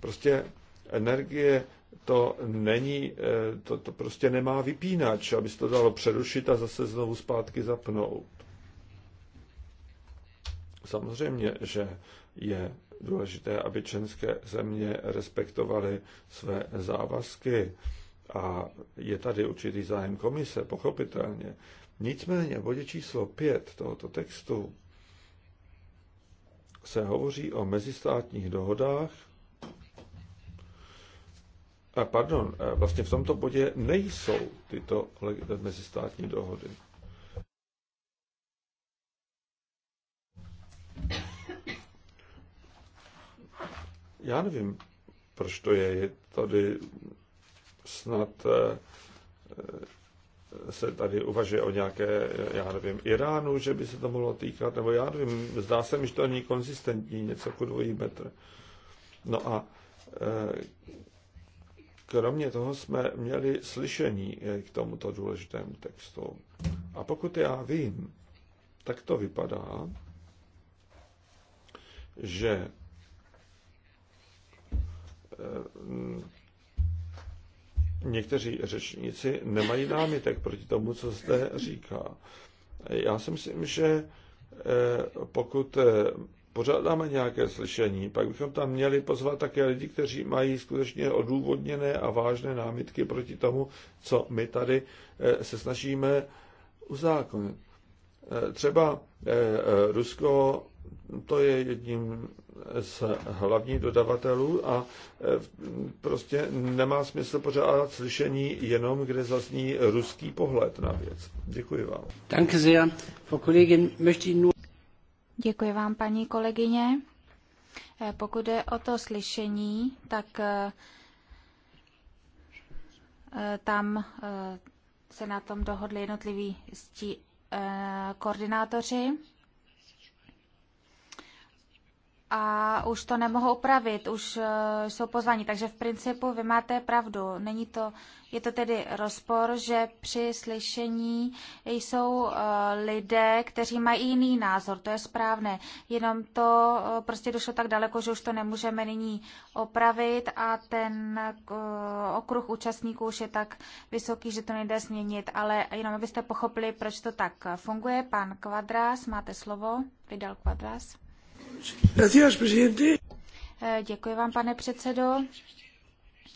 Prostě energie to není, eh, to, to prostě nemá vypínač, aby se to dalo přerušit a zase znovu zpátky zapnout. Samozřejmě, že je důležité, aby členské země respektovaly své závazky a je tady určitý zájem komise, pochopitelně. Nicméně v bodě číslo 5 tohoto textu se hovoří o mezistátních dohodách. A pardon, vlastně v tomto bodě nejsou tyto mezistátní dohody. Já nevím, proč to je. Je tady snad eh, eh, se tady uvažuje o nějaké, já nevím, Iránu, že by se to mohlo týkat, nebo já nevím, zdá se mi, že to není konzistentní, něco jako dvojí metr. No a eh, kromě toho jsme měli slyšení k tomuto důležitému textu. A pokud já vím, tak to vypadá, že někteří řečníci nemají námitek proti tomu, co zde říká. Já si myslím, že eh, pokud eh, pořádáme nějaké slyšení, pak bychom tam měli pozvat také lidi, kteří mají skutečně odůvodněné a vážné námitky proti tomu, co my tady eh, se snažíme uzákonit. Třeba Rusko to je jedním z hlavních dodavatelů a e, prostě nemá smysl pořádat slyšení jenom, kde zazní ruský pohled na věc. Děkuji vám. Danke sehr, Frau Kollegin. Möchte nur... Děkuji vám, paní kolegyně. E, pokud je o to slyšení, tak e, tam se na tom dohodli jednotliví koordinátoři a už to nemohou opravit, už eh, jsou pozvaní. Takže v principu vy máte pravdu. Není to, je to tedy rozpor, že při slyšení jsou eh, lidé, kteří mají jiný názor. To je správné. Jenom to eh, prostě došlo tak daleko, že už to nemůžeme nyní opravit a ten okruh účastníků už je tak vysoký, že to nejde změnit. Ale jenom abyste pochopili, proč to tak funguje. Pan Kvadras, máte slovo. Vydal Kvadras. Eh, děkuji vám, pane předsedo.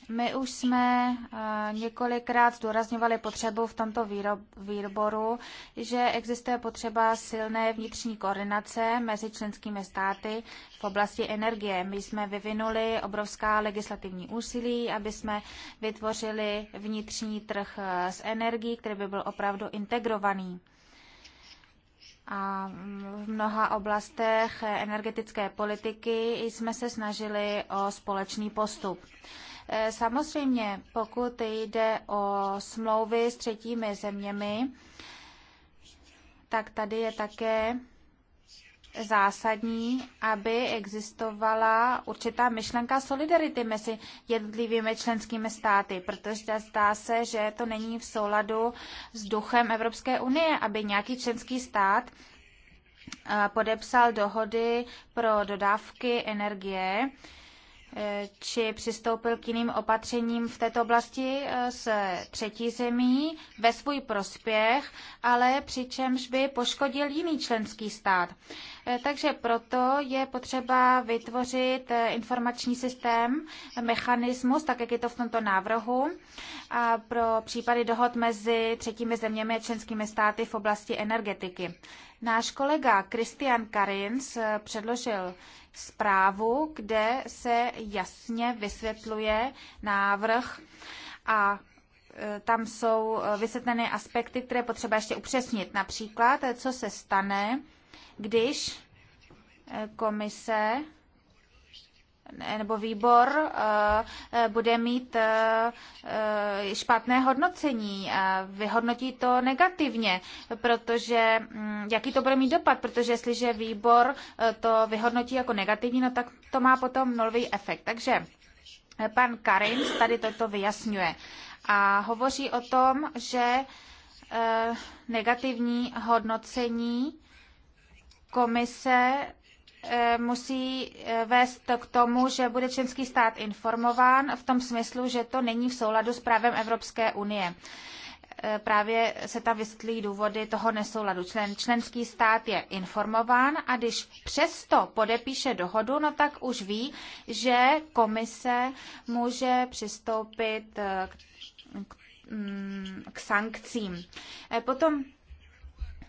My už jsme eh, několikrát zdůrazňovali potřebu v tomto výboru, že existuje potřeba silné vnitřní koordinace mezi členskými státy v oblasti energie. My jsme vyvinuli obrovská legislativní úsilí, aby jsme vytvořili vnitřní trh eh, s energií, který by byl opravdu integrovaný a v mnoha oblastech energetické politiky jsme se snažili o společný postup. E, samozřejmě, pokud jde o smlouvy s třetími zeměmi, tak tady je také zásadní, aby existovala určitá myšlenka solidarity mezi jednotlivými členskými státy, protože zdá se, že to není v souladu s duchem Evropské unie, aby nějaký členský stát eh, podepsal dohody pro dodávky energie, či přistoupil k jiným opatřením v této oblasti s eh, třetí zemí ve svůj prospěch, ale přičemž by poškodil jiný členský stát. Eh, takže proto je potřeba vytvořit eh, informační systém, mechanismus, tak jak je to v tomto návrhu, a pro případy dohod mezi třetími zeměmi a členskými státy v oblasti energetiky. Náš kolega Christian Karins předložil zprávu, kde se jasně vysvětluje návrh a e, tam jsou e, vysvětleny aspekty, které potřeba ještě upřesnit. Například, e, co se stane, když komise nebo výbor eh, eh, bude mít eh, špatné hodnocení a vyhodnotí to negativně, protože mm, jaký to bude mít dopad, protože jestliže výbor to vyhodnotí jako negativní, no tak to má potom nulový efekt. Takže pan Karins tady toto vyjasňuje a hovoří o tom, že negativní hodnocení komise E, musí e, vést k tomu, že bude členský stát informován v tom smyslu, že to není v souladu s právem Evropské unie. E, právě se tam vysvětlí důvody toho nesouladu. Člen, členský stát je informován a když přesto podepíše dohodu, no tak už ví, že komise může přistoupit k, k, mm, k sankcím. Potom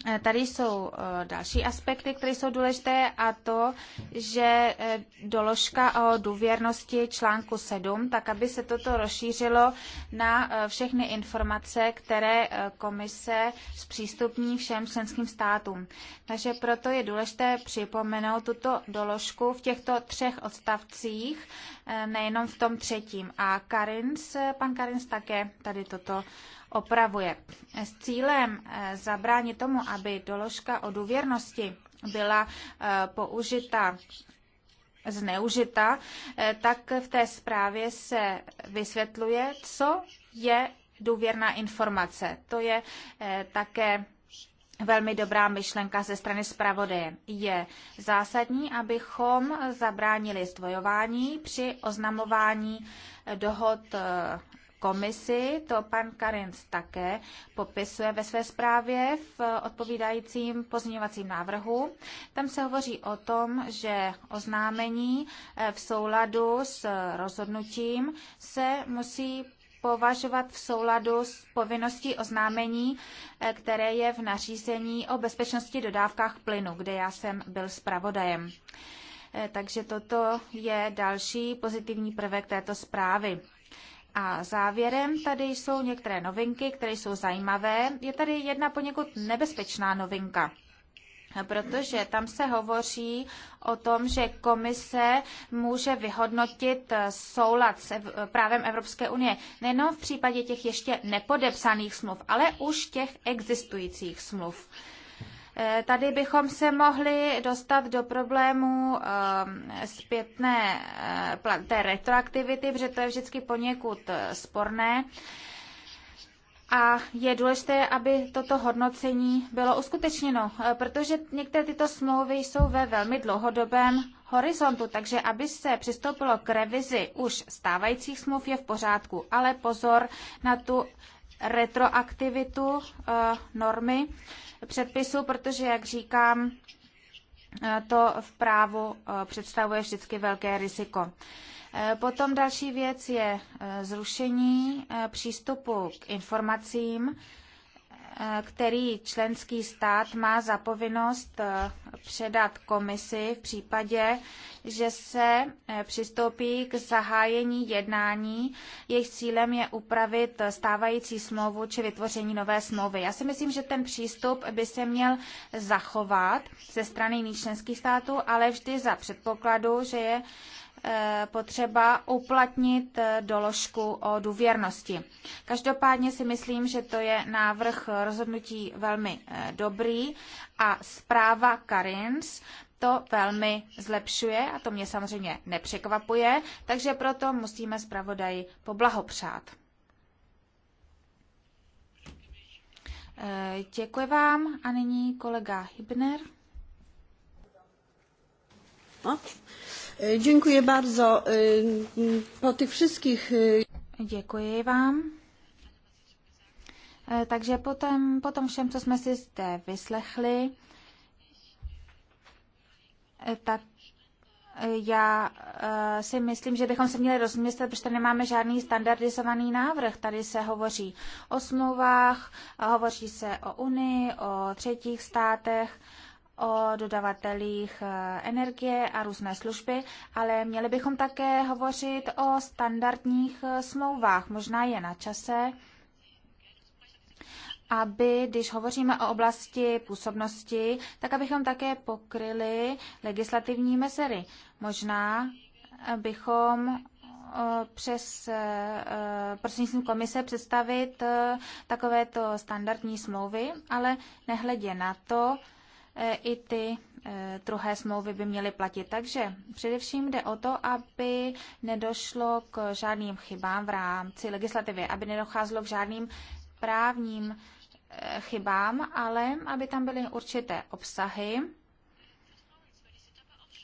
Eh, tady jsou eh, další aspekty, které jsou důležité a to, že eh, doložka o důvěrnosti článku 7, tak aby se toto rozšířilo na všechny informace, které komise zpřístupní všem členským státům. Takže proto je důležité připomenout tuto doložku v těchto třech odstavcích, nejenom v tom třetím. A Karins, pan Karins také tady toto opravuje. S cílem eh, zabránit tomu, aby doložka o důvěrnosti byla eh, použita zneužita, eh, tak v té zprávě se vysvětluje, co je důvěrná informace. To je také Velmi dobrá myšlenka ze strany zpravodaje. Je zásadní, abychom zabránili zdvojování při oznamování dohod komisi, to pan Karins také popisuje ve své zprávě v odpovídajícím pozměňovacím návrhu. Tam se hovoří o tom, že oznámení eh, v souladu s rozhodnutím se musí považovat v souladu s povinností oznámení, eh, které je v nařízení o bezpečnosti dodávkách plynu, kde já jsem byl zpravodajem. Eh, takže toto je další pozitivní prvek této zprávy. A závěrem tady jsou některé novinky, které jsou zajímavé. Je tady jedna poněkud nebezpečná novinka protože tam se hovoří o tom, že komise může vyhodnotit soulad s právem Evropské unie nejenom v případě těch ještě nepodepsaných smluv, ale už těch existujících smluv. Eh, tady bychom se mohli dostat do problému ehm, zpětné eh, té retroaktivity, protože to je vždycky poněkud eh, sporné. A je důležité, aby toto hodnocení bylo uskutečněno, protože některé tyto smlouvy jsou ve velmi dlouhodobém horizontu, takže aby se přistoupilo k revizi už stávajících smluv je v pořádku, ale pozor na tu retroaktivitu eh, normy předpisu, protože, jak říkám, eh, to v právu eh, představuje vždycky velké riziko. Potom další věc je zrušení přístupu k informacím který členský stát má za povinnost eh, předat komisi v případě, že se eh, přistoupí k zahájení jednání. Jejich cílem je upravit stávající smlouvu či vytvoření nové smlouvy. Já si myslím, že ten přístup by se měl zachovat ze strany jiných členských států, ale vždy za předpokladu, že je Eh, potřeba uplatnit eh, doložku o důvěrnosti. Každopádně si myslím, že to je návrh rozhodnutí velmi eh, dobrý a zpráva Karins to velmi zlepšuje a to mě samozřejmě nepřekvapuje, takže proto musíme zpravodaji poblahopřát. Děkuji vám a nyní kolega Hibner. No. Děkuji bardzo. Po tych wszystkich... Děkuji vám. E, takže potom, potom všem, co jsme si zde vyslechli, e, tak e, já si myslím, že bychom se měli rozmyslet, protože tady nemáme žádný standardizovaný návrh. Tady se hovoří o smlouvách, hovoří se o Unii, o třetích státech o dodavatelích eh, energie a různé služby, ale měli bychom také hovořit o standardních eh, smlouvách. Možná je na čase, aby, když hovoříme o oblasti působnosti, tak abychom také pokryli legislativní mezery. Možná eh, bychom přes prostřednictvím komise představit takovéto standardní smlouvy, ale nehledě na to, E, i ty e, druhé smlouvy by měly platit. Takže především jde o to, aby nedošlo k žádným chybám v rámci legislativy, aby nedocházelo k žádným právním e, chybám, ale aby tam byly určité obsahy,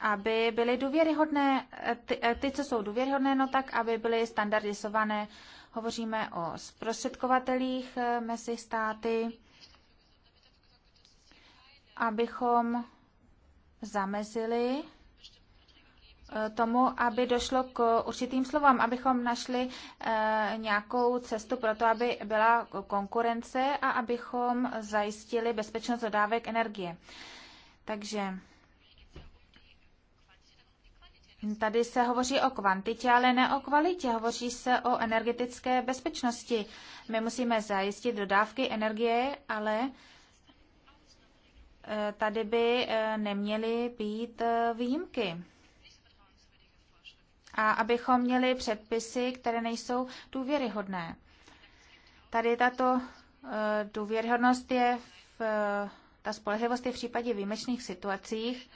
aby byly důvěryhodné, ty, ty, co jsou důvěryhodné, no tak, aby byly standardizované. Hovoříme o zprostředkovatelích mezi státy, abychom zamezili eh, tomu, aby došlo k určitým slovám, abychom našli eh, nějakou cestu pro to, aby byla konkurence a abychom zajistili bezpečnost dodávek energie. Takže tady se hovoří o kvantitě, ale ne o kvalitě. Hovoří se o energetické bezpečnosti. My musíme zajistit dodávky energie, ale tady by eh, neměly být eh, výjimky. A abychom měli předpisy, které nejsou důvěryhodné. Tady tato eh, důvěryhodnost je v, ta spolehlivost je v případě výjimečných situacích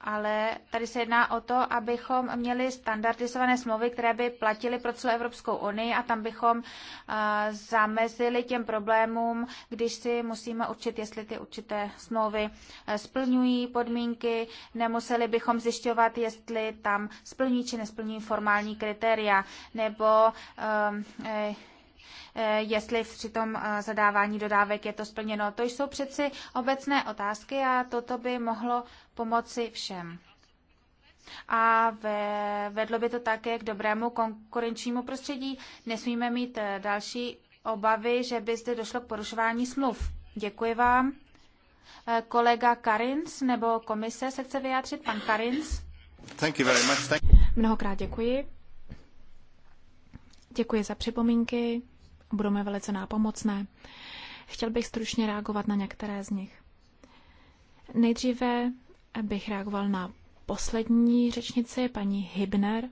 ale tady se jedná o to, abychom měli standardizované smlouvy, které by platily pro celou Evropskou unii a tam bychom eh, zamezili těm problémům, když si musíme určit, jestli ty určité smlouvy eh, splňují podmínky, nemuseli bychom zjišťovat, jestli tam splňují či nesplňují formální kritéria, nebo eh, Eh, jestli při tom eh, zadávání dodávek je to splněno. To jsou přeci obecné otázky a toto by mohlo pomoci všem. A vedlo by to také k dobrému konkurenčnímu prostředí. Nesmíme mít eh, další obavy, že by zde došlo k porušování smluv. Děkuji vám. Kolega Karins nebo komise se chce vyjádřit. Pan Karins. Thank you very much. Thank Mnohokrát děkuji. Děkuji za připomínky, budou mi velice nápomocné. Chtěl bych stručně reagovat na některé z nich. Nejdříve bych reagoval na poslední řečnici, paní Hibner,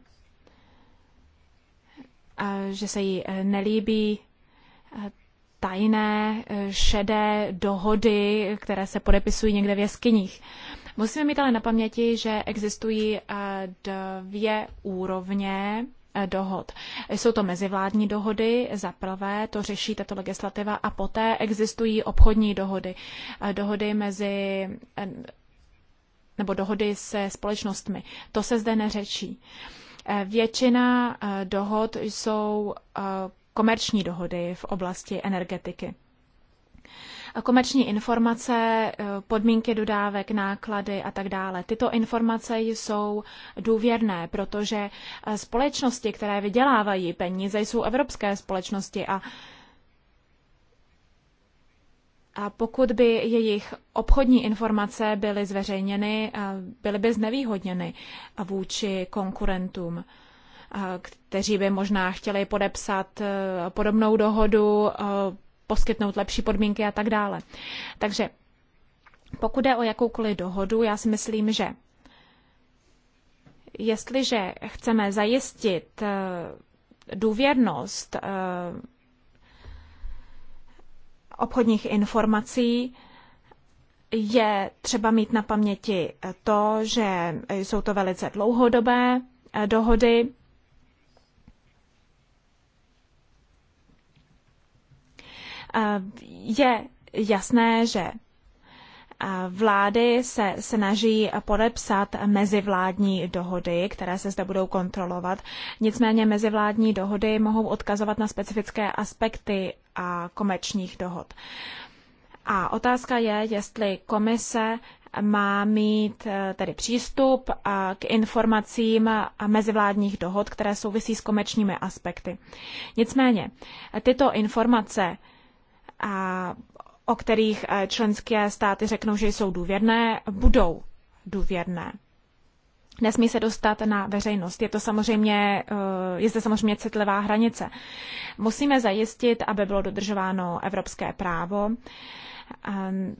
že se jí e, nelíbí e, tajné, e, šedé dohody, které se podepisují někde v jeskyních. Musíme mít ale na paměti, že existují dvě úrovně Eh, dohod. Jsou to mezivládní dohody, za prvé to řeší tato legislativa a poté existují obchodní dohody. Eh, dohody mezi eh, nebo dohody se společnostmi. To se zde neřečí. Většina dohod jsou komerční dohody v oblasti energetiky komerční informace, eh, podmínky dodávek, náklady a tak dále. Tyto informace jsou důvěrné, protože eh, společnosti, které vydělávají peníze, jsou evropské společnosti a a pokud by jejich obchodní informace byly zveřejněny, eh, byly by znevýhodněny vůči konkurentům, kteří by možná chtěli podepsat podobnou dohodu poskytnout lepší podmínky a tak dále. Takže pokud jde o jakoukoliv dohodu, já si myslím, že jestliže chceme zajistit eh, důvěrnost eh, obchodních informací, je třeba mít na paměti to, že jsou to velice dlouhodobé eh, dohody, Je jasné, že Vlády se snaží podepsat mezivládní dohody, které se zde budou kontrolovat. Nicméně mezivládní dohody mohou odkazovat na specifické aspekty a komerčních dohod. A otázka je, jestli komise má mít e, tedy přístup k informacím a mezivládních dohod, které souvisí s komerčními aspekty. Nicméně tyto informace o kterých eh, členské státy řeknou, že jsou důvěrné, budou důvěrné. Nesmí se dostat na veřejnost. Je to samozřejmě, eh, je zde samozřejmě citlivá hranice. Musíme zajistit, aby bylo dodržováno evropské právo. Ehm,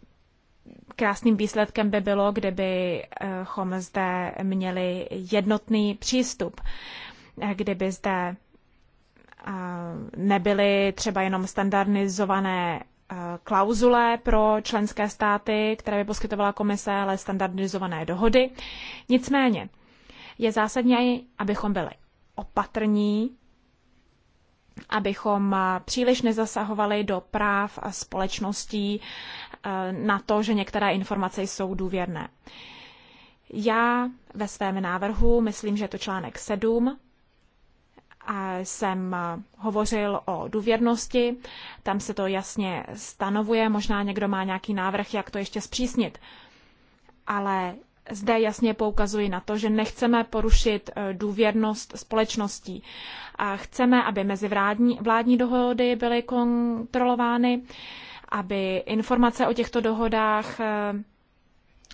krásným výsledkem by bylo, kdybychom eh, zde měli jednotný přístup, kdyby zde nebyly třeba jenom standardizované eh, klauzule pro členské státy, které by poskytovala komise, ale standardizované dohody. Nicméně je zásadní, abychom byli opatrní, abychom eh, příliš nezasahovali do práv a společností eh, na to, že některé informace jsou důvěrné. Já ve svém návrhu myslím, že je to článek 7 jsem eh, hovořil o důvěrnosti, tam se to jasně stanovuje, možná někdo má nějaký návrh, jak to ještě zpřísnit. Ale zde jasně poukazuji na to, že nechceme porušit eh, důvěrnost společností. A chceme, aby vládní, vládní dohody byly kontrolovány, aby informace o těchto dohodách eh,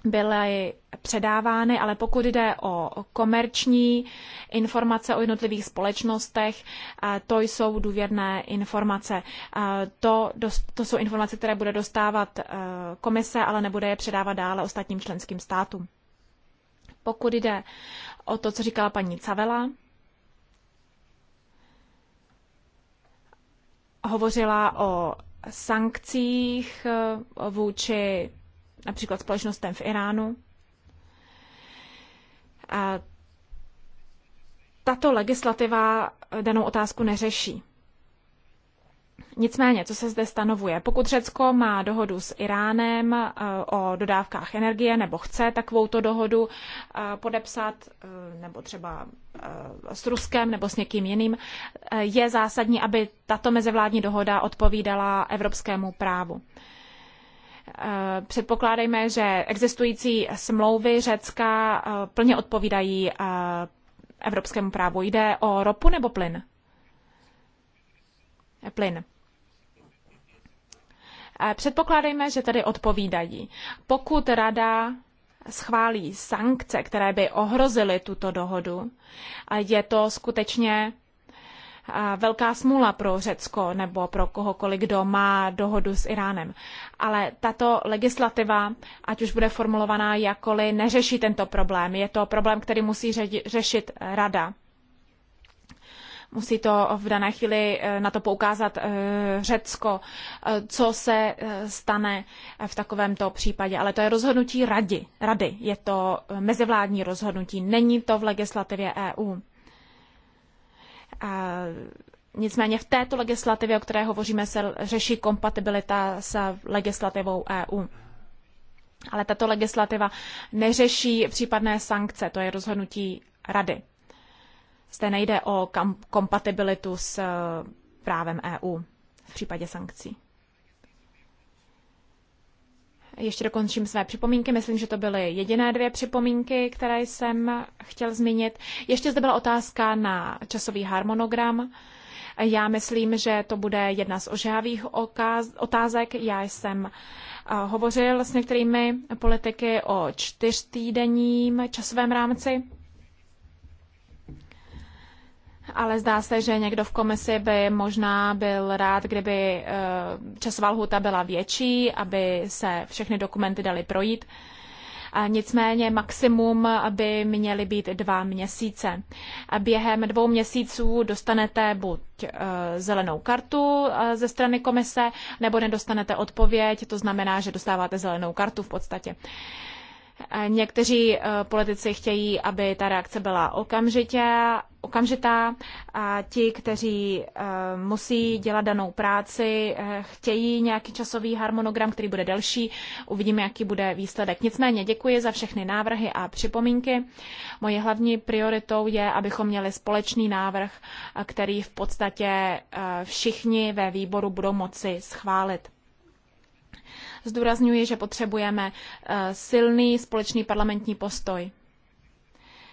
byly předávány, ale pokud jde o komerční informace o jednotlivých společnostech, to jsou důvěrné informace. To, to jsou informace, které bude dostávat e, komise, ale nebude je předávat dále ostatním členským státům. Pokud jde o to, co říkala paní Cavela, hovořila o sankcích e, vůči například společnostem v Iránu. A tato legislativa danou otázku neřeší. Nicméně, co se zde stanovuje? Pokud Řecko má dohodu s Iránem e, o dodávkách energie nebo chce takovouto dohodu e, podepsat, e, nebo třeba s Ruskem nebo s někým jiným, je zásadní, aby tato mezivládní dohoda odpovídala evropskému právu. Eh, předpokládejme, že existující smlouvy Řecka eh, plně odpovídají eh, evropskému právu. Jde o ropu nebo plyn? Plyn. Předpokládejme, že tedy odpovídají. Pokud rada schválí sankce, které by ohrozily tuto dohodu, je to skutečně velká smůla pro Řecko nebo pro kohokoliv, kdo má dohodu s Iránem. Ale tato legislativa, ať už bude formulovaná jakkoliv, neřeší tento problém. Je to problém, který musí řešit rada. Musí to v dané chvíli eh, na to poukázat eh, Řecko, eh, co se stane v takovémto případě. Ale to je rozhodnutí rady. rady. Je to mezivládní rozhodnutí, není to v legislativě EU. Nicméně v této legislativě, o které hovoříme, se řeší kompatibilita s legislativou EU. Ale tato legislativa neřeší případné sankce, to je rozhodnutí rady. Zde nejde o kompatibilitu s právem EU v případě sankcí ještě dokončím své připomínky. Myslím, že to byly jediné dvě připomínky, které jsem chtěl zmínit. Ještě zde byla otázka na časový harmonogram. Já myslím, že to bude jedna z ožávých otázek. Já jsem eh, hovořil s některými politiky o čtyřtýdenním časovém rámci ale zdá se, že někdo v komisi by možná byl rád, kdyby eh, časová lhuta byla větší, aby se všechny dokumenty daly projít. A nicméně maximum by měly být dva měsíce. A během dvou měsíců dostanete buď eh, zelenou kartu eh, ze strany komise, nebo nedostanete odpověď, to znamená, že dostáváte zelenou kartu v podstatě. Eh, někteří eh, politici chtějí, aby ta reakce byla okamžitě, okamžitá a ti, kteří eh, musí dělat danou práci, chtějí nějaký časový harmonogram, který bude delší. Uvidíme, jaký bude výsledek. Nicméně děkuji za všechny návrhy a připomínky. Moje hlavní prioritou je, abychom měli společný návrh, který v podstatě všichni ve výboru budou moci schválit zdůrazňuji, že potřebujeme eh, silný společný parlamentní postoj.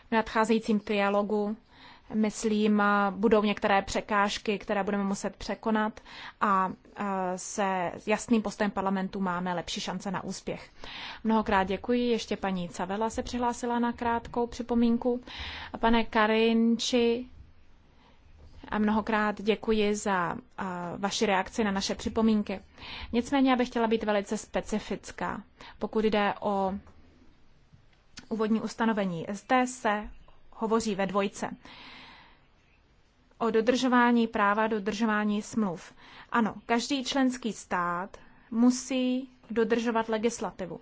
V nadcházejícím trialogu myslím, eh, budou některé překážky, které budeme muset překonat a eh, se jasným postem parlamentu máme lepší šance na úspěch. Mnohokrát děkuji. Ještě paní Cavela se přihlásila na krátkou připomínku. Pane Karinči, a mnohokrát děkuji za vaši reakci na naše připomínky. Nicméně já bych chtěla být velice specifická, pokud jde o úvodní ustanovení. Zde se hovoří ve dvojce o dodržování práva, dodržování smluv. Ano, každý členský stát musí dodržovat legislativu.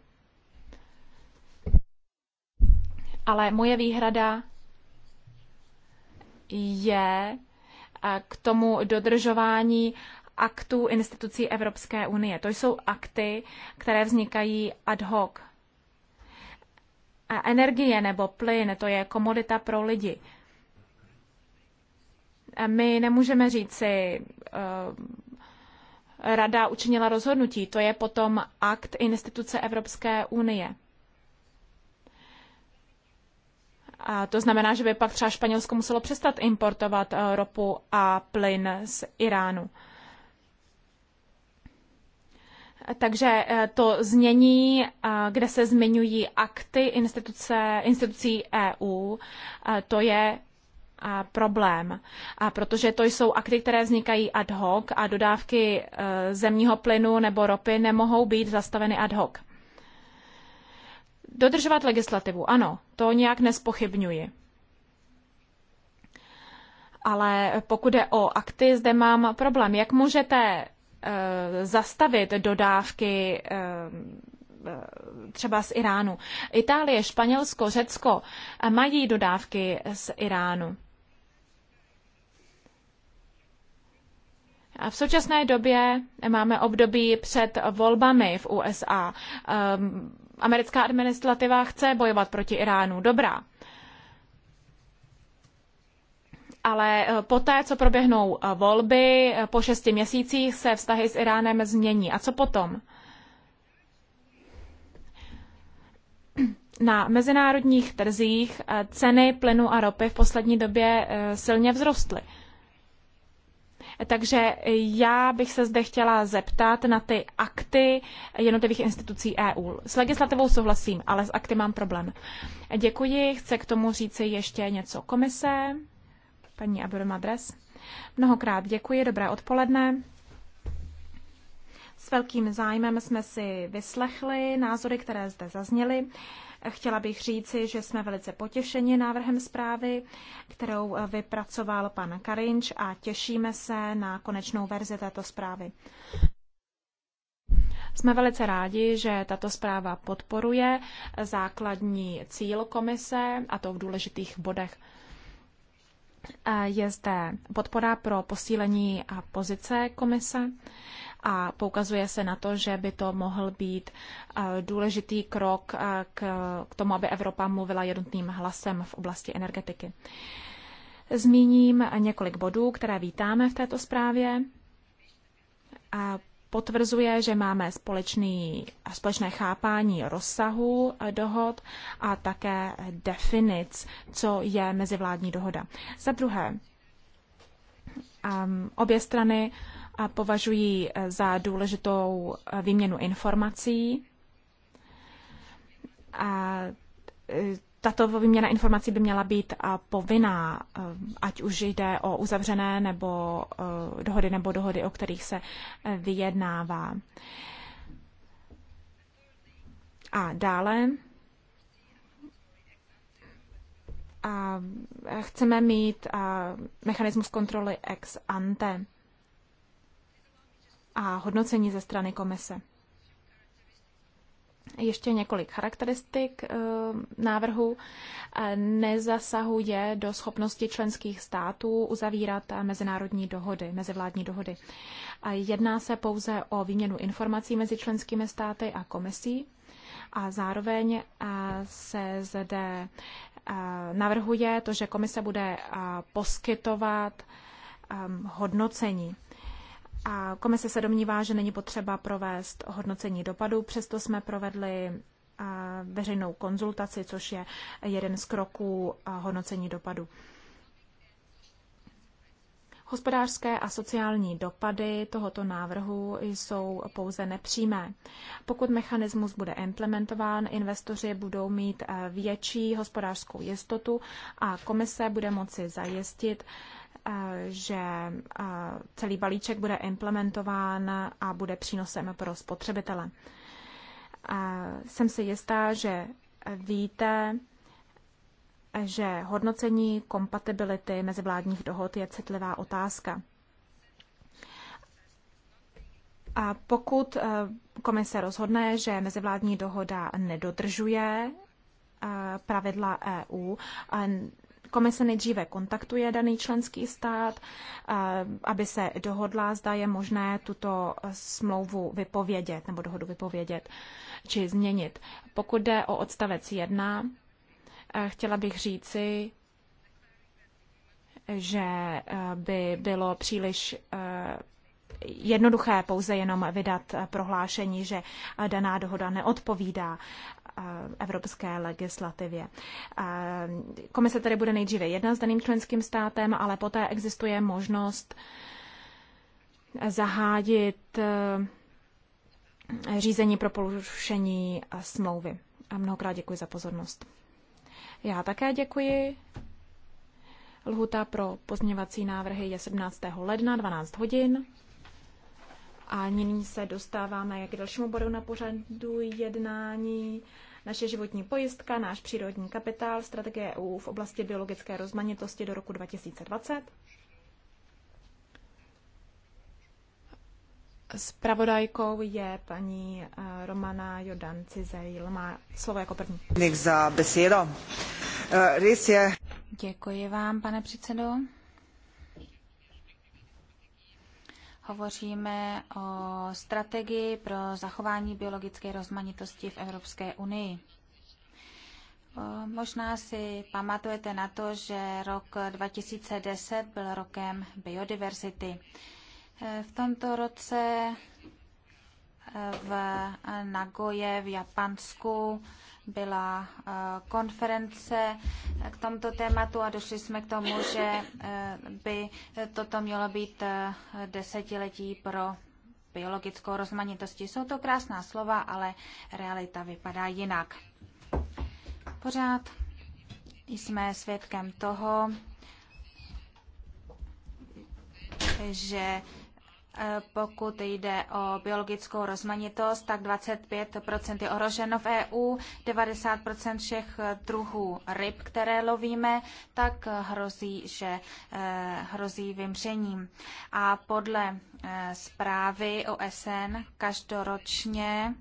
Ale moje výhrada je k tomu dodržování aktů institucí Evropské unie. To jsou akty, které vznikají ad hoc. A energie nebo plyn, to je komodita pro lidi. A my nemůžeme říci, uh, rada učinila rozhodnutí, to je potom akt instituce Evropské unie. A to znamená, že by pak třeba Španělsko muselo přestat importovat eh, ropu a plyn z Iránu. Takže eh, to znění, eh, kde se zmiňují akty instituce, institucí EU, to je problém, a protože to jsou akty, které vznikají ad hoc a dodávky zemního plynu nebo ropy nemohou být zastaveny ad hoc. Dodržovat legislativu, ano, to nějak nespochybňuji. Ale pokud je o akty, zde mám problém. Jak můžete eh, zastavit dodávky eh, eh, třeba z Iránu. Itálie, Španělsko, Řecko mají dodávky z Iránu. V současné době máme období před volbami v USA. Ehm, americká administrativa chce bojovat proti Iránu. Dobrá. Ale eh, poté, co proběhnou eh, volby, eh, po šesti měsících se vztahy s Iránem změní. A co potom? Na mezinárodních trzích ceny plynu a ropy v poslední době silně vzrostly. Takže já bych se zde chtěla zeptat na ty akty jednotlivých institucí EU. S legislativou souhlasím, ale s akty mám problém. Děkuji, chce k tomu říci ještě něco komise. Paní Aburum Adres. Mnohokrát děkuji, dobré odpoledne. S velkým zájmem jsme si vyslechli názory, které zde zazněly. Chtěla bych říci, že jsme velice potěšeni návrhem zprávy, kterou eh, vypracoval pan Karinč a těšíme se na konečnou verzi této zprávy. Jsme velice rádi, že tato zpráva podporuje eh, základní cíl komise, a to v důležitých bodech. Eh, Je zde podpora pro posílení pozice komise a poukazuje se na to, že by to mohl být eh, důležitý krok eh, k tomu, aby Evropa mluvila jednotným hlasem v oblasti energetiky. Zmíním několik bodů, které vítáme v této zprávě. A potvrzuje, že máme společný, společné chápání rozsahu eh, dohod a také definic, co je mezivládní dohoda. Za druhé, um, obě strany uh, a považují eh, za důležitou eh, výměnu informací. A eh, tato výměna informací by měla být povinná, ať už jde o uzavřené nebo dohody nebo dohody, o kterých se vyjednává. A dále a chceme mít mechanismus kontroly ex ante a hodnocení ze strany komise. Ještě několik charakteristik eh, návrhu. Eh, nezasahuje do schopnosti členských států uzavírat mezinárodní dohody, mezivládní dohody. Jedná se pouze o výměnu informací mezi členskými státy a komisí a zároveň eh, se zde navrhuje to, že komise bude poskytovat hodnocení a komise se domnívá, že není potřeba provést hodnocení dopadu, přesto jsme provedli veřejnou konzultaci, což je jeden z kroků hodnocení dopadu. Hospodářské a sociální dopady tohoto návrhu jsou pouze nepřímé. Pokud mechanismus bude implementován, investoři budou mít větší hospodářskou jistotu a komise bude moci zajistit, že celý balíček bude implementován a bude přínosem pro spotřebitele. Jsem si jistá, že víte, že hodnocení kompatibility mezivládních dohod je citlivá otázka. A pokud e, komise rozhodne, že mezivládní dohoda nedodržuje e, pravidla EU, Komise nejdříve kontaktuje daný členský stát, eh, aby se dohodla, zda je možné tuto smlouvu vypovědět nebo dohodu vypovědět či změnit. Pokud jde o odstavec 1, eh, chtěla bych říci, že eh, by bylo příliš jednoduché pouze jenom vydat prohlášení, že daná dohoda neodpovídá Eh, evropské legislativě. Eh, komise tedy bude nejdříve jedna s daným členským státem, ale poté existuje možnost zahádit eh, řízení pro porušení smlouvy. A mnohokrát děkuji za pozornost. Já také děkuji. Lhuta pro pozměňovací návrhy je 17. ledna 12 hodin. A nyní se dostáváme k dalšímu bodu na pořadu jednání. Naše životní pojistka, náš přírodní kapitál, strategie EU v oblasti biologické rozmanitosti do roku 2020. Spravodajkou je paní eh, Romana Jodan Cizejl. Má slovo jako první. Za besedo. Eh, res Děkuji vám, pane předsedo. Hovoříme o strategii pro zachování biologické rozmanitosti v Evropské unii. Možná si pamatujete na to, že rok 2010 byl rokem biodiverzity. E, v tomto roce e, v Nagoje v Japonsku byla eh, konference eh, k tomto tématu a došli jsme k tomu, že eh, by toto mělo být desetiletí pro biologickou rozmanitosti. Jsou to krásná slova, ale realita vypadá jinak. Pořád jsme svědkem toho, že pokud jde o biologickou rozmanitost, tak 25 je ohroženo v EU, 90 všech druhů ryb, které lovíme, tak hrozí, že eh, hrozí vymřením. A podle eh, zprávy OSN každoročně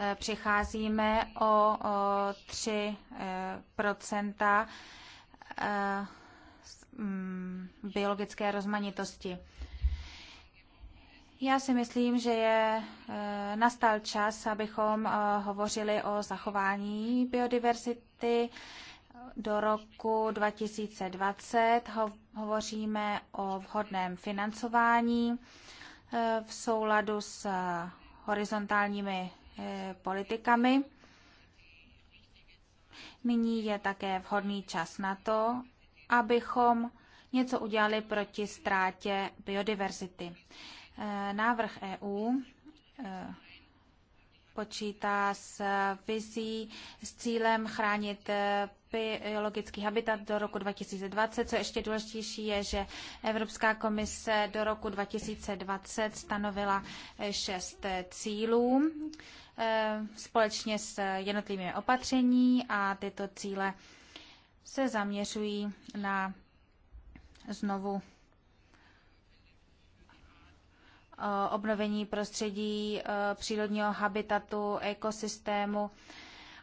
eh, přicházíme o 3 mm, biologické rozmanitosti. Já si myslím, že je eh, nastal čas, abychom eh, hovořili o zachování biodiverzity do roku 2020. Hovoříme o vhodném financování eh, v souladu s horizontálními politikami. Nyní je také vhodný čas na to, abychom něco udělali proti ztrátě biodiverzity. Eh, návrh EU eh, počítá s vizí s cílem chránit eh, biologický habitat do roku 2020. Co ještě důležitější je, že Evropská komise do roku 2020 stanovila šest cílů společně s jednotlivými opatření a tyto cíle se zaměřují na znovu Eh, obnovení prostředí, eh, přírodního habitatu, ekosystému.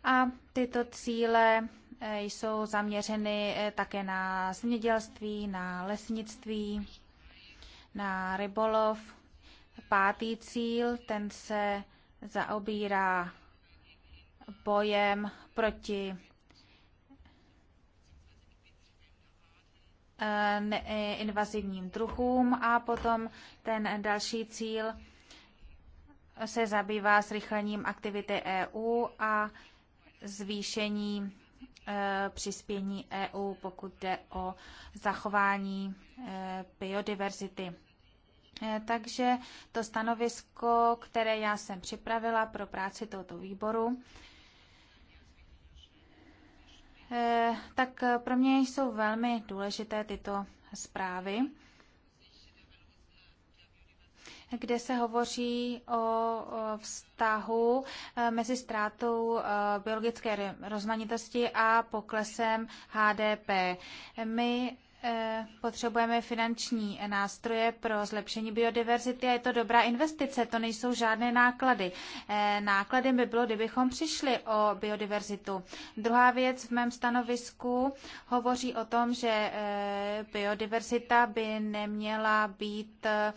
A tyto cíle eh, jsou zaměřeny také na zemědělství, na lesnictví, na rybolov. Pátý cíl, ten se zaobírá bojem proti Eh, eh, invazivním druhům a potom ten další cíl se zabývá zrychlením aktivity EU a zvýšení eh, přispění EU, pokud jde o zachování biodiverzity. Takže to stanovisko, které já jsem připravila pro práci tohoto výboru, Eh, tak eh, pro mě jsou velmi důležité tyto zprávy, kde se hovoří o vztahu eh, mezi ztrátou biologické rozmanitosti a poklesem HDP. My potřebujeme finanční nástroje pro zlepšení biodiverzity a je to dobrá investice, to nejsou žádné náklady. Eh, Nákladem by bylo, kdybychom přišli o biodiverzitu. Druhá věc v mém stanovisku hovoří o tom, že eh, biodiverzita by neměla být eh,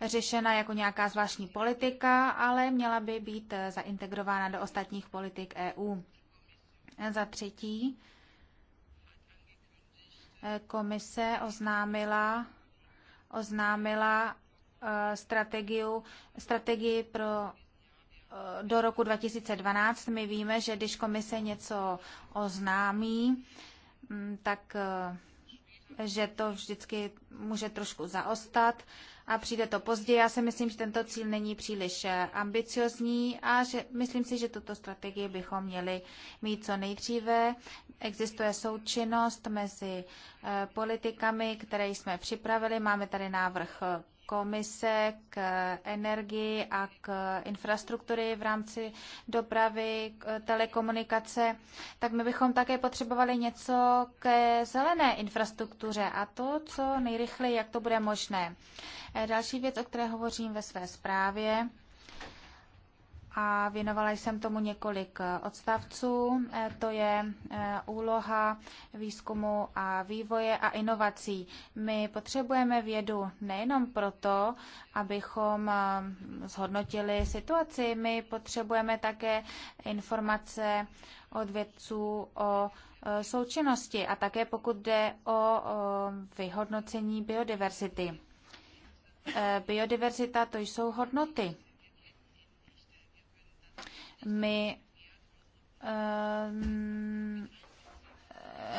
řešena jako nějaká zvláštní politika, ale měla by být zaintegrována do ostatních politik EU. Za třetí, komise oznámila, oznámila eh, strategii, strategii pro eh, do roku 2012. My víme, že když komise něco oznámí, mm, tak eh, že to vždycky může trošku zaostat a přijde to později. Já si myslím, že tento cíl není příliš eh, ambiciozní a že, myslím si, že tuto strategii bychom měli mít co nejdříve. Existuje součinnost mezi eh, politikami, které jsme připravili. Máme tady návrh eh, komise k energii a k infrastruktury v rámci dopravy, telekomunikace, tak my bychom také potřebovali něco ke zelené infrastruktuře a to, co nejrychleji, jak to bude možné. E, další věc, o které hovořím ve své zprávě, a věnovala jsem tomu několik eh, odstavců. Eh, to je eh, úloha výzkumu a vývoje a inovací. My potřebujeme vědu nejenom proto, abychom zhodnotili situaci, my potřebujeme také informace od vědců o součinnosti a také pokud jde o vyhodnocení biodiverzity. Biodiverzita to jsou hodnoty my um,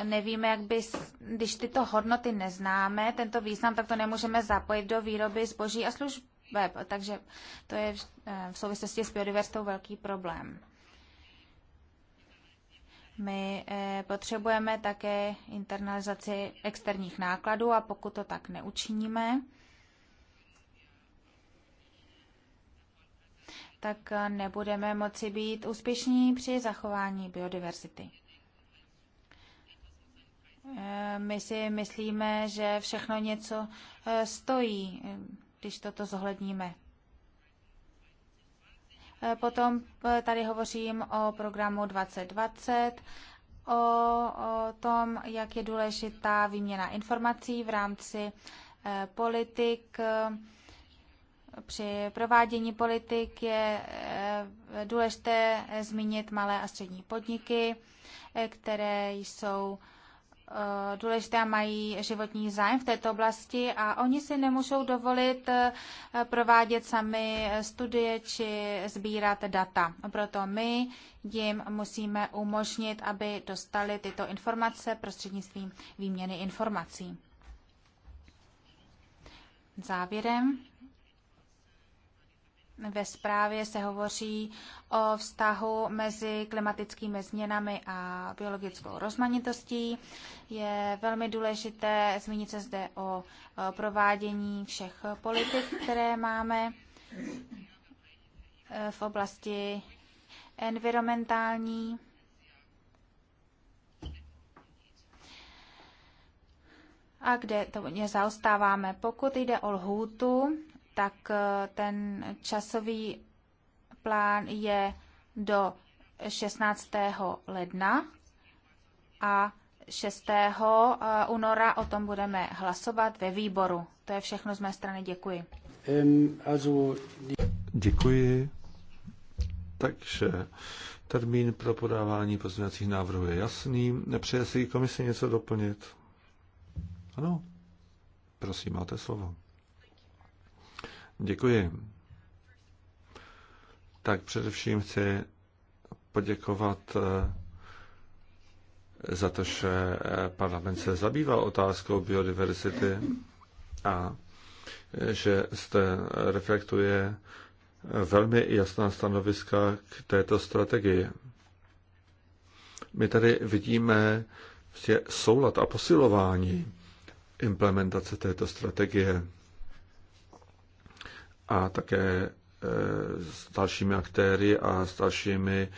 nevíme, jak by, když tyto hodnoty neznáme, tento význam, tak to nemůžeme zapojit do výroby zboží a služeb, Takže to je v eh, souvislosti s biodiverzitou velký problém. My eh, potřebujeme také internalizaci externích nákladů a pokud to tak neučiníme, tak nebudeme moci být úspěšní při zachování biodiverzity. Eh, my si myslíme, že všechno něco eh, stojí, eh, když toto zohledníme. Potom tady hovořím o programu 2020, o, o tom, jak je důležitá výměna informací v rámci politik, při provádění politik je eh, důležité zmínit malé a střední podniky, eh, které jsou eh, důležité a mají životní zájem v této oblasti a oni si nemůžou dovolit provádět sami studie či sbírat data. Proto my jim musíme umožnit, aby dostali tyto informace prostřednictvím výměny informací. Závěrem ve zprávě se hovoří o vztahu mezi klimatickými změnami a biologickou rozmanitostí. Je velmi důležité zmínit se zde o provádění všech politik, které máme e, v oblasti environmentální. A kde to zaostáváme? Pokud jde o lhůtu, tak eh, ten časový plán je do 16. ledna a 6. Eh, února o tom budeme hlasovat ve výboru. To je všechno z mé strany. Děkuji. Děkuji. Takže termín pro podávání pozměňovacích návrhů je jasný. Nepřeje si komise něco doplnit? Ano. Prosím, máte slovo. Děkuji. Tak především chci poděkovat eh, za to, že eh, parlament se zabýval otázkou biodiverzity a eh, že zde reflektuje velmi jasná stanoviska k této strategii. My tady vidíme soulad a posilování implementace této strategie a také e, s dalšími aktéry a s dalšími e,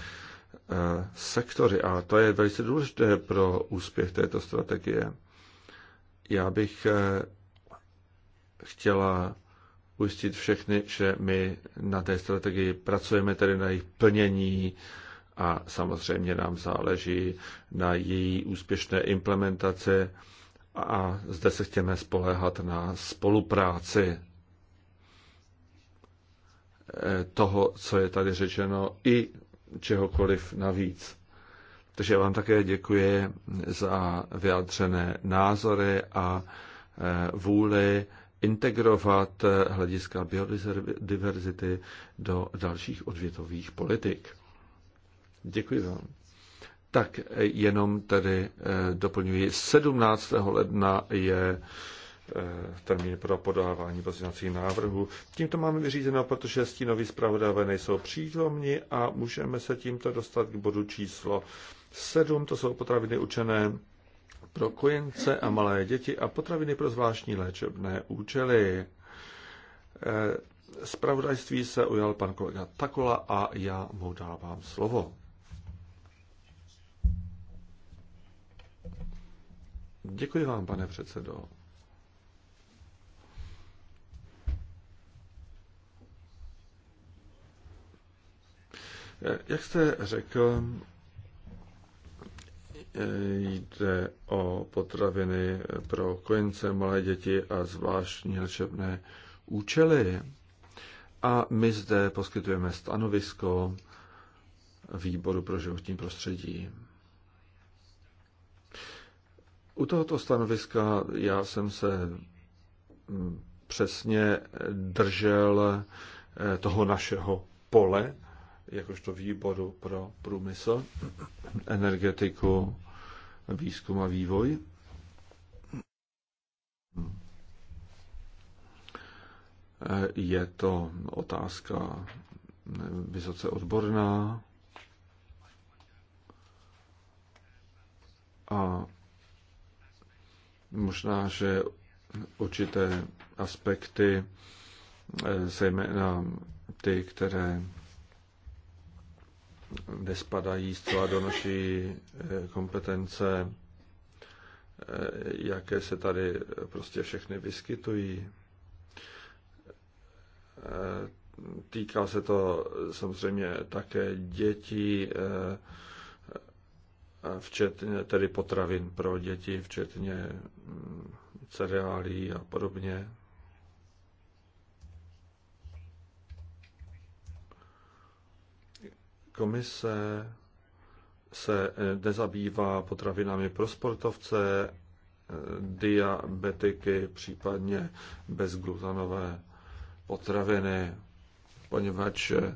sektory. A to je velice důležité pro úspěch této strategie. Já bych e, chtěla ujistit všechny, že my na té strategii pracujeme tedy na jejich plnění a samozřejmě nám záleží na její úspěšné implementaci a zde se chceme spoléhat na spolupráci Eh, toho, co je tady řečeno, i čehokoliv navíc. Takže já vám také děkuji za vyjádřené názory a eh, vůli integrovat eh, hlediska biodiverzity do dalších odvětových politik. Děkuji vám. Tak jenom tedy doplňuji, 17. ledna je Eh, termín pro podávání pozměňovacích návrhů. Tímto máme vyřízeno, protože stínoví zpravodajové nejsou přítomni a můžeme se tímto dostat k bodu číslo 7. To jsou potraviny učené pro kojence a malé děti a potraviny pro zvláštní léčebné účely. Spravodajství eh, se ujal pan kolega Takola a já mu dávám slovo. Děkuji vám, pane předsedo. Jak jste řekl, jde o potraviny pro kojence, malé děti a zvláštní léčebné účely. A my zde poskytujeme stanovisko Výboru pro životní prostředí. U tohoto stanoviska já jsem se přesně držel toho našeho pole, jakožto výboru pro průmysl, energetiku, výzkum a vývoj. Je to otázka vysoce odborná a možná, že určité aspekty, zejména ty, které nespadají zcela do naší eh, kompetence, eh, jaké se tady prostě všechny vyskytují. Eh, týká se to samozřejmě také dětí, včetně tedy potravin pro děti, včetně mm, cereálí a podobně. Komise se eh, nezabývá potravinami pro sportovce, eh, diabetiky, případně bezglutanové potraviny, poněvadž eh,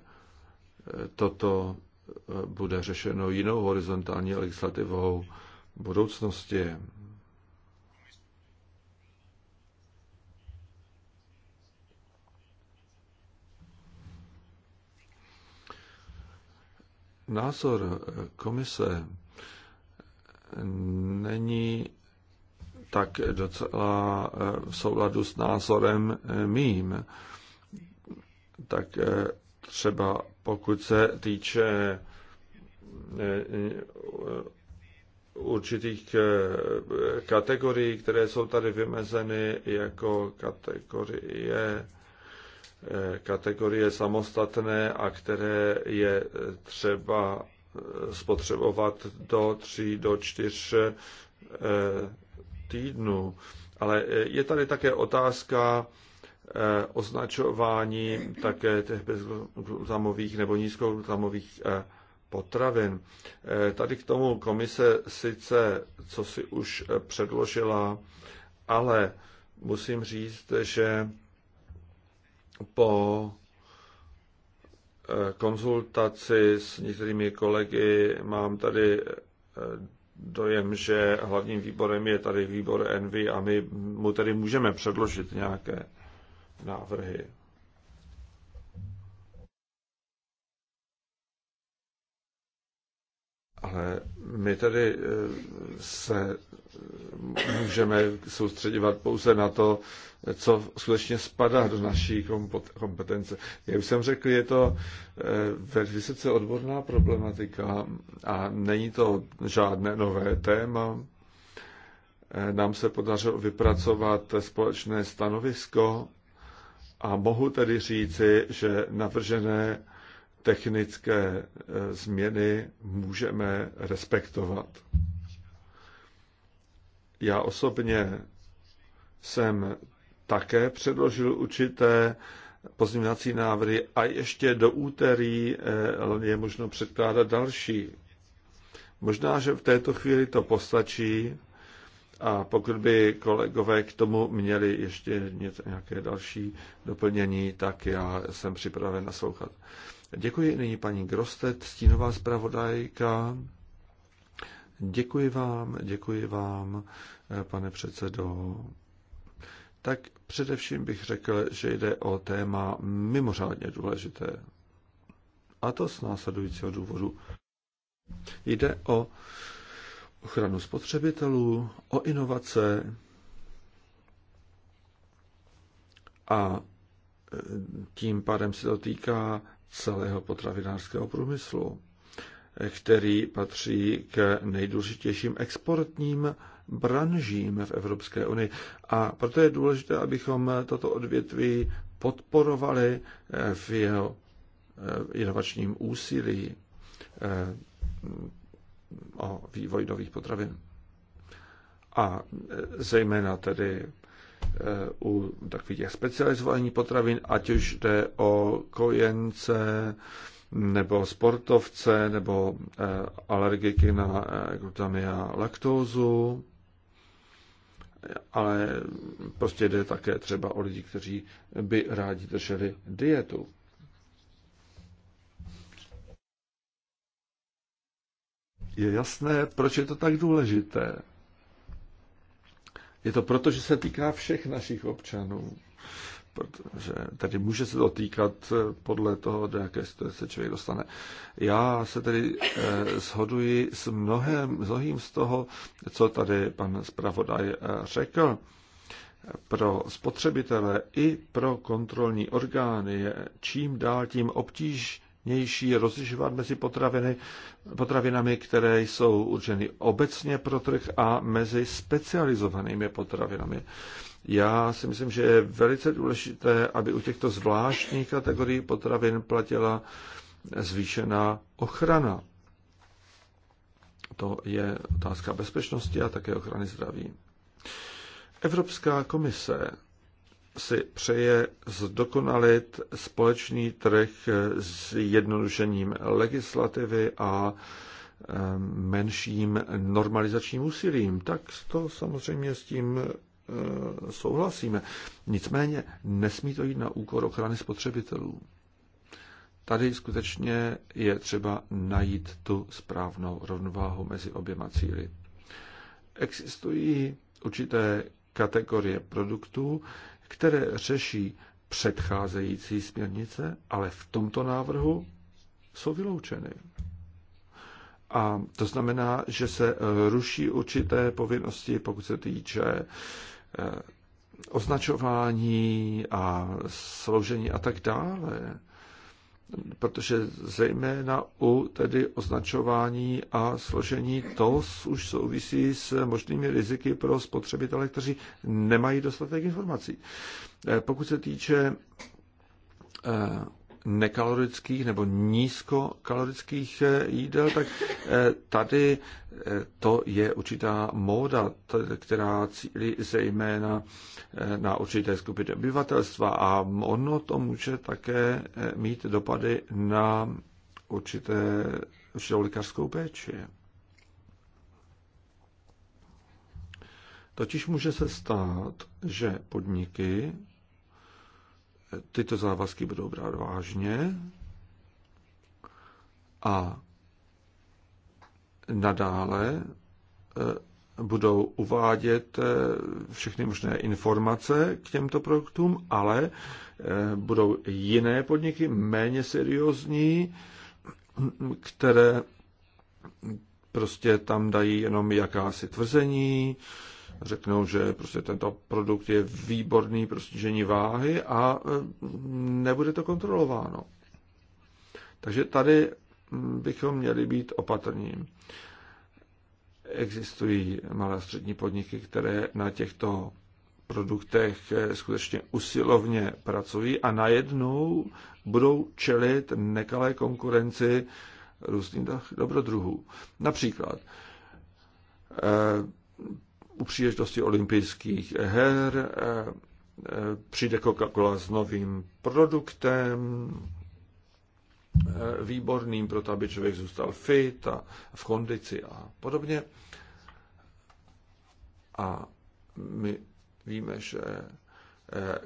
toto bude řešeno jinou horizontální legislativou budoucnosti. názor eh, komise není tak docela eh, v souladu s názorem eh, mým. Tak třeba pokud se týče určitých kategorií, které jsou tady vymezeny jako kategorie Eh, kategorie samostatné a které je eh, třeba eh, spotřebovat do tří, do čtyř týdnů. Ale je tady také otázka označování také těch bezglutamových nebo nízkoglutamových potravin. Tady k tomu komise sice co si už předložila, ale musím říct, že po eh, konzultaci s některými kolegy mám tady eh, dojem, že hlavním výborem je tady výbor Envy a my mu tedy můžeme předložit nějaké návrhy. Ale my tedy eh, se můžeme soustředovat pouze na to, co skutečně spadá do naší kompetence. Jak už jsem řekl, je to eh, vysoce odborná problematika a není to žádné nové téma. Eh, nám se podařilo vypracovat společné stanovisko a mohu tedy říci, že navržené technické eh, změny můžeme respektovat. Já osobně jsem také předložil určité pozměňovací návrhy a ještě do úterý eh, je možno předkládat další. Možná, že v této chvíli to postačí a pokud by kolegové k tomu měli ještě nějaké další doplnění, tak já jsem připraven naslouchat. Děkuji nyní paní Grostet, stínová zpravodajka. Děkuji vám, děkuji vám, eh, pane předsedo tak především bych řekl, že jde o téma mimořádně důležité. A to z následujícího důvodu. Jde o ochranu spotřebitelů, o inovace a e, tím pádem se to týká celého potravinářského průmyslu který patří k nejdůležitějším exportním branžím v Evropské unii. A proto je důležité, abychom toto odvětví podporovali v jeho eh, inovačním úsilí eh, o vývoj nových potravin. A eh, zejména tedy u takových těch specializovaných potravin, ať už jde o kojence, nebo sportovce, nebo eh, alergiky na eh, glutamy a laktózu, ale prostě jde také třeba o lidi, kteří by rádi drželi dietu. Je jasné, proč je to tak důležité. Je to proto, že se týká všech našich občanů protože tady může se to týkat eh, podle toho, do jaké situace člověk dostane. Já se tedy eh, shoduji s mnohem, mnohým z toho, co tady pan zpravodaj eh, řekl. Pro spotřebitele i pro kontrolní orgány je čím dál tím obtíž nejvhodnější rozlišovat mezi potraviny, potravinami, které jsou určeny obecně pro trh a mezi specializovanými potravinami. Já si myslím, že je velice důležité, aby u těchto zvláštních kategorií potravin platila zvýšená ochrana. To je otázka bezpečnosti a také ochrany zdraví. Evropská komise si přeje zdokonalit společný trh s jednodušením legislativy a eh, menším normalizačním úsilím. Tak to samozřejmě s tím Eh, souhlasíme. Nicméně nesmí to jít na úkor ochrany spotřebitelů. Tady skutečně je třeba najít tu správnou rovnováhu mezi oběma cíly. Existují určité kategorie produktů, které řeší předcházející směrnice, ale v tomto návrhu jsou vyloučeny. A to znamená, že se ruší určité povinnosti, pokud se týče Eh, označování a sloužení a tak dále. Protože zejména u tedy označování a složení to už souvisí s možnými riziky pro spotřebitele, kteří nemají dostatek informací. Eh, pokud se týče eh, nekalorických nebo nízkokalorických eh, jídel, tak eh, tady eh, to je určitá móda, která cílí zejména na určité skupiny obyvatelstva a ono to může také mít dopady na určité určitou lékařskou péči. Totiž může se stát, že podniky tyto závazky budou brát vážně a nadále eh, budou uvádět eh, všechny možné informace k těmto produktům, ale eh, budou jiné podniky, méně seriózní, které prostě tam dají jenom jakási tvrzení, řeknou, že prostě tento produkt je výborný pro snížení váhy a e, nebude to kontrolováno. Takže tady bychom měli být opatrní. Existují malé střední podniky, které na těchto produktech e, skutečně usilovně pracují a najednou budou čelit nekalé konkurenci různých dobrodruhů. Například e, u příležitosti olympijských her e, e, přijde Coca-Cola s novým produktem, e, výborným pro to, aby člověk zůstal fit a v kondici a podobně. A my víme, že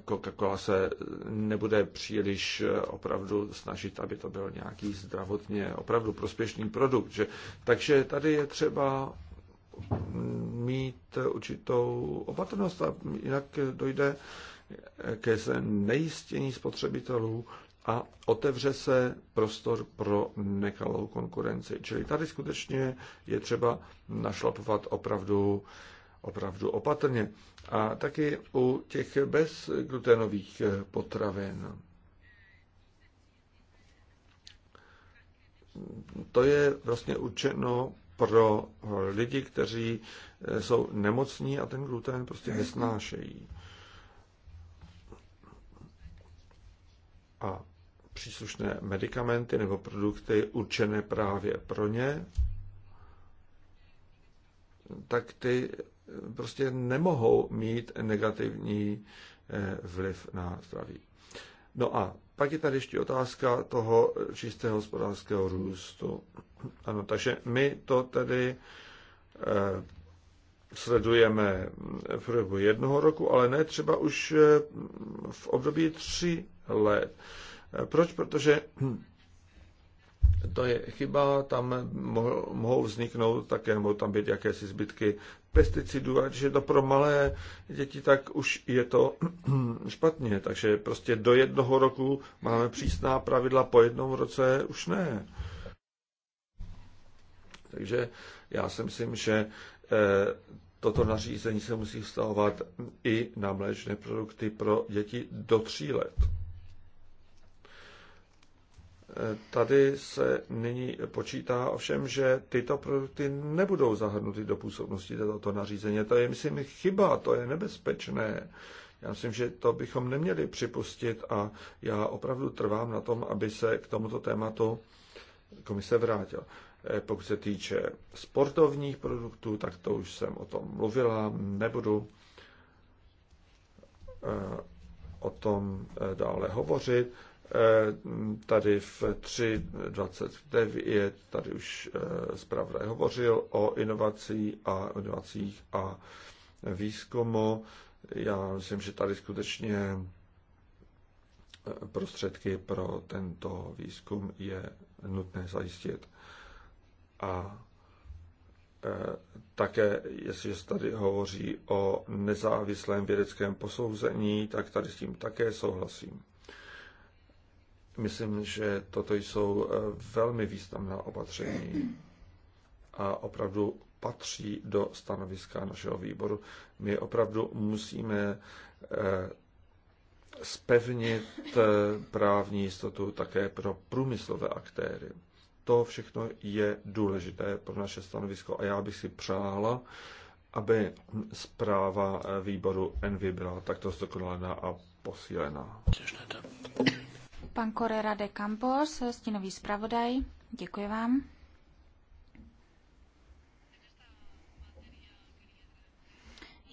Coca-Cola se nebude příliš opravdu snažit, aby to byl nějaký zdravotně opravdu prospěšný produkt. Že, takže tady je třeba mít určitou opatrnost a jinak dojde ke nejistění spotřebitelů a otevře se prostor pro nekalou konkurenci. Čili tady skutečně je třeba našlapovat opravdu, opravdu opatrně. A taky u těch bezglutenových potravin. To je vlastně určeno pro lidi, kteří eh, jsou nemocní a ten gluten prostě nesnášejí. A příslušné medicamenty nebo produkty určené právě pro ně, tak ty eh, prostě nemohou mít negativní eh, vliv na zdraví. No a pak je tady ještě otázka toho čistého hospodářského růstu. Ano, takže my to tedy eh, sledujeme v průběhu jednoho roku, ale ne třeba už eh, v období tři let. Eh, proč? Protože to je chyba, tam mohou vzniknout také, mohou tam být jakési zbytky pesticidů, a když je to pro malé děti, tak už je to špatně. Takže prostě do jednoho roku máme přísná pravidla, po jednom roce už ne. Takže já si myslím, že eh, toto nařízení se musí vztahovat i na mléčné produkty pro děti do tří let. Eh, tady se nyní počítá ovšem, že tyto produkty nebudou zahrnuty do působnosti tohoto nařízení. To je, myslím, chyba, to je nebezpečné. Já myslím, že to bychom neměli připustit a já opravdu trvám na tom, aby se k tomuto tématu komise vrátila. Eh, pokud se týče sportovních produktů, tak to už jsem o tom mluvila, nebudu eh, o tom eh, dále hovořit. Tady v 3.29 je, tady už zpravodaj hovořil o inovací a inovacích a výzkumu. Já myslím, že tady skutečně prostředky pro tento výzkum je nutné zajistit. A e, také, jestliže se tady hovoří o nezávislém vědeckém posouzení, tak tady s tím také souhlasím. Myslím, že toto jsou e, velmi významná opatření a opravdu patří do stanoviska našeho výboru. My opravdu musíme spevnit e, právní jistotu také pro průmyslové aktéry to všechno je důležité pro naše stanovisko a já bych si přála, aby zpráva výboru Envy byla takto zdokonalená a posílená. Pan Korera de Campos, stínový zpravodaj, děkuji vám.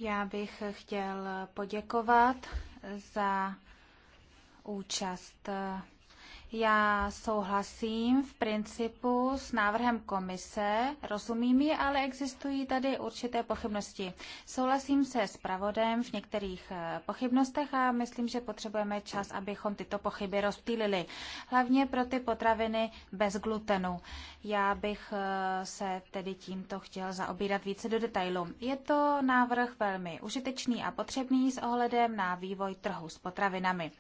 Já bych chtěl poděkovat za účast já souhlasím v principu s návrhem komise, rozumím ji, ale existují tady určité pochybnosti. Souhlasím se s pravodem v některých eh, pochybnostech a myslím, že potřebujeme čas, abychom tyto pochyby rozptýlili. Hlavně pro ty potraviny bez glutenu. Já bych eh, se tedy tímto chtěl zaobírat více do detailu. Je to návrh velmi užitečný a potřebný s ohledem na vývoj trhu s potravinami.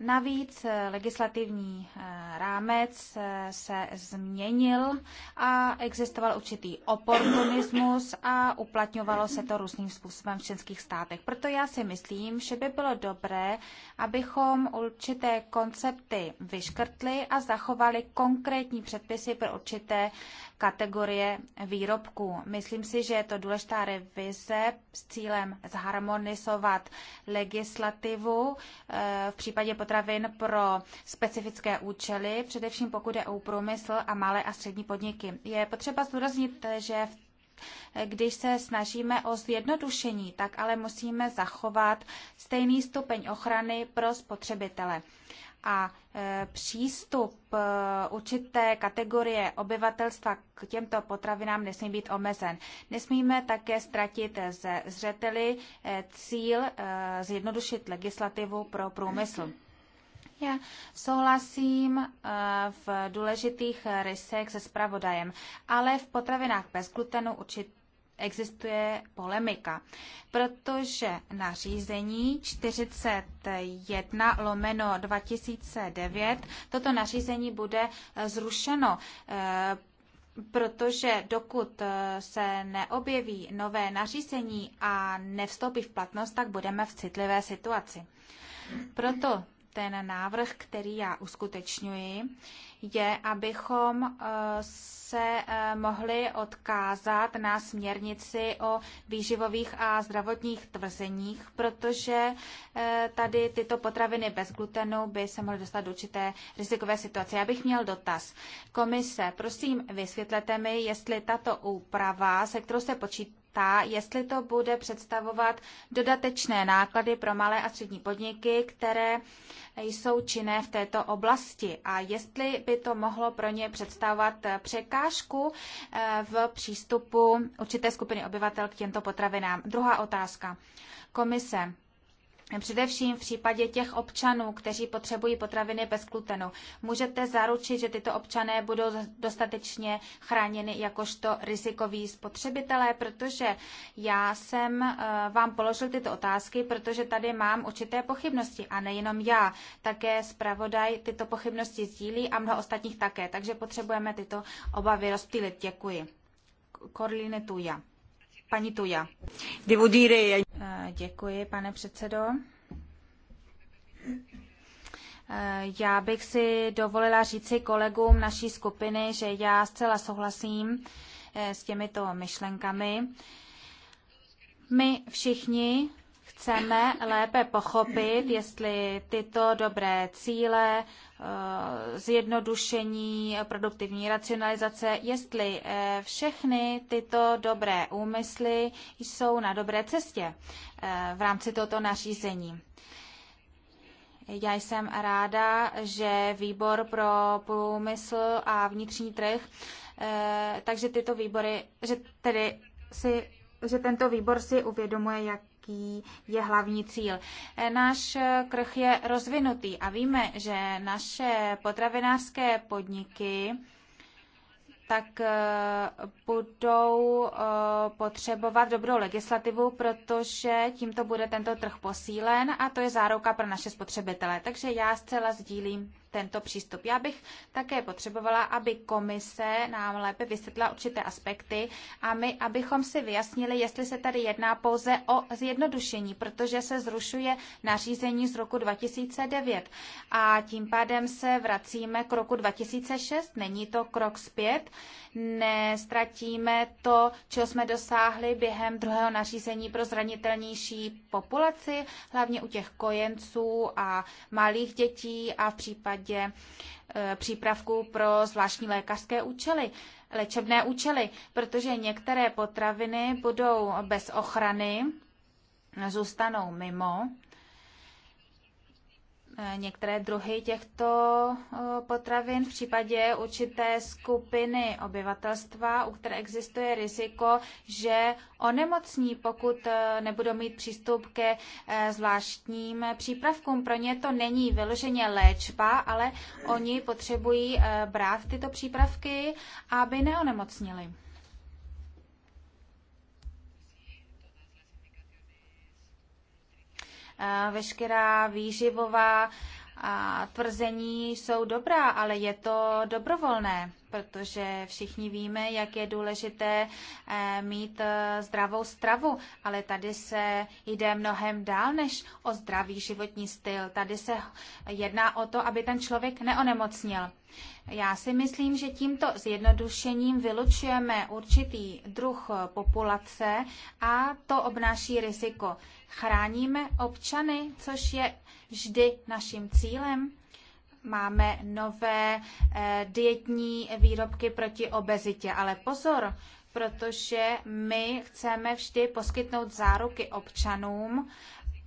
Navíc eh, legislativní eh, rámec eh, se změnil a existoval určitý oportunismus a uplatňovalo se to různým způsobem v českých státech. Proto já si myslím, že by bylo dobré, abychom určité koncepty vyškrtli a zachovali konkrétní předpisy pro určité kategorie výrobků. Myslím si, že je to důležitá revize s cílem zharmonizovat legislativu eh, v případě potravin pro specifické účely, především pokud je o průmysl a malé a střední podniky. Je potřeba zdůraznit, že v když se snažíme o zjednodušení, tak ale musíme zachovat stejný stupeň ochrany pro spotřebitele a e, přístup e, určité kategorie obyvatelstva k těmto potravinám nesmí být omezen. Nesmíme také ztratit ze zřeteli e, cíl zjednodušit legislativu pro průmysl. Já souhlasím v důležitých rysech se spravodajem, ale v potravinách bez glutenu určitě existuje polemika, protože nařízení 41 lomeno 2009, toto nařízení bude eh, zrušeno, eh, protože dokud eh, se neobjeví nové nařízení a nevstoupí v platnost, tak budeme v citlivé situaci. Proto ten návrh, který já uskutečňuji, je, abychom eh, se eh, mohli odkázat na směrnici o výživových a zdravotních tvrzeních, protože eh, tady tyto potraviny bez glutenu by se mohly dostat do určité rizikové situace. Já bych měl dotaz. Komise, prosím, vysvětlete mi, jestli tato úprava, se kterou se počítá, ptá, jestli to bude představovat dodatečné náklady pro malé a střední podniky, které jsou činné v této oblasti a jestli by to mohlo pro ně představovat překážku eh, v přístupu určité skupiny obyvatel k těmto potravinám. Druhá otázka. Komise Především v případě těch občanů, kteří potřebují potraviny bez glutenu, můžete zaručit, že tyto občané budou dostatečně chráněni jakožto rizikoví spotřebitelé, protože já jsem eh, vám položil tyto otázky, protože tady mám určité pochybnosti a nejenom já, také zpravodaj tyto pochybnosti sdílí a mnoho ostatních také, takže potřebujeme tyto obavy rozptýlit. Děkuji. Korline Paní Tuja. Eh, děkuji, pane předsedo. Eh, já bych si dovolila říci kolegům naší skupiny, že já zcela souhlasím eh, s těmito myšlenkami. My všichni chceme lépe pochopit, jestli tyto dobré cíle Eh, zjednodušení, produktivní racionalizace, jestli eh, všechny tyto dobré úmysly jsou na dobré cestě eh, v rámci tohoto nařízení. Já jsem ráda, že výbor pro průmysl a vnitřní trh, takže tyto výbory, že tedy si že tento výbor si uvědomuje, jak jaký je hlavní cíl. Náš krh je rozvinutý a víme, že naše potravinářské podniky tak eh, budou eh, potřebovat dobrou legislativu, protože tímto bude tento trh posílen a to je záruka pro naše spotřebitele. Takže já zcela sdílím tento přístup. Já bych také potřebovala, aby komise nám lépe vysvětlila určité aspekty a my, abychom si vyjasnili, jestli se tady jedná pouze o zjednodušení, protože se zrušuje nařízení z roku 2009 a tím pádem se vracíme k roku 2006. Není to krok zpět, nestratíme to, čeho jsme dosáhli během druhého nařízení pro zranitelnější populaci, hlavně u těch kojenců a malých dětí a v případě e, přípravků pro zvláštní lékařské účely léčebné účely, protože některé potraviny budou bez ochrany, zůstanou mimo Eh, některé druhy těchto eh, potravin v případě určité skupiny obyvatelstva, u které existuje riziko, že onemocní, pokud eh, nebudou mít přístup ke zvláštním přípravkům. Pro ně to není vyloženě léčba, ale oni potřebují brát tyto přípravky, aby neonemocnili. Eh, veškerá výživová eh, tvrzení jsou dobrá, ale je to dobrovolné protože všichni víme, jak je důležité eh, mít eh, zdravou stravu, ale tady se jde mnohem dál než o zdravý životní styl. Tady se jedná o to, aby ten člověk neonemocnil. Já si myslím, že tímto zjednodušením vylučujeme určitý druh populace a to obnáší riziko. Chráníme občany, což je vždy naším cílem máme nové eh, dietní výrobky proti obezitě. Ale pozor, protože my chceme vždy poskytnout záruky občanům,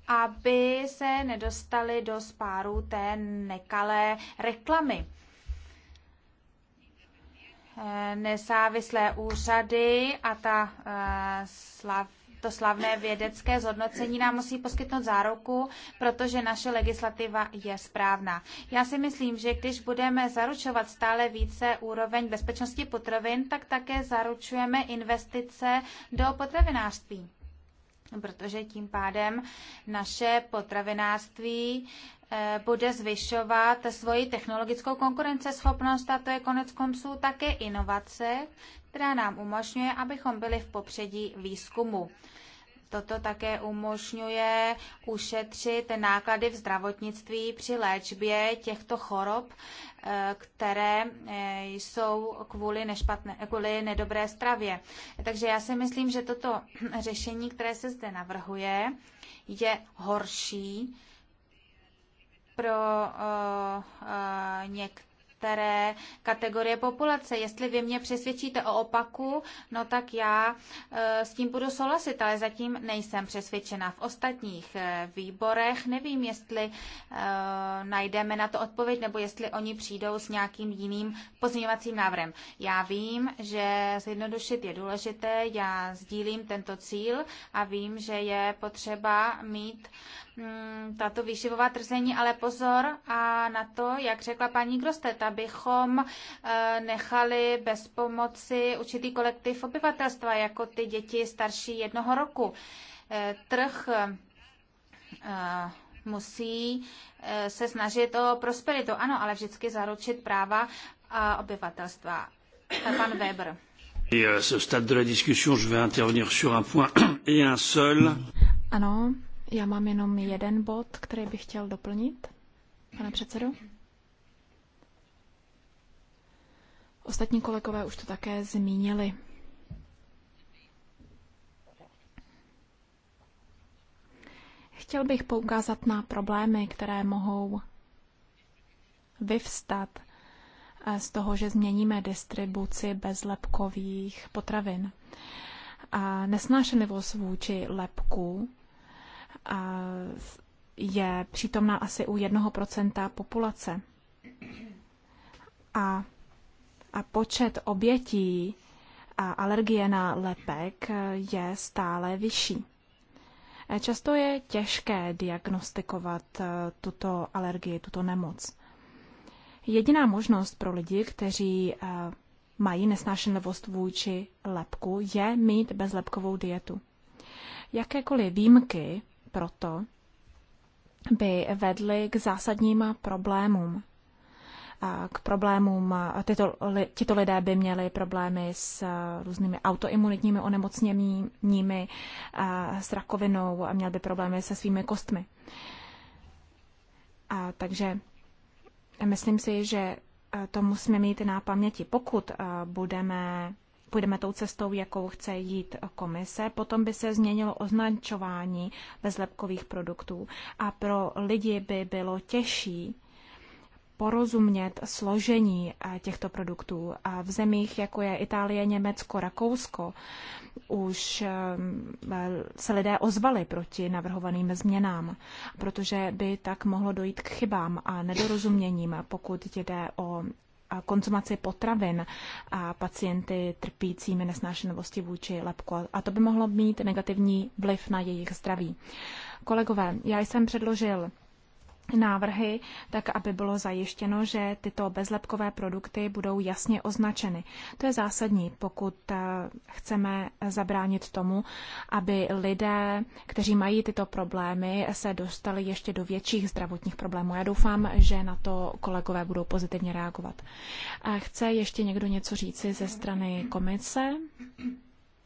aby se nedostali do spáru té nekalé reklamy. Eh, nezávislé úřady a ta eh, slav to slavné vědecké zhodnocení nám musí poskytnout záruku, protože naše legislativa je správná. Já si myslím, že když budeme zaručovat stále více úroveň bezpečnosti potravin, tak také zaručujeme investice do potravinářství protože tím pádem naše potravinářství Eh, bude zvyšovat svoji technologickou konkurenceschopnost a to je konec konců také inovace, která nám umožňuje, abychom byli v popředí výzkumu. Toto také umožňuje ušetřit náklady v zdravotnictví při léčbě těchto chorob, eh, které eh, jsou kvůli, nešpatné, kvůli nedobré stravě. Takže já si myslím, že toto řešení, které se zde navrhuje, je horší pro eh, eh, některé které kategorie populace. Jestli vy mě přesvědčíte o opaku, no tak já eh, s tím budu souhlasit, ale zatím nejsem přesvědčena. V ostatních výborech nevím, jestli najdeme na to odpověď, nebo jestli oni přijdou s nějakým jiným pozměňovacím návrhem. Já vím, že zjednodušit je důležité, já sdílím tento cíl a vím, že je potřeba mít Hmm, tato výživová trzení, ale pozor a na to, jak řekla paní Grostet, abychom eh, nechali bez pomoci určitý kolektiv obyvatelstva, jako ty děti starší jednoho roku. Eh, trh eh, musí se snažit o prosperitu, ano, ale vždycky zaručit práva obyvatelstva. Pan Weber. je Ano, já mám jenom jeden bod, který bych chtěl doplnit, pane předsedo. Ostatní kolegové už to také zmínili. Chtěl bych poukázat na problémy, které mohou vyvstat eh, z toho, že změníme distribuci bezlepkových potravin. A nesnášenlivost vůči lepku je přítomná asi u 1% populace. A, a počet obětí a alergie na lepek je stále vyšší. Často je těžké diagnostikovat eh, tuto alergii, tuto nemoc. Jediná možnost pro lidi, kteří eh, mají nesnášenlivost vůči lepku, je mít bezlepkovou dietu. Jakékoliv výjimky proto by vedly k zásadním problémům. K problémům, tyto, tyto lidé by měli problémy s různými autoimunitními onemocněními, s rakovinou a měli by problémy se svými kostmi. A, takže myslím si, že to musíme mít na paměti. Pokud budeme půjdeme tou cestou, jakou chce jít komise. Potom by se změnilo označování bezlepkových produktů a pro lidi by bylo těžší porozumět složení eh, těchto produktů. A v zemích, jako je Itálie, Německo, Rakousko, už eh, se lidé ozvali proti navrhovaným změnám, protože by tak mohlo dojít k chybám a nedorozuměním, pokud jde o konzumaci potravin a pacienty trpícími nesnášenlivosti vůči lepku. A to by mohlo mít negativní vliv na jejich zdraví. Kolegové, já jsem předložil návrhy, tak aby bylo zajištěno, že tyto bezlepkové produkty budou jasně označeny. To je zásadní, pokud eh, chceme zabránit tomu, aby lidé, kteří mají tyto problémy, se dostali ještě do větších zdravotních problémů. Já doufám, že na to kolegové budou pozitivně reagovat. Chce ještě někdo něco říci ze strany komise?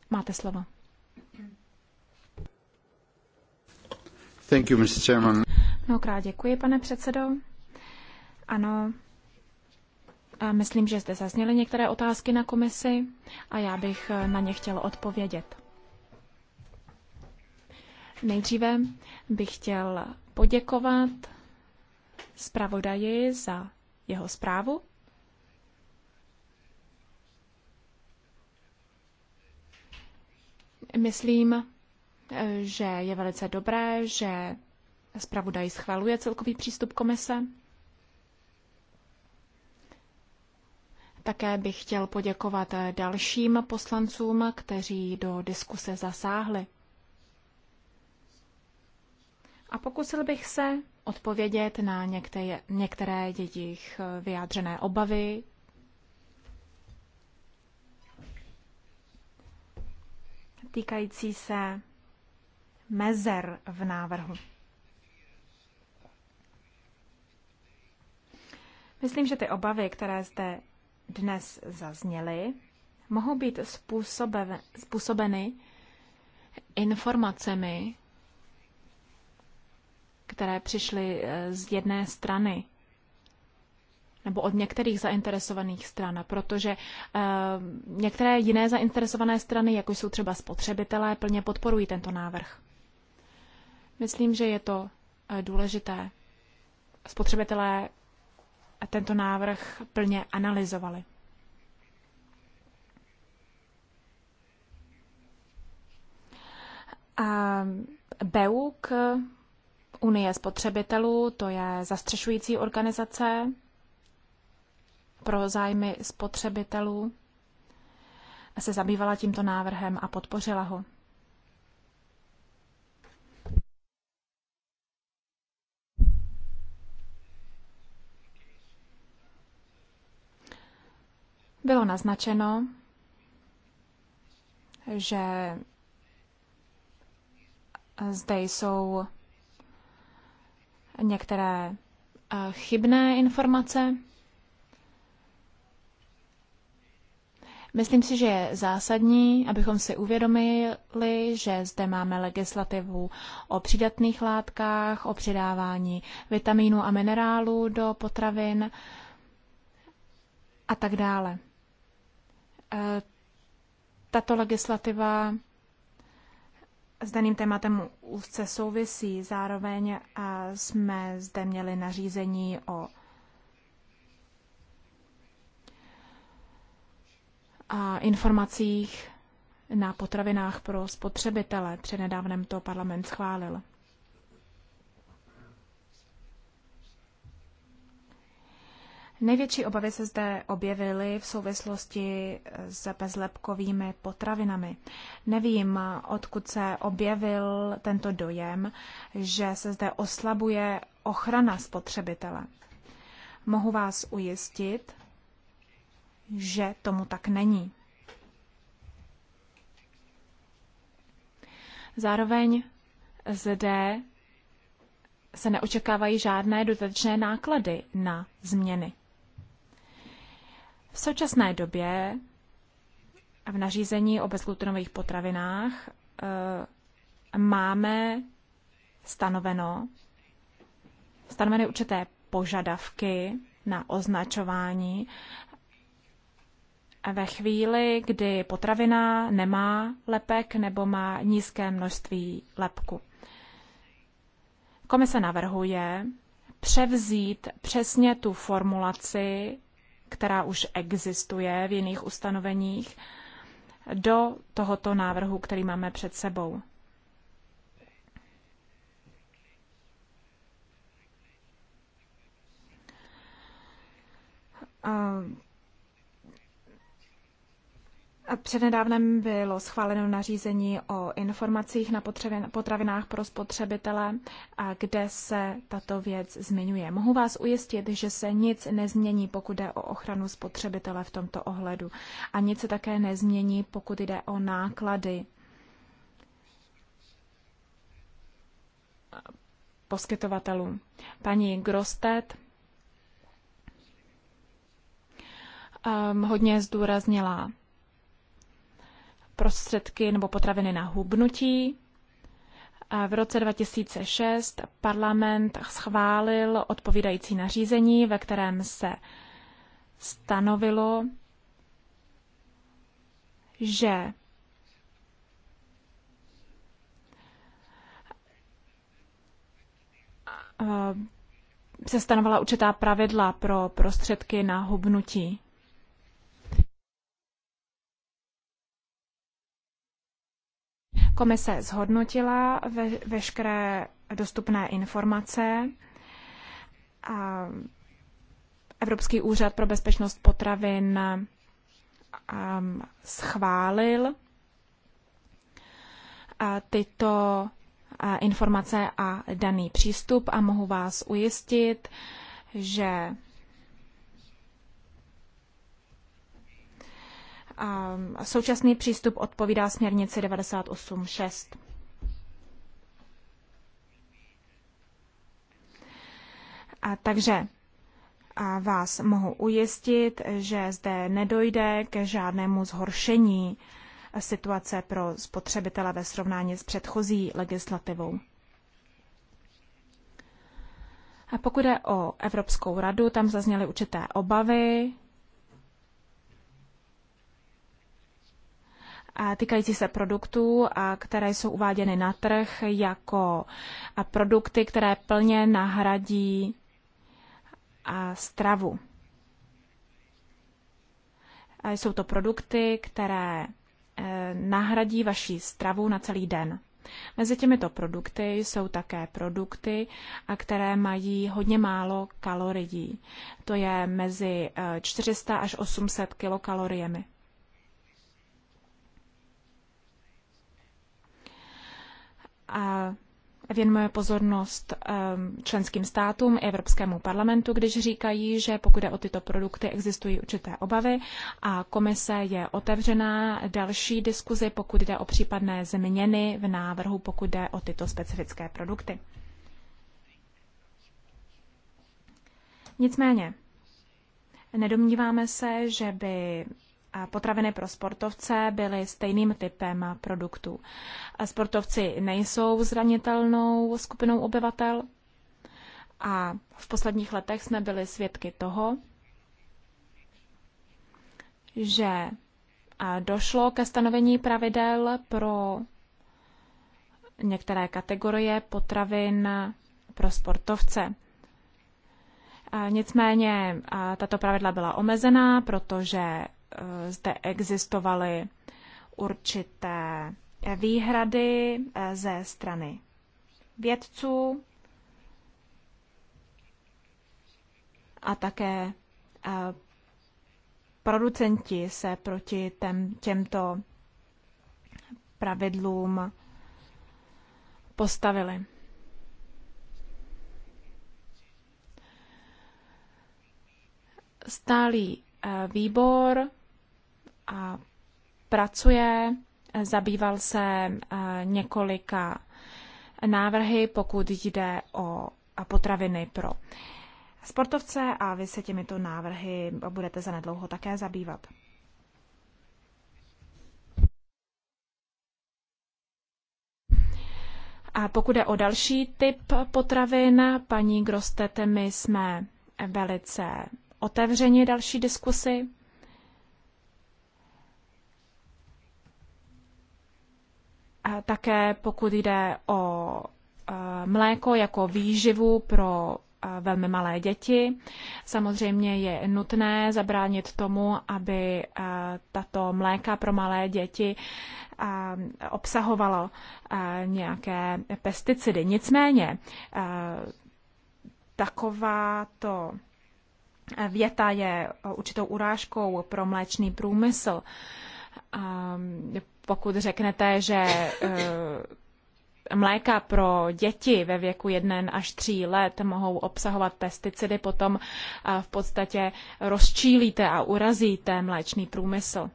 Máte slovo. Thank you, Mr. Chairman. Mnohokrát děkuji, pane předsedo. Ano, a myslím, že zde zazněly některé otázky na komisi a já bych eh, na ně chtěl odpovědět. Nejdříve bych chtěl poděkovat zpravodaji za jeho zprávu. Myslím, eh, že je velice dobré, že Spravodaj schvaluje celkový přístup komise. Také bych chtěl poděkovat dalším poslancům, kteří do diskuse zasáhli. A pokusil bych se odpovědět na některé, některé jejich vyjádřené obavy. týkající se mezer v návrhu. Myslím, že ty obavy, které zde dnes zazněly, mohou být způsobeny informacemi, které přišly eh, z jedné strany nebo od některých zainteresovaných stran, protože e, některé jiné zainteresované strany, jako jsou třeba spotřebitelé, plně podporují tento návrh. Myslím, že je to eh, důležité. Spotřebitelé tento návrh plně analyzovali. A BEUK, Unie spotřebitelů, to je zastřešující organizace pro zájmy spotřebitelů, se zabývala tímto návrhem a podpořila ho. Bylo naznačeno, že zde jsou některé eh, chybné informace. Myslím si, že je zásadní, abychom si uvědomili, že zde máme legislativu o přidatných látkách, o přidávání vitamínů a minerálů do potravin a tak dále. Eh, tato legislativa s daným tématem úzce souvisí. Zároveň eh, jsme zde měli nařízení o informacích na potravinách pro spotřebitele. Přednedávnem to parlament schválil. Největší obavy se zde objevily v souvislosti s bezlepkovými potravinami. Nevím, odkud se objevil tento dojem, že se zde oslabuje ochrana spotřebitele. Mohu vás ujistit, že tomu tak není. Zároveň zde se neočekávají žádné dodatečné náklady na změny. V současné době v nařízení o bezglutenových potravinách eh, máme stanoveno, stanoveny určité požadavky na označování ve chvíli, kdy potravina nemá lepek nebo má nízké množství lepku. Komise navrhuje převzít přesně tu formulaci která už existuje v jiných ustanoveních, do tohoto návrhu, který máme před sebou. Uh, Přednedávnem bylo schváleno nařízení o informacích na potravinách pro spotřebitele, kde se tato věc zmiňuje. Mohu vás ujistit, že se nic nezmění, pokud jde o ochranu spotřebitele v tomto ohledu. A nic se také nezmění, pokud jde o náklady poskytovatelů. Paní Grostet um, hodně zdůraznila prostředky nebo potraviny na hubnutí. V roce 2006 parlament schválil odpovídající nařízení, ve kterém se stanovilo, že se stanovala určitá pravidla pro prostředky na hubnutí. Komise zhodnotila ve, veškeré dostupné informace. A Evropský úřad pro bezpečnost potravin um, schválil tyto informace a daný přístup a mohu vás ujistit, že současný přístup odpovídá směrnici 98.6. A takže a vás mohu ujistit, že zde nedojde ke žádnému zhoršení situace pro spotřebitele ve srovnání s předchozí legislativou. A pokud je o Evropskou radu, tam zazněly určité obavy týkající se produktů, které jsou uváděny na trh jako produkty, které plně nahradí stravu. Jsou to produkty, které eh, nahradí vaši stravu na celý den. Mezi těmito produkty jsou také produkty, které mají hodně málo kalorií. To je mezi 400 eh, až 800 kilokaloriemi. věnujeme pozornost členským státům i Evropskému parlamentu, když říkají, že pokud je o tyto produkty, existují určité obavy a komise je otevřená další diskuzi, pokud jde o případné změny v návrhu, pokud jde o tyto specifické produkty. Nicméně, nedomníváme se, že by potraviny pro sportovce byly stejným typem produktů. Sportovci nejsou zranitelnou skupinou obyvatel a v posledních letech jsme byli svědky toho, že došlo ke stanovení pravidel pro některé kategorie potravin pro sportovce. Nicméně tato pravidla byla omezená, protože Eh, zde existovaly určité výhrady eh, ze strany vědců a také eh, producenti se proti těm těmto pravidlům postavili. Stálý výbor pracuje, zabýval se eh, několika návrhy, pokud jde o potraviny pro sportovce a vy se těmito návrhy budete za nedlouho také zabývat. A pokud je o další typ potravin, paní Grostete, my jsme velice otevřeni další diskusy. také pokud jde o eh, mléko jako výživu pro eh, velmi malé děti. Samozřejmě je nutné zabránit tomu, aby eh, tato mléka pro malé děti obsahovalo nějaké pesticidy. Nicméně taková to věta je určitou urážkou pro mléčný průmysl ehm, pokud řeknete, že eh, mléka pro děti ve věku 1 až 3 let mohou obsahovat pesticidy, potom eh, v podstatě rozčílíte a urazíte mléčný průmysl.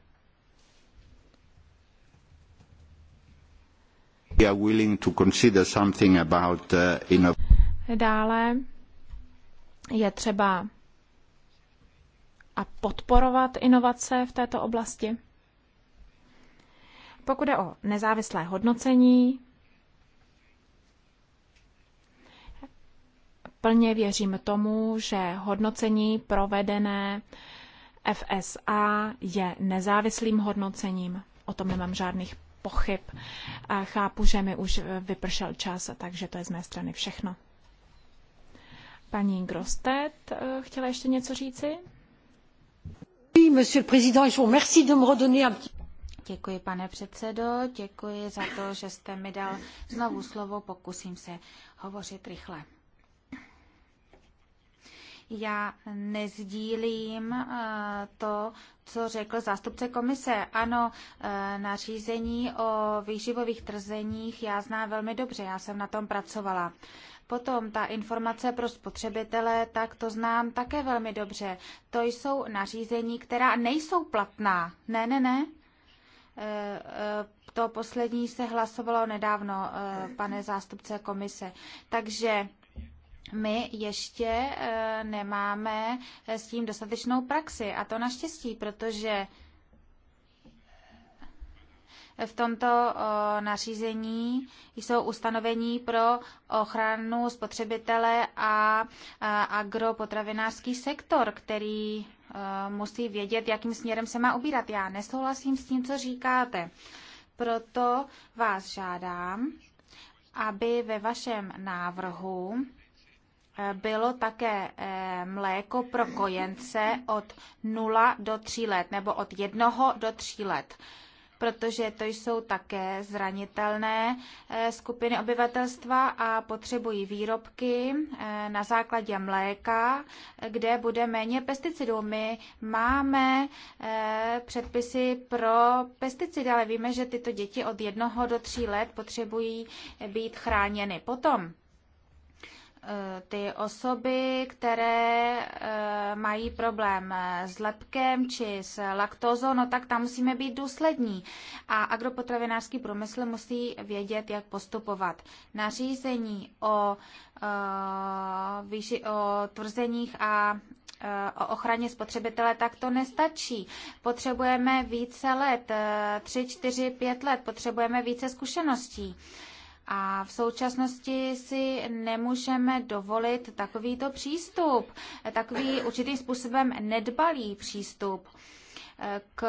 Eh, Dále je třeba a podporovat inovace v této oblasti. Pokud je o nezávislé hodnocení, plně věřím tomu, že hodnocení provedené FSA je nezávislým hodnocením. O tom nemám žádných pochyb. A chápu, že mi už vypršel čas, takže to je z mé strany všechno. Paní Grostet eh, chtěla ještě něco říci? Oui, monsieur le président, je vous remercie de me redonner un petit... Děkuji, pane předsedo, děkuji za to, že jste mi dal znovu slovo, pokusím se hovořit rychle. Já nezdílím eh, to, co řekl zástupce komise. Ano, eh, nařízení o výživových trzeních já znám velmi dobře, já jsem na tom pracovala. Potom ta informace pro spotřebitele, tak to znám také velmi dobře. To jsou nařízení, která nejsou platná. Ne, ne, ne. Eh, eh, to poslední se hlasovalo nedávno, eh, pane zástupce komise. Takže my ještě nemáme s tím dostatečnou praxi a to naštěstí, protože v tomto nařízení jsou ustanovení pro ochranu spotřebitele a agropotravinářský sektor, který Eh, musí vědět, jakým směrem se má ubírat. Já nesouhlasím s tím, co říkáte. Proto vás žádám, aby ve vašem návrhu eh, bylo také eh, mléko pro kojence od 0 do 3 let nebo od 1 do 3 let protože to jsou také zranitelné eh, skupiny obyvatelstva a potřebují výrobky eh, na základě mléka, kde bude méně pesticidů. My máme eh, předpisy pro pesticidy, ale víme, že tyto děti od jednoho do tří let potřebují být chráněny. Potom Eh, ty osoby, které eh, mají problém eh, s lepkem či s laktózou, no tak tam musíme být důslední. A agropotravinářský průmysl musí vědět, jak postupovat. Nařízení o, o, tvrzeních a o ochraně spotřebitele, tak to nestačí. Potřebujeme více let, tři, čtyři, pět let, potřebujeme více zkušeností. A v současnosti si nemůžeme dovolit takovýto přístup, takový určitým způsobem nedbalý přístup k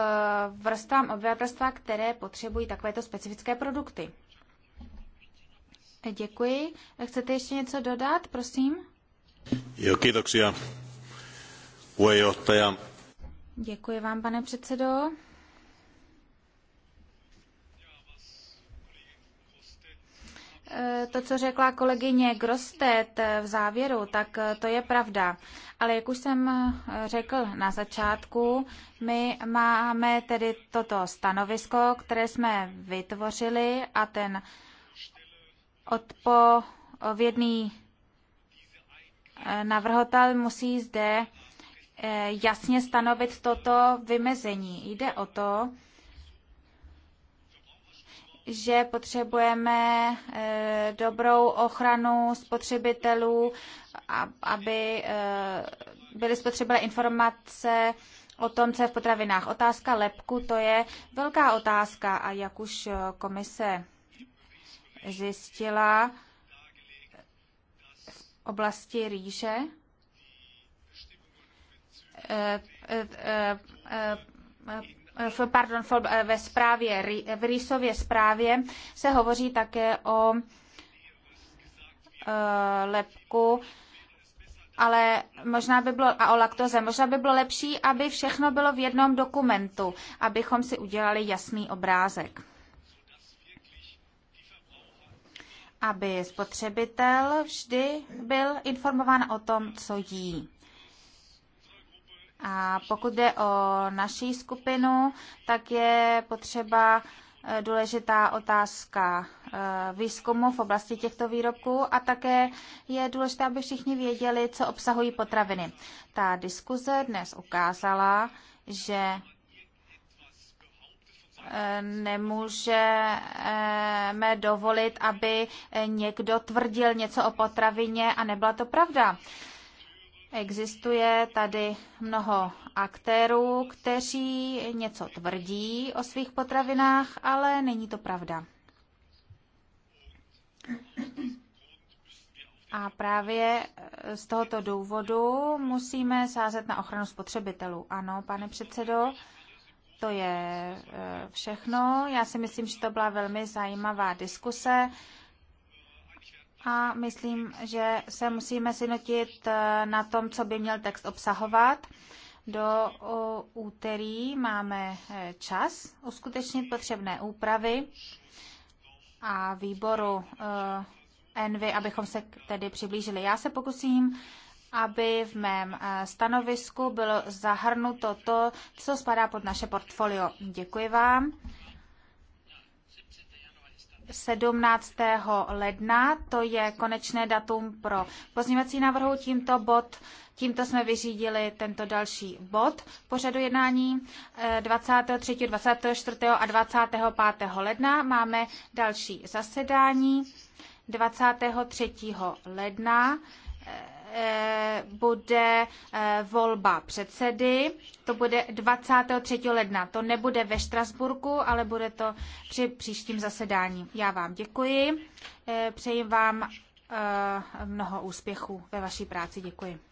vrstvám obyvatelstva, které potřebují takovéto specifické produkty. Děkuji. Chcete ještě něco dodat, prosím? Jo, kiitoksia, Děkuji vám, pane předsedo. Eh, to, co řekla kolegyně Grostet eh, v závěru, tak eh, to je pravda. Ale jak už jsem řekl na začátku, my máme tedy toto stanovisko, které jsme vytvořili a ten odpovědný navrhotel musí zde jasně stanovit toto vymezení. Jde o to, že potřebujeme eh, dobrou ochranu spotřebitelů, aby eh, byly spotřebitelé informace o tom, co je v potravinách. Otázka lepku, to je velká otázka a jak už eh, komise zjistila v oblasti rýže, v, pardon, ve zprávě, v Rýsově zprávě se hovoří také o e, lepku, ale možná by bylo, a o laktoze, možná by bylo lepší, aby všechno bylo v jednom dokumentu, abychom si udělali jasný obrázek. Aby spotřebitel vždy byl informován o tom, co jí. A pokud jde o naší skupinu, tak je potřeba eh, důležitá otázka eh, výzkumu v oblasti těchto výrobků a také je důležité, aby všichni věděli, co obsahují potraviny. Ta diskuze dnes ukázala, že eh, nemůžeme dovolit, aby někdo tvrdil něco o potravině a nebyla to pravda. Existuje tady mnoho aktérů, kteří něco tvrdí o svých potravinách, ale není to pravda. A právě eh, z tohoto důvodu musíme sázet na ochranu spotřebitelů. Ano, pane předsedo, to je eh, všechno. Já si myslím, že to byla velmi zajímavá diskuse. A myslím, že se musíme synotit eh, na tom, co by měl text obsahovat. Do úterý máme eh, čas uskutečnit potřebné úpravy a výboru eh, Envy, abychom se tedy přiblížili. Já se pokusím, aby v mém stanovisku bylo zahrnuto to, co spadá pod naše portfolio. Děkuji vám. 17. ledna, to je konečné datum pro pozněvací návrhu. Tímto, bod, tímto jsme vyřídili tento další bod pořadu jednání 23., eh, 24. a 25. ledna. Máme další zasedání 23. ledna eh, Eh, bude eh, volba předsedy. To bude 23. ledna. To nebude ve Štrasburku, ale bude to při příštím zasedání. Já vám děkuji. Eh, přeji vám mnoho úspěchů ve vaší práci. Děkuji.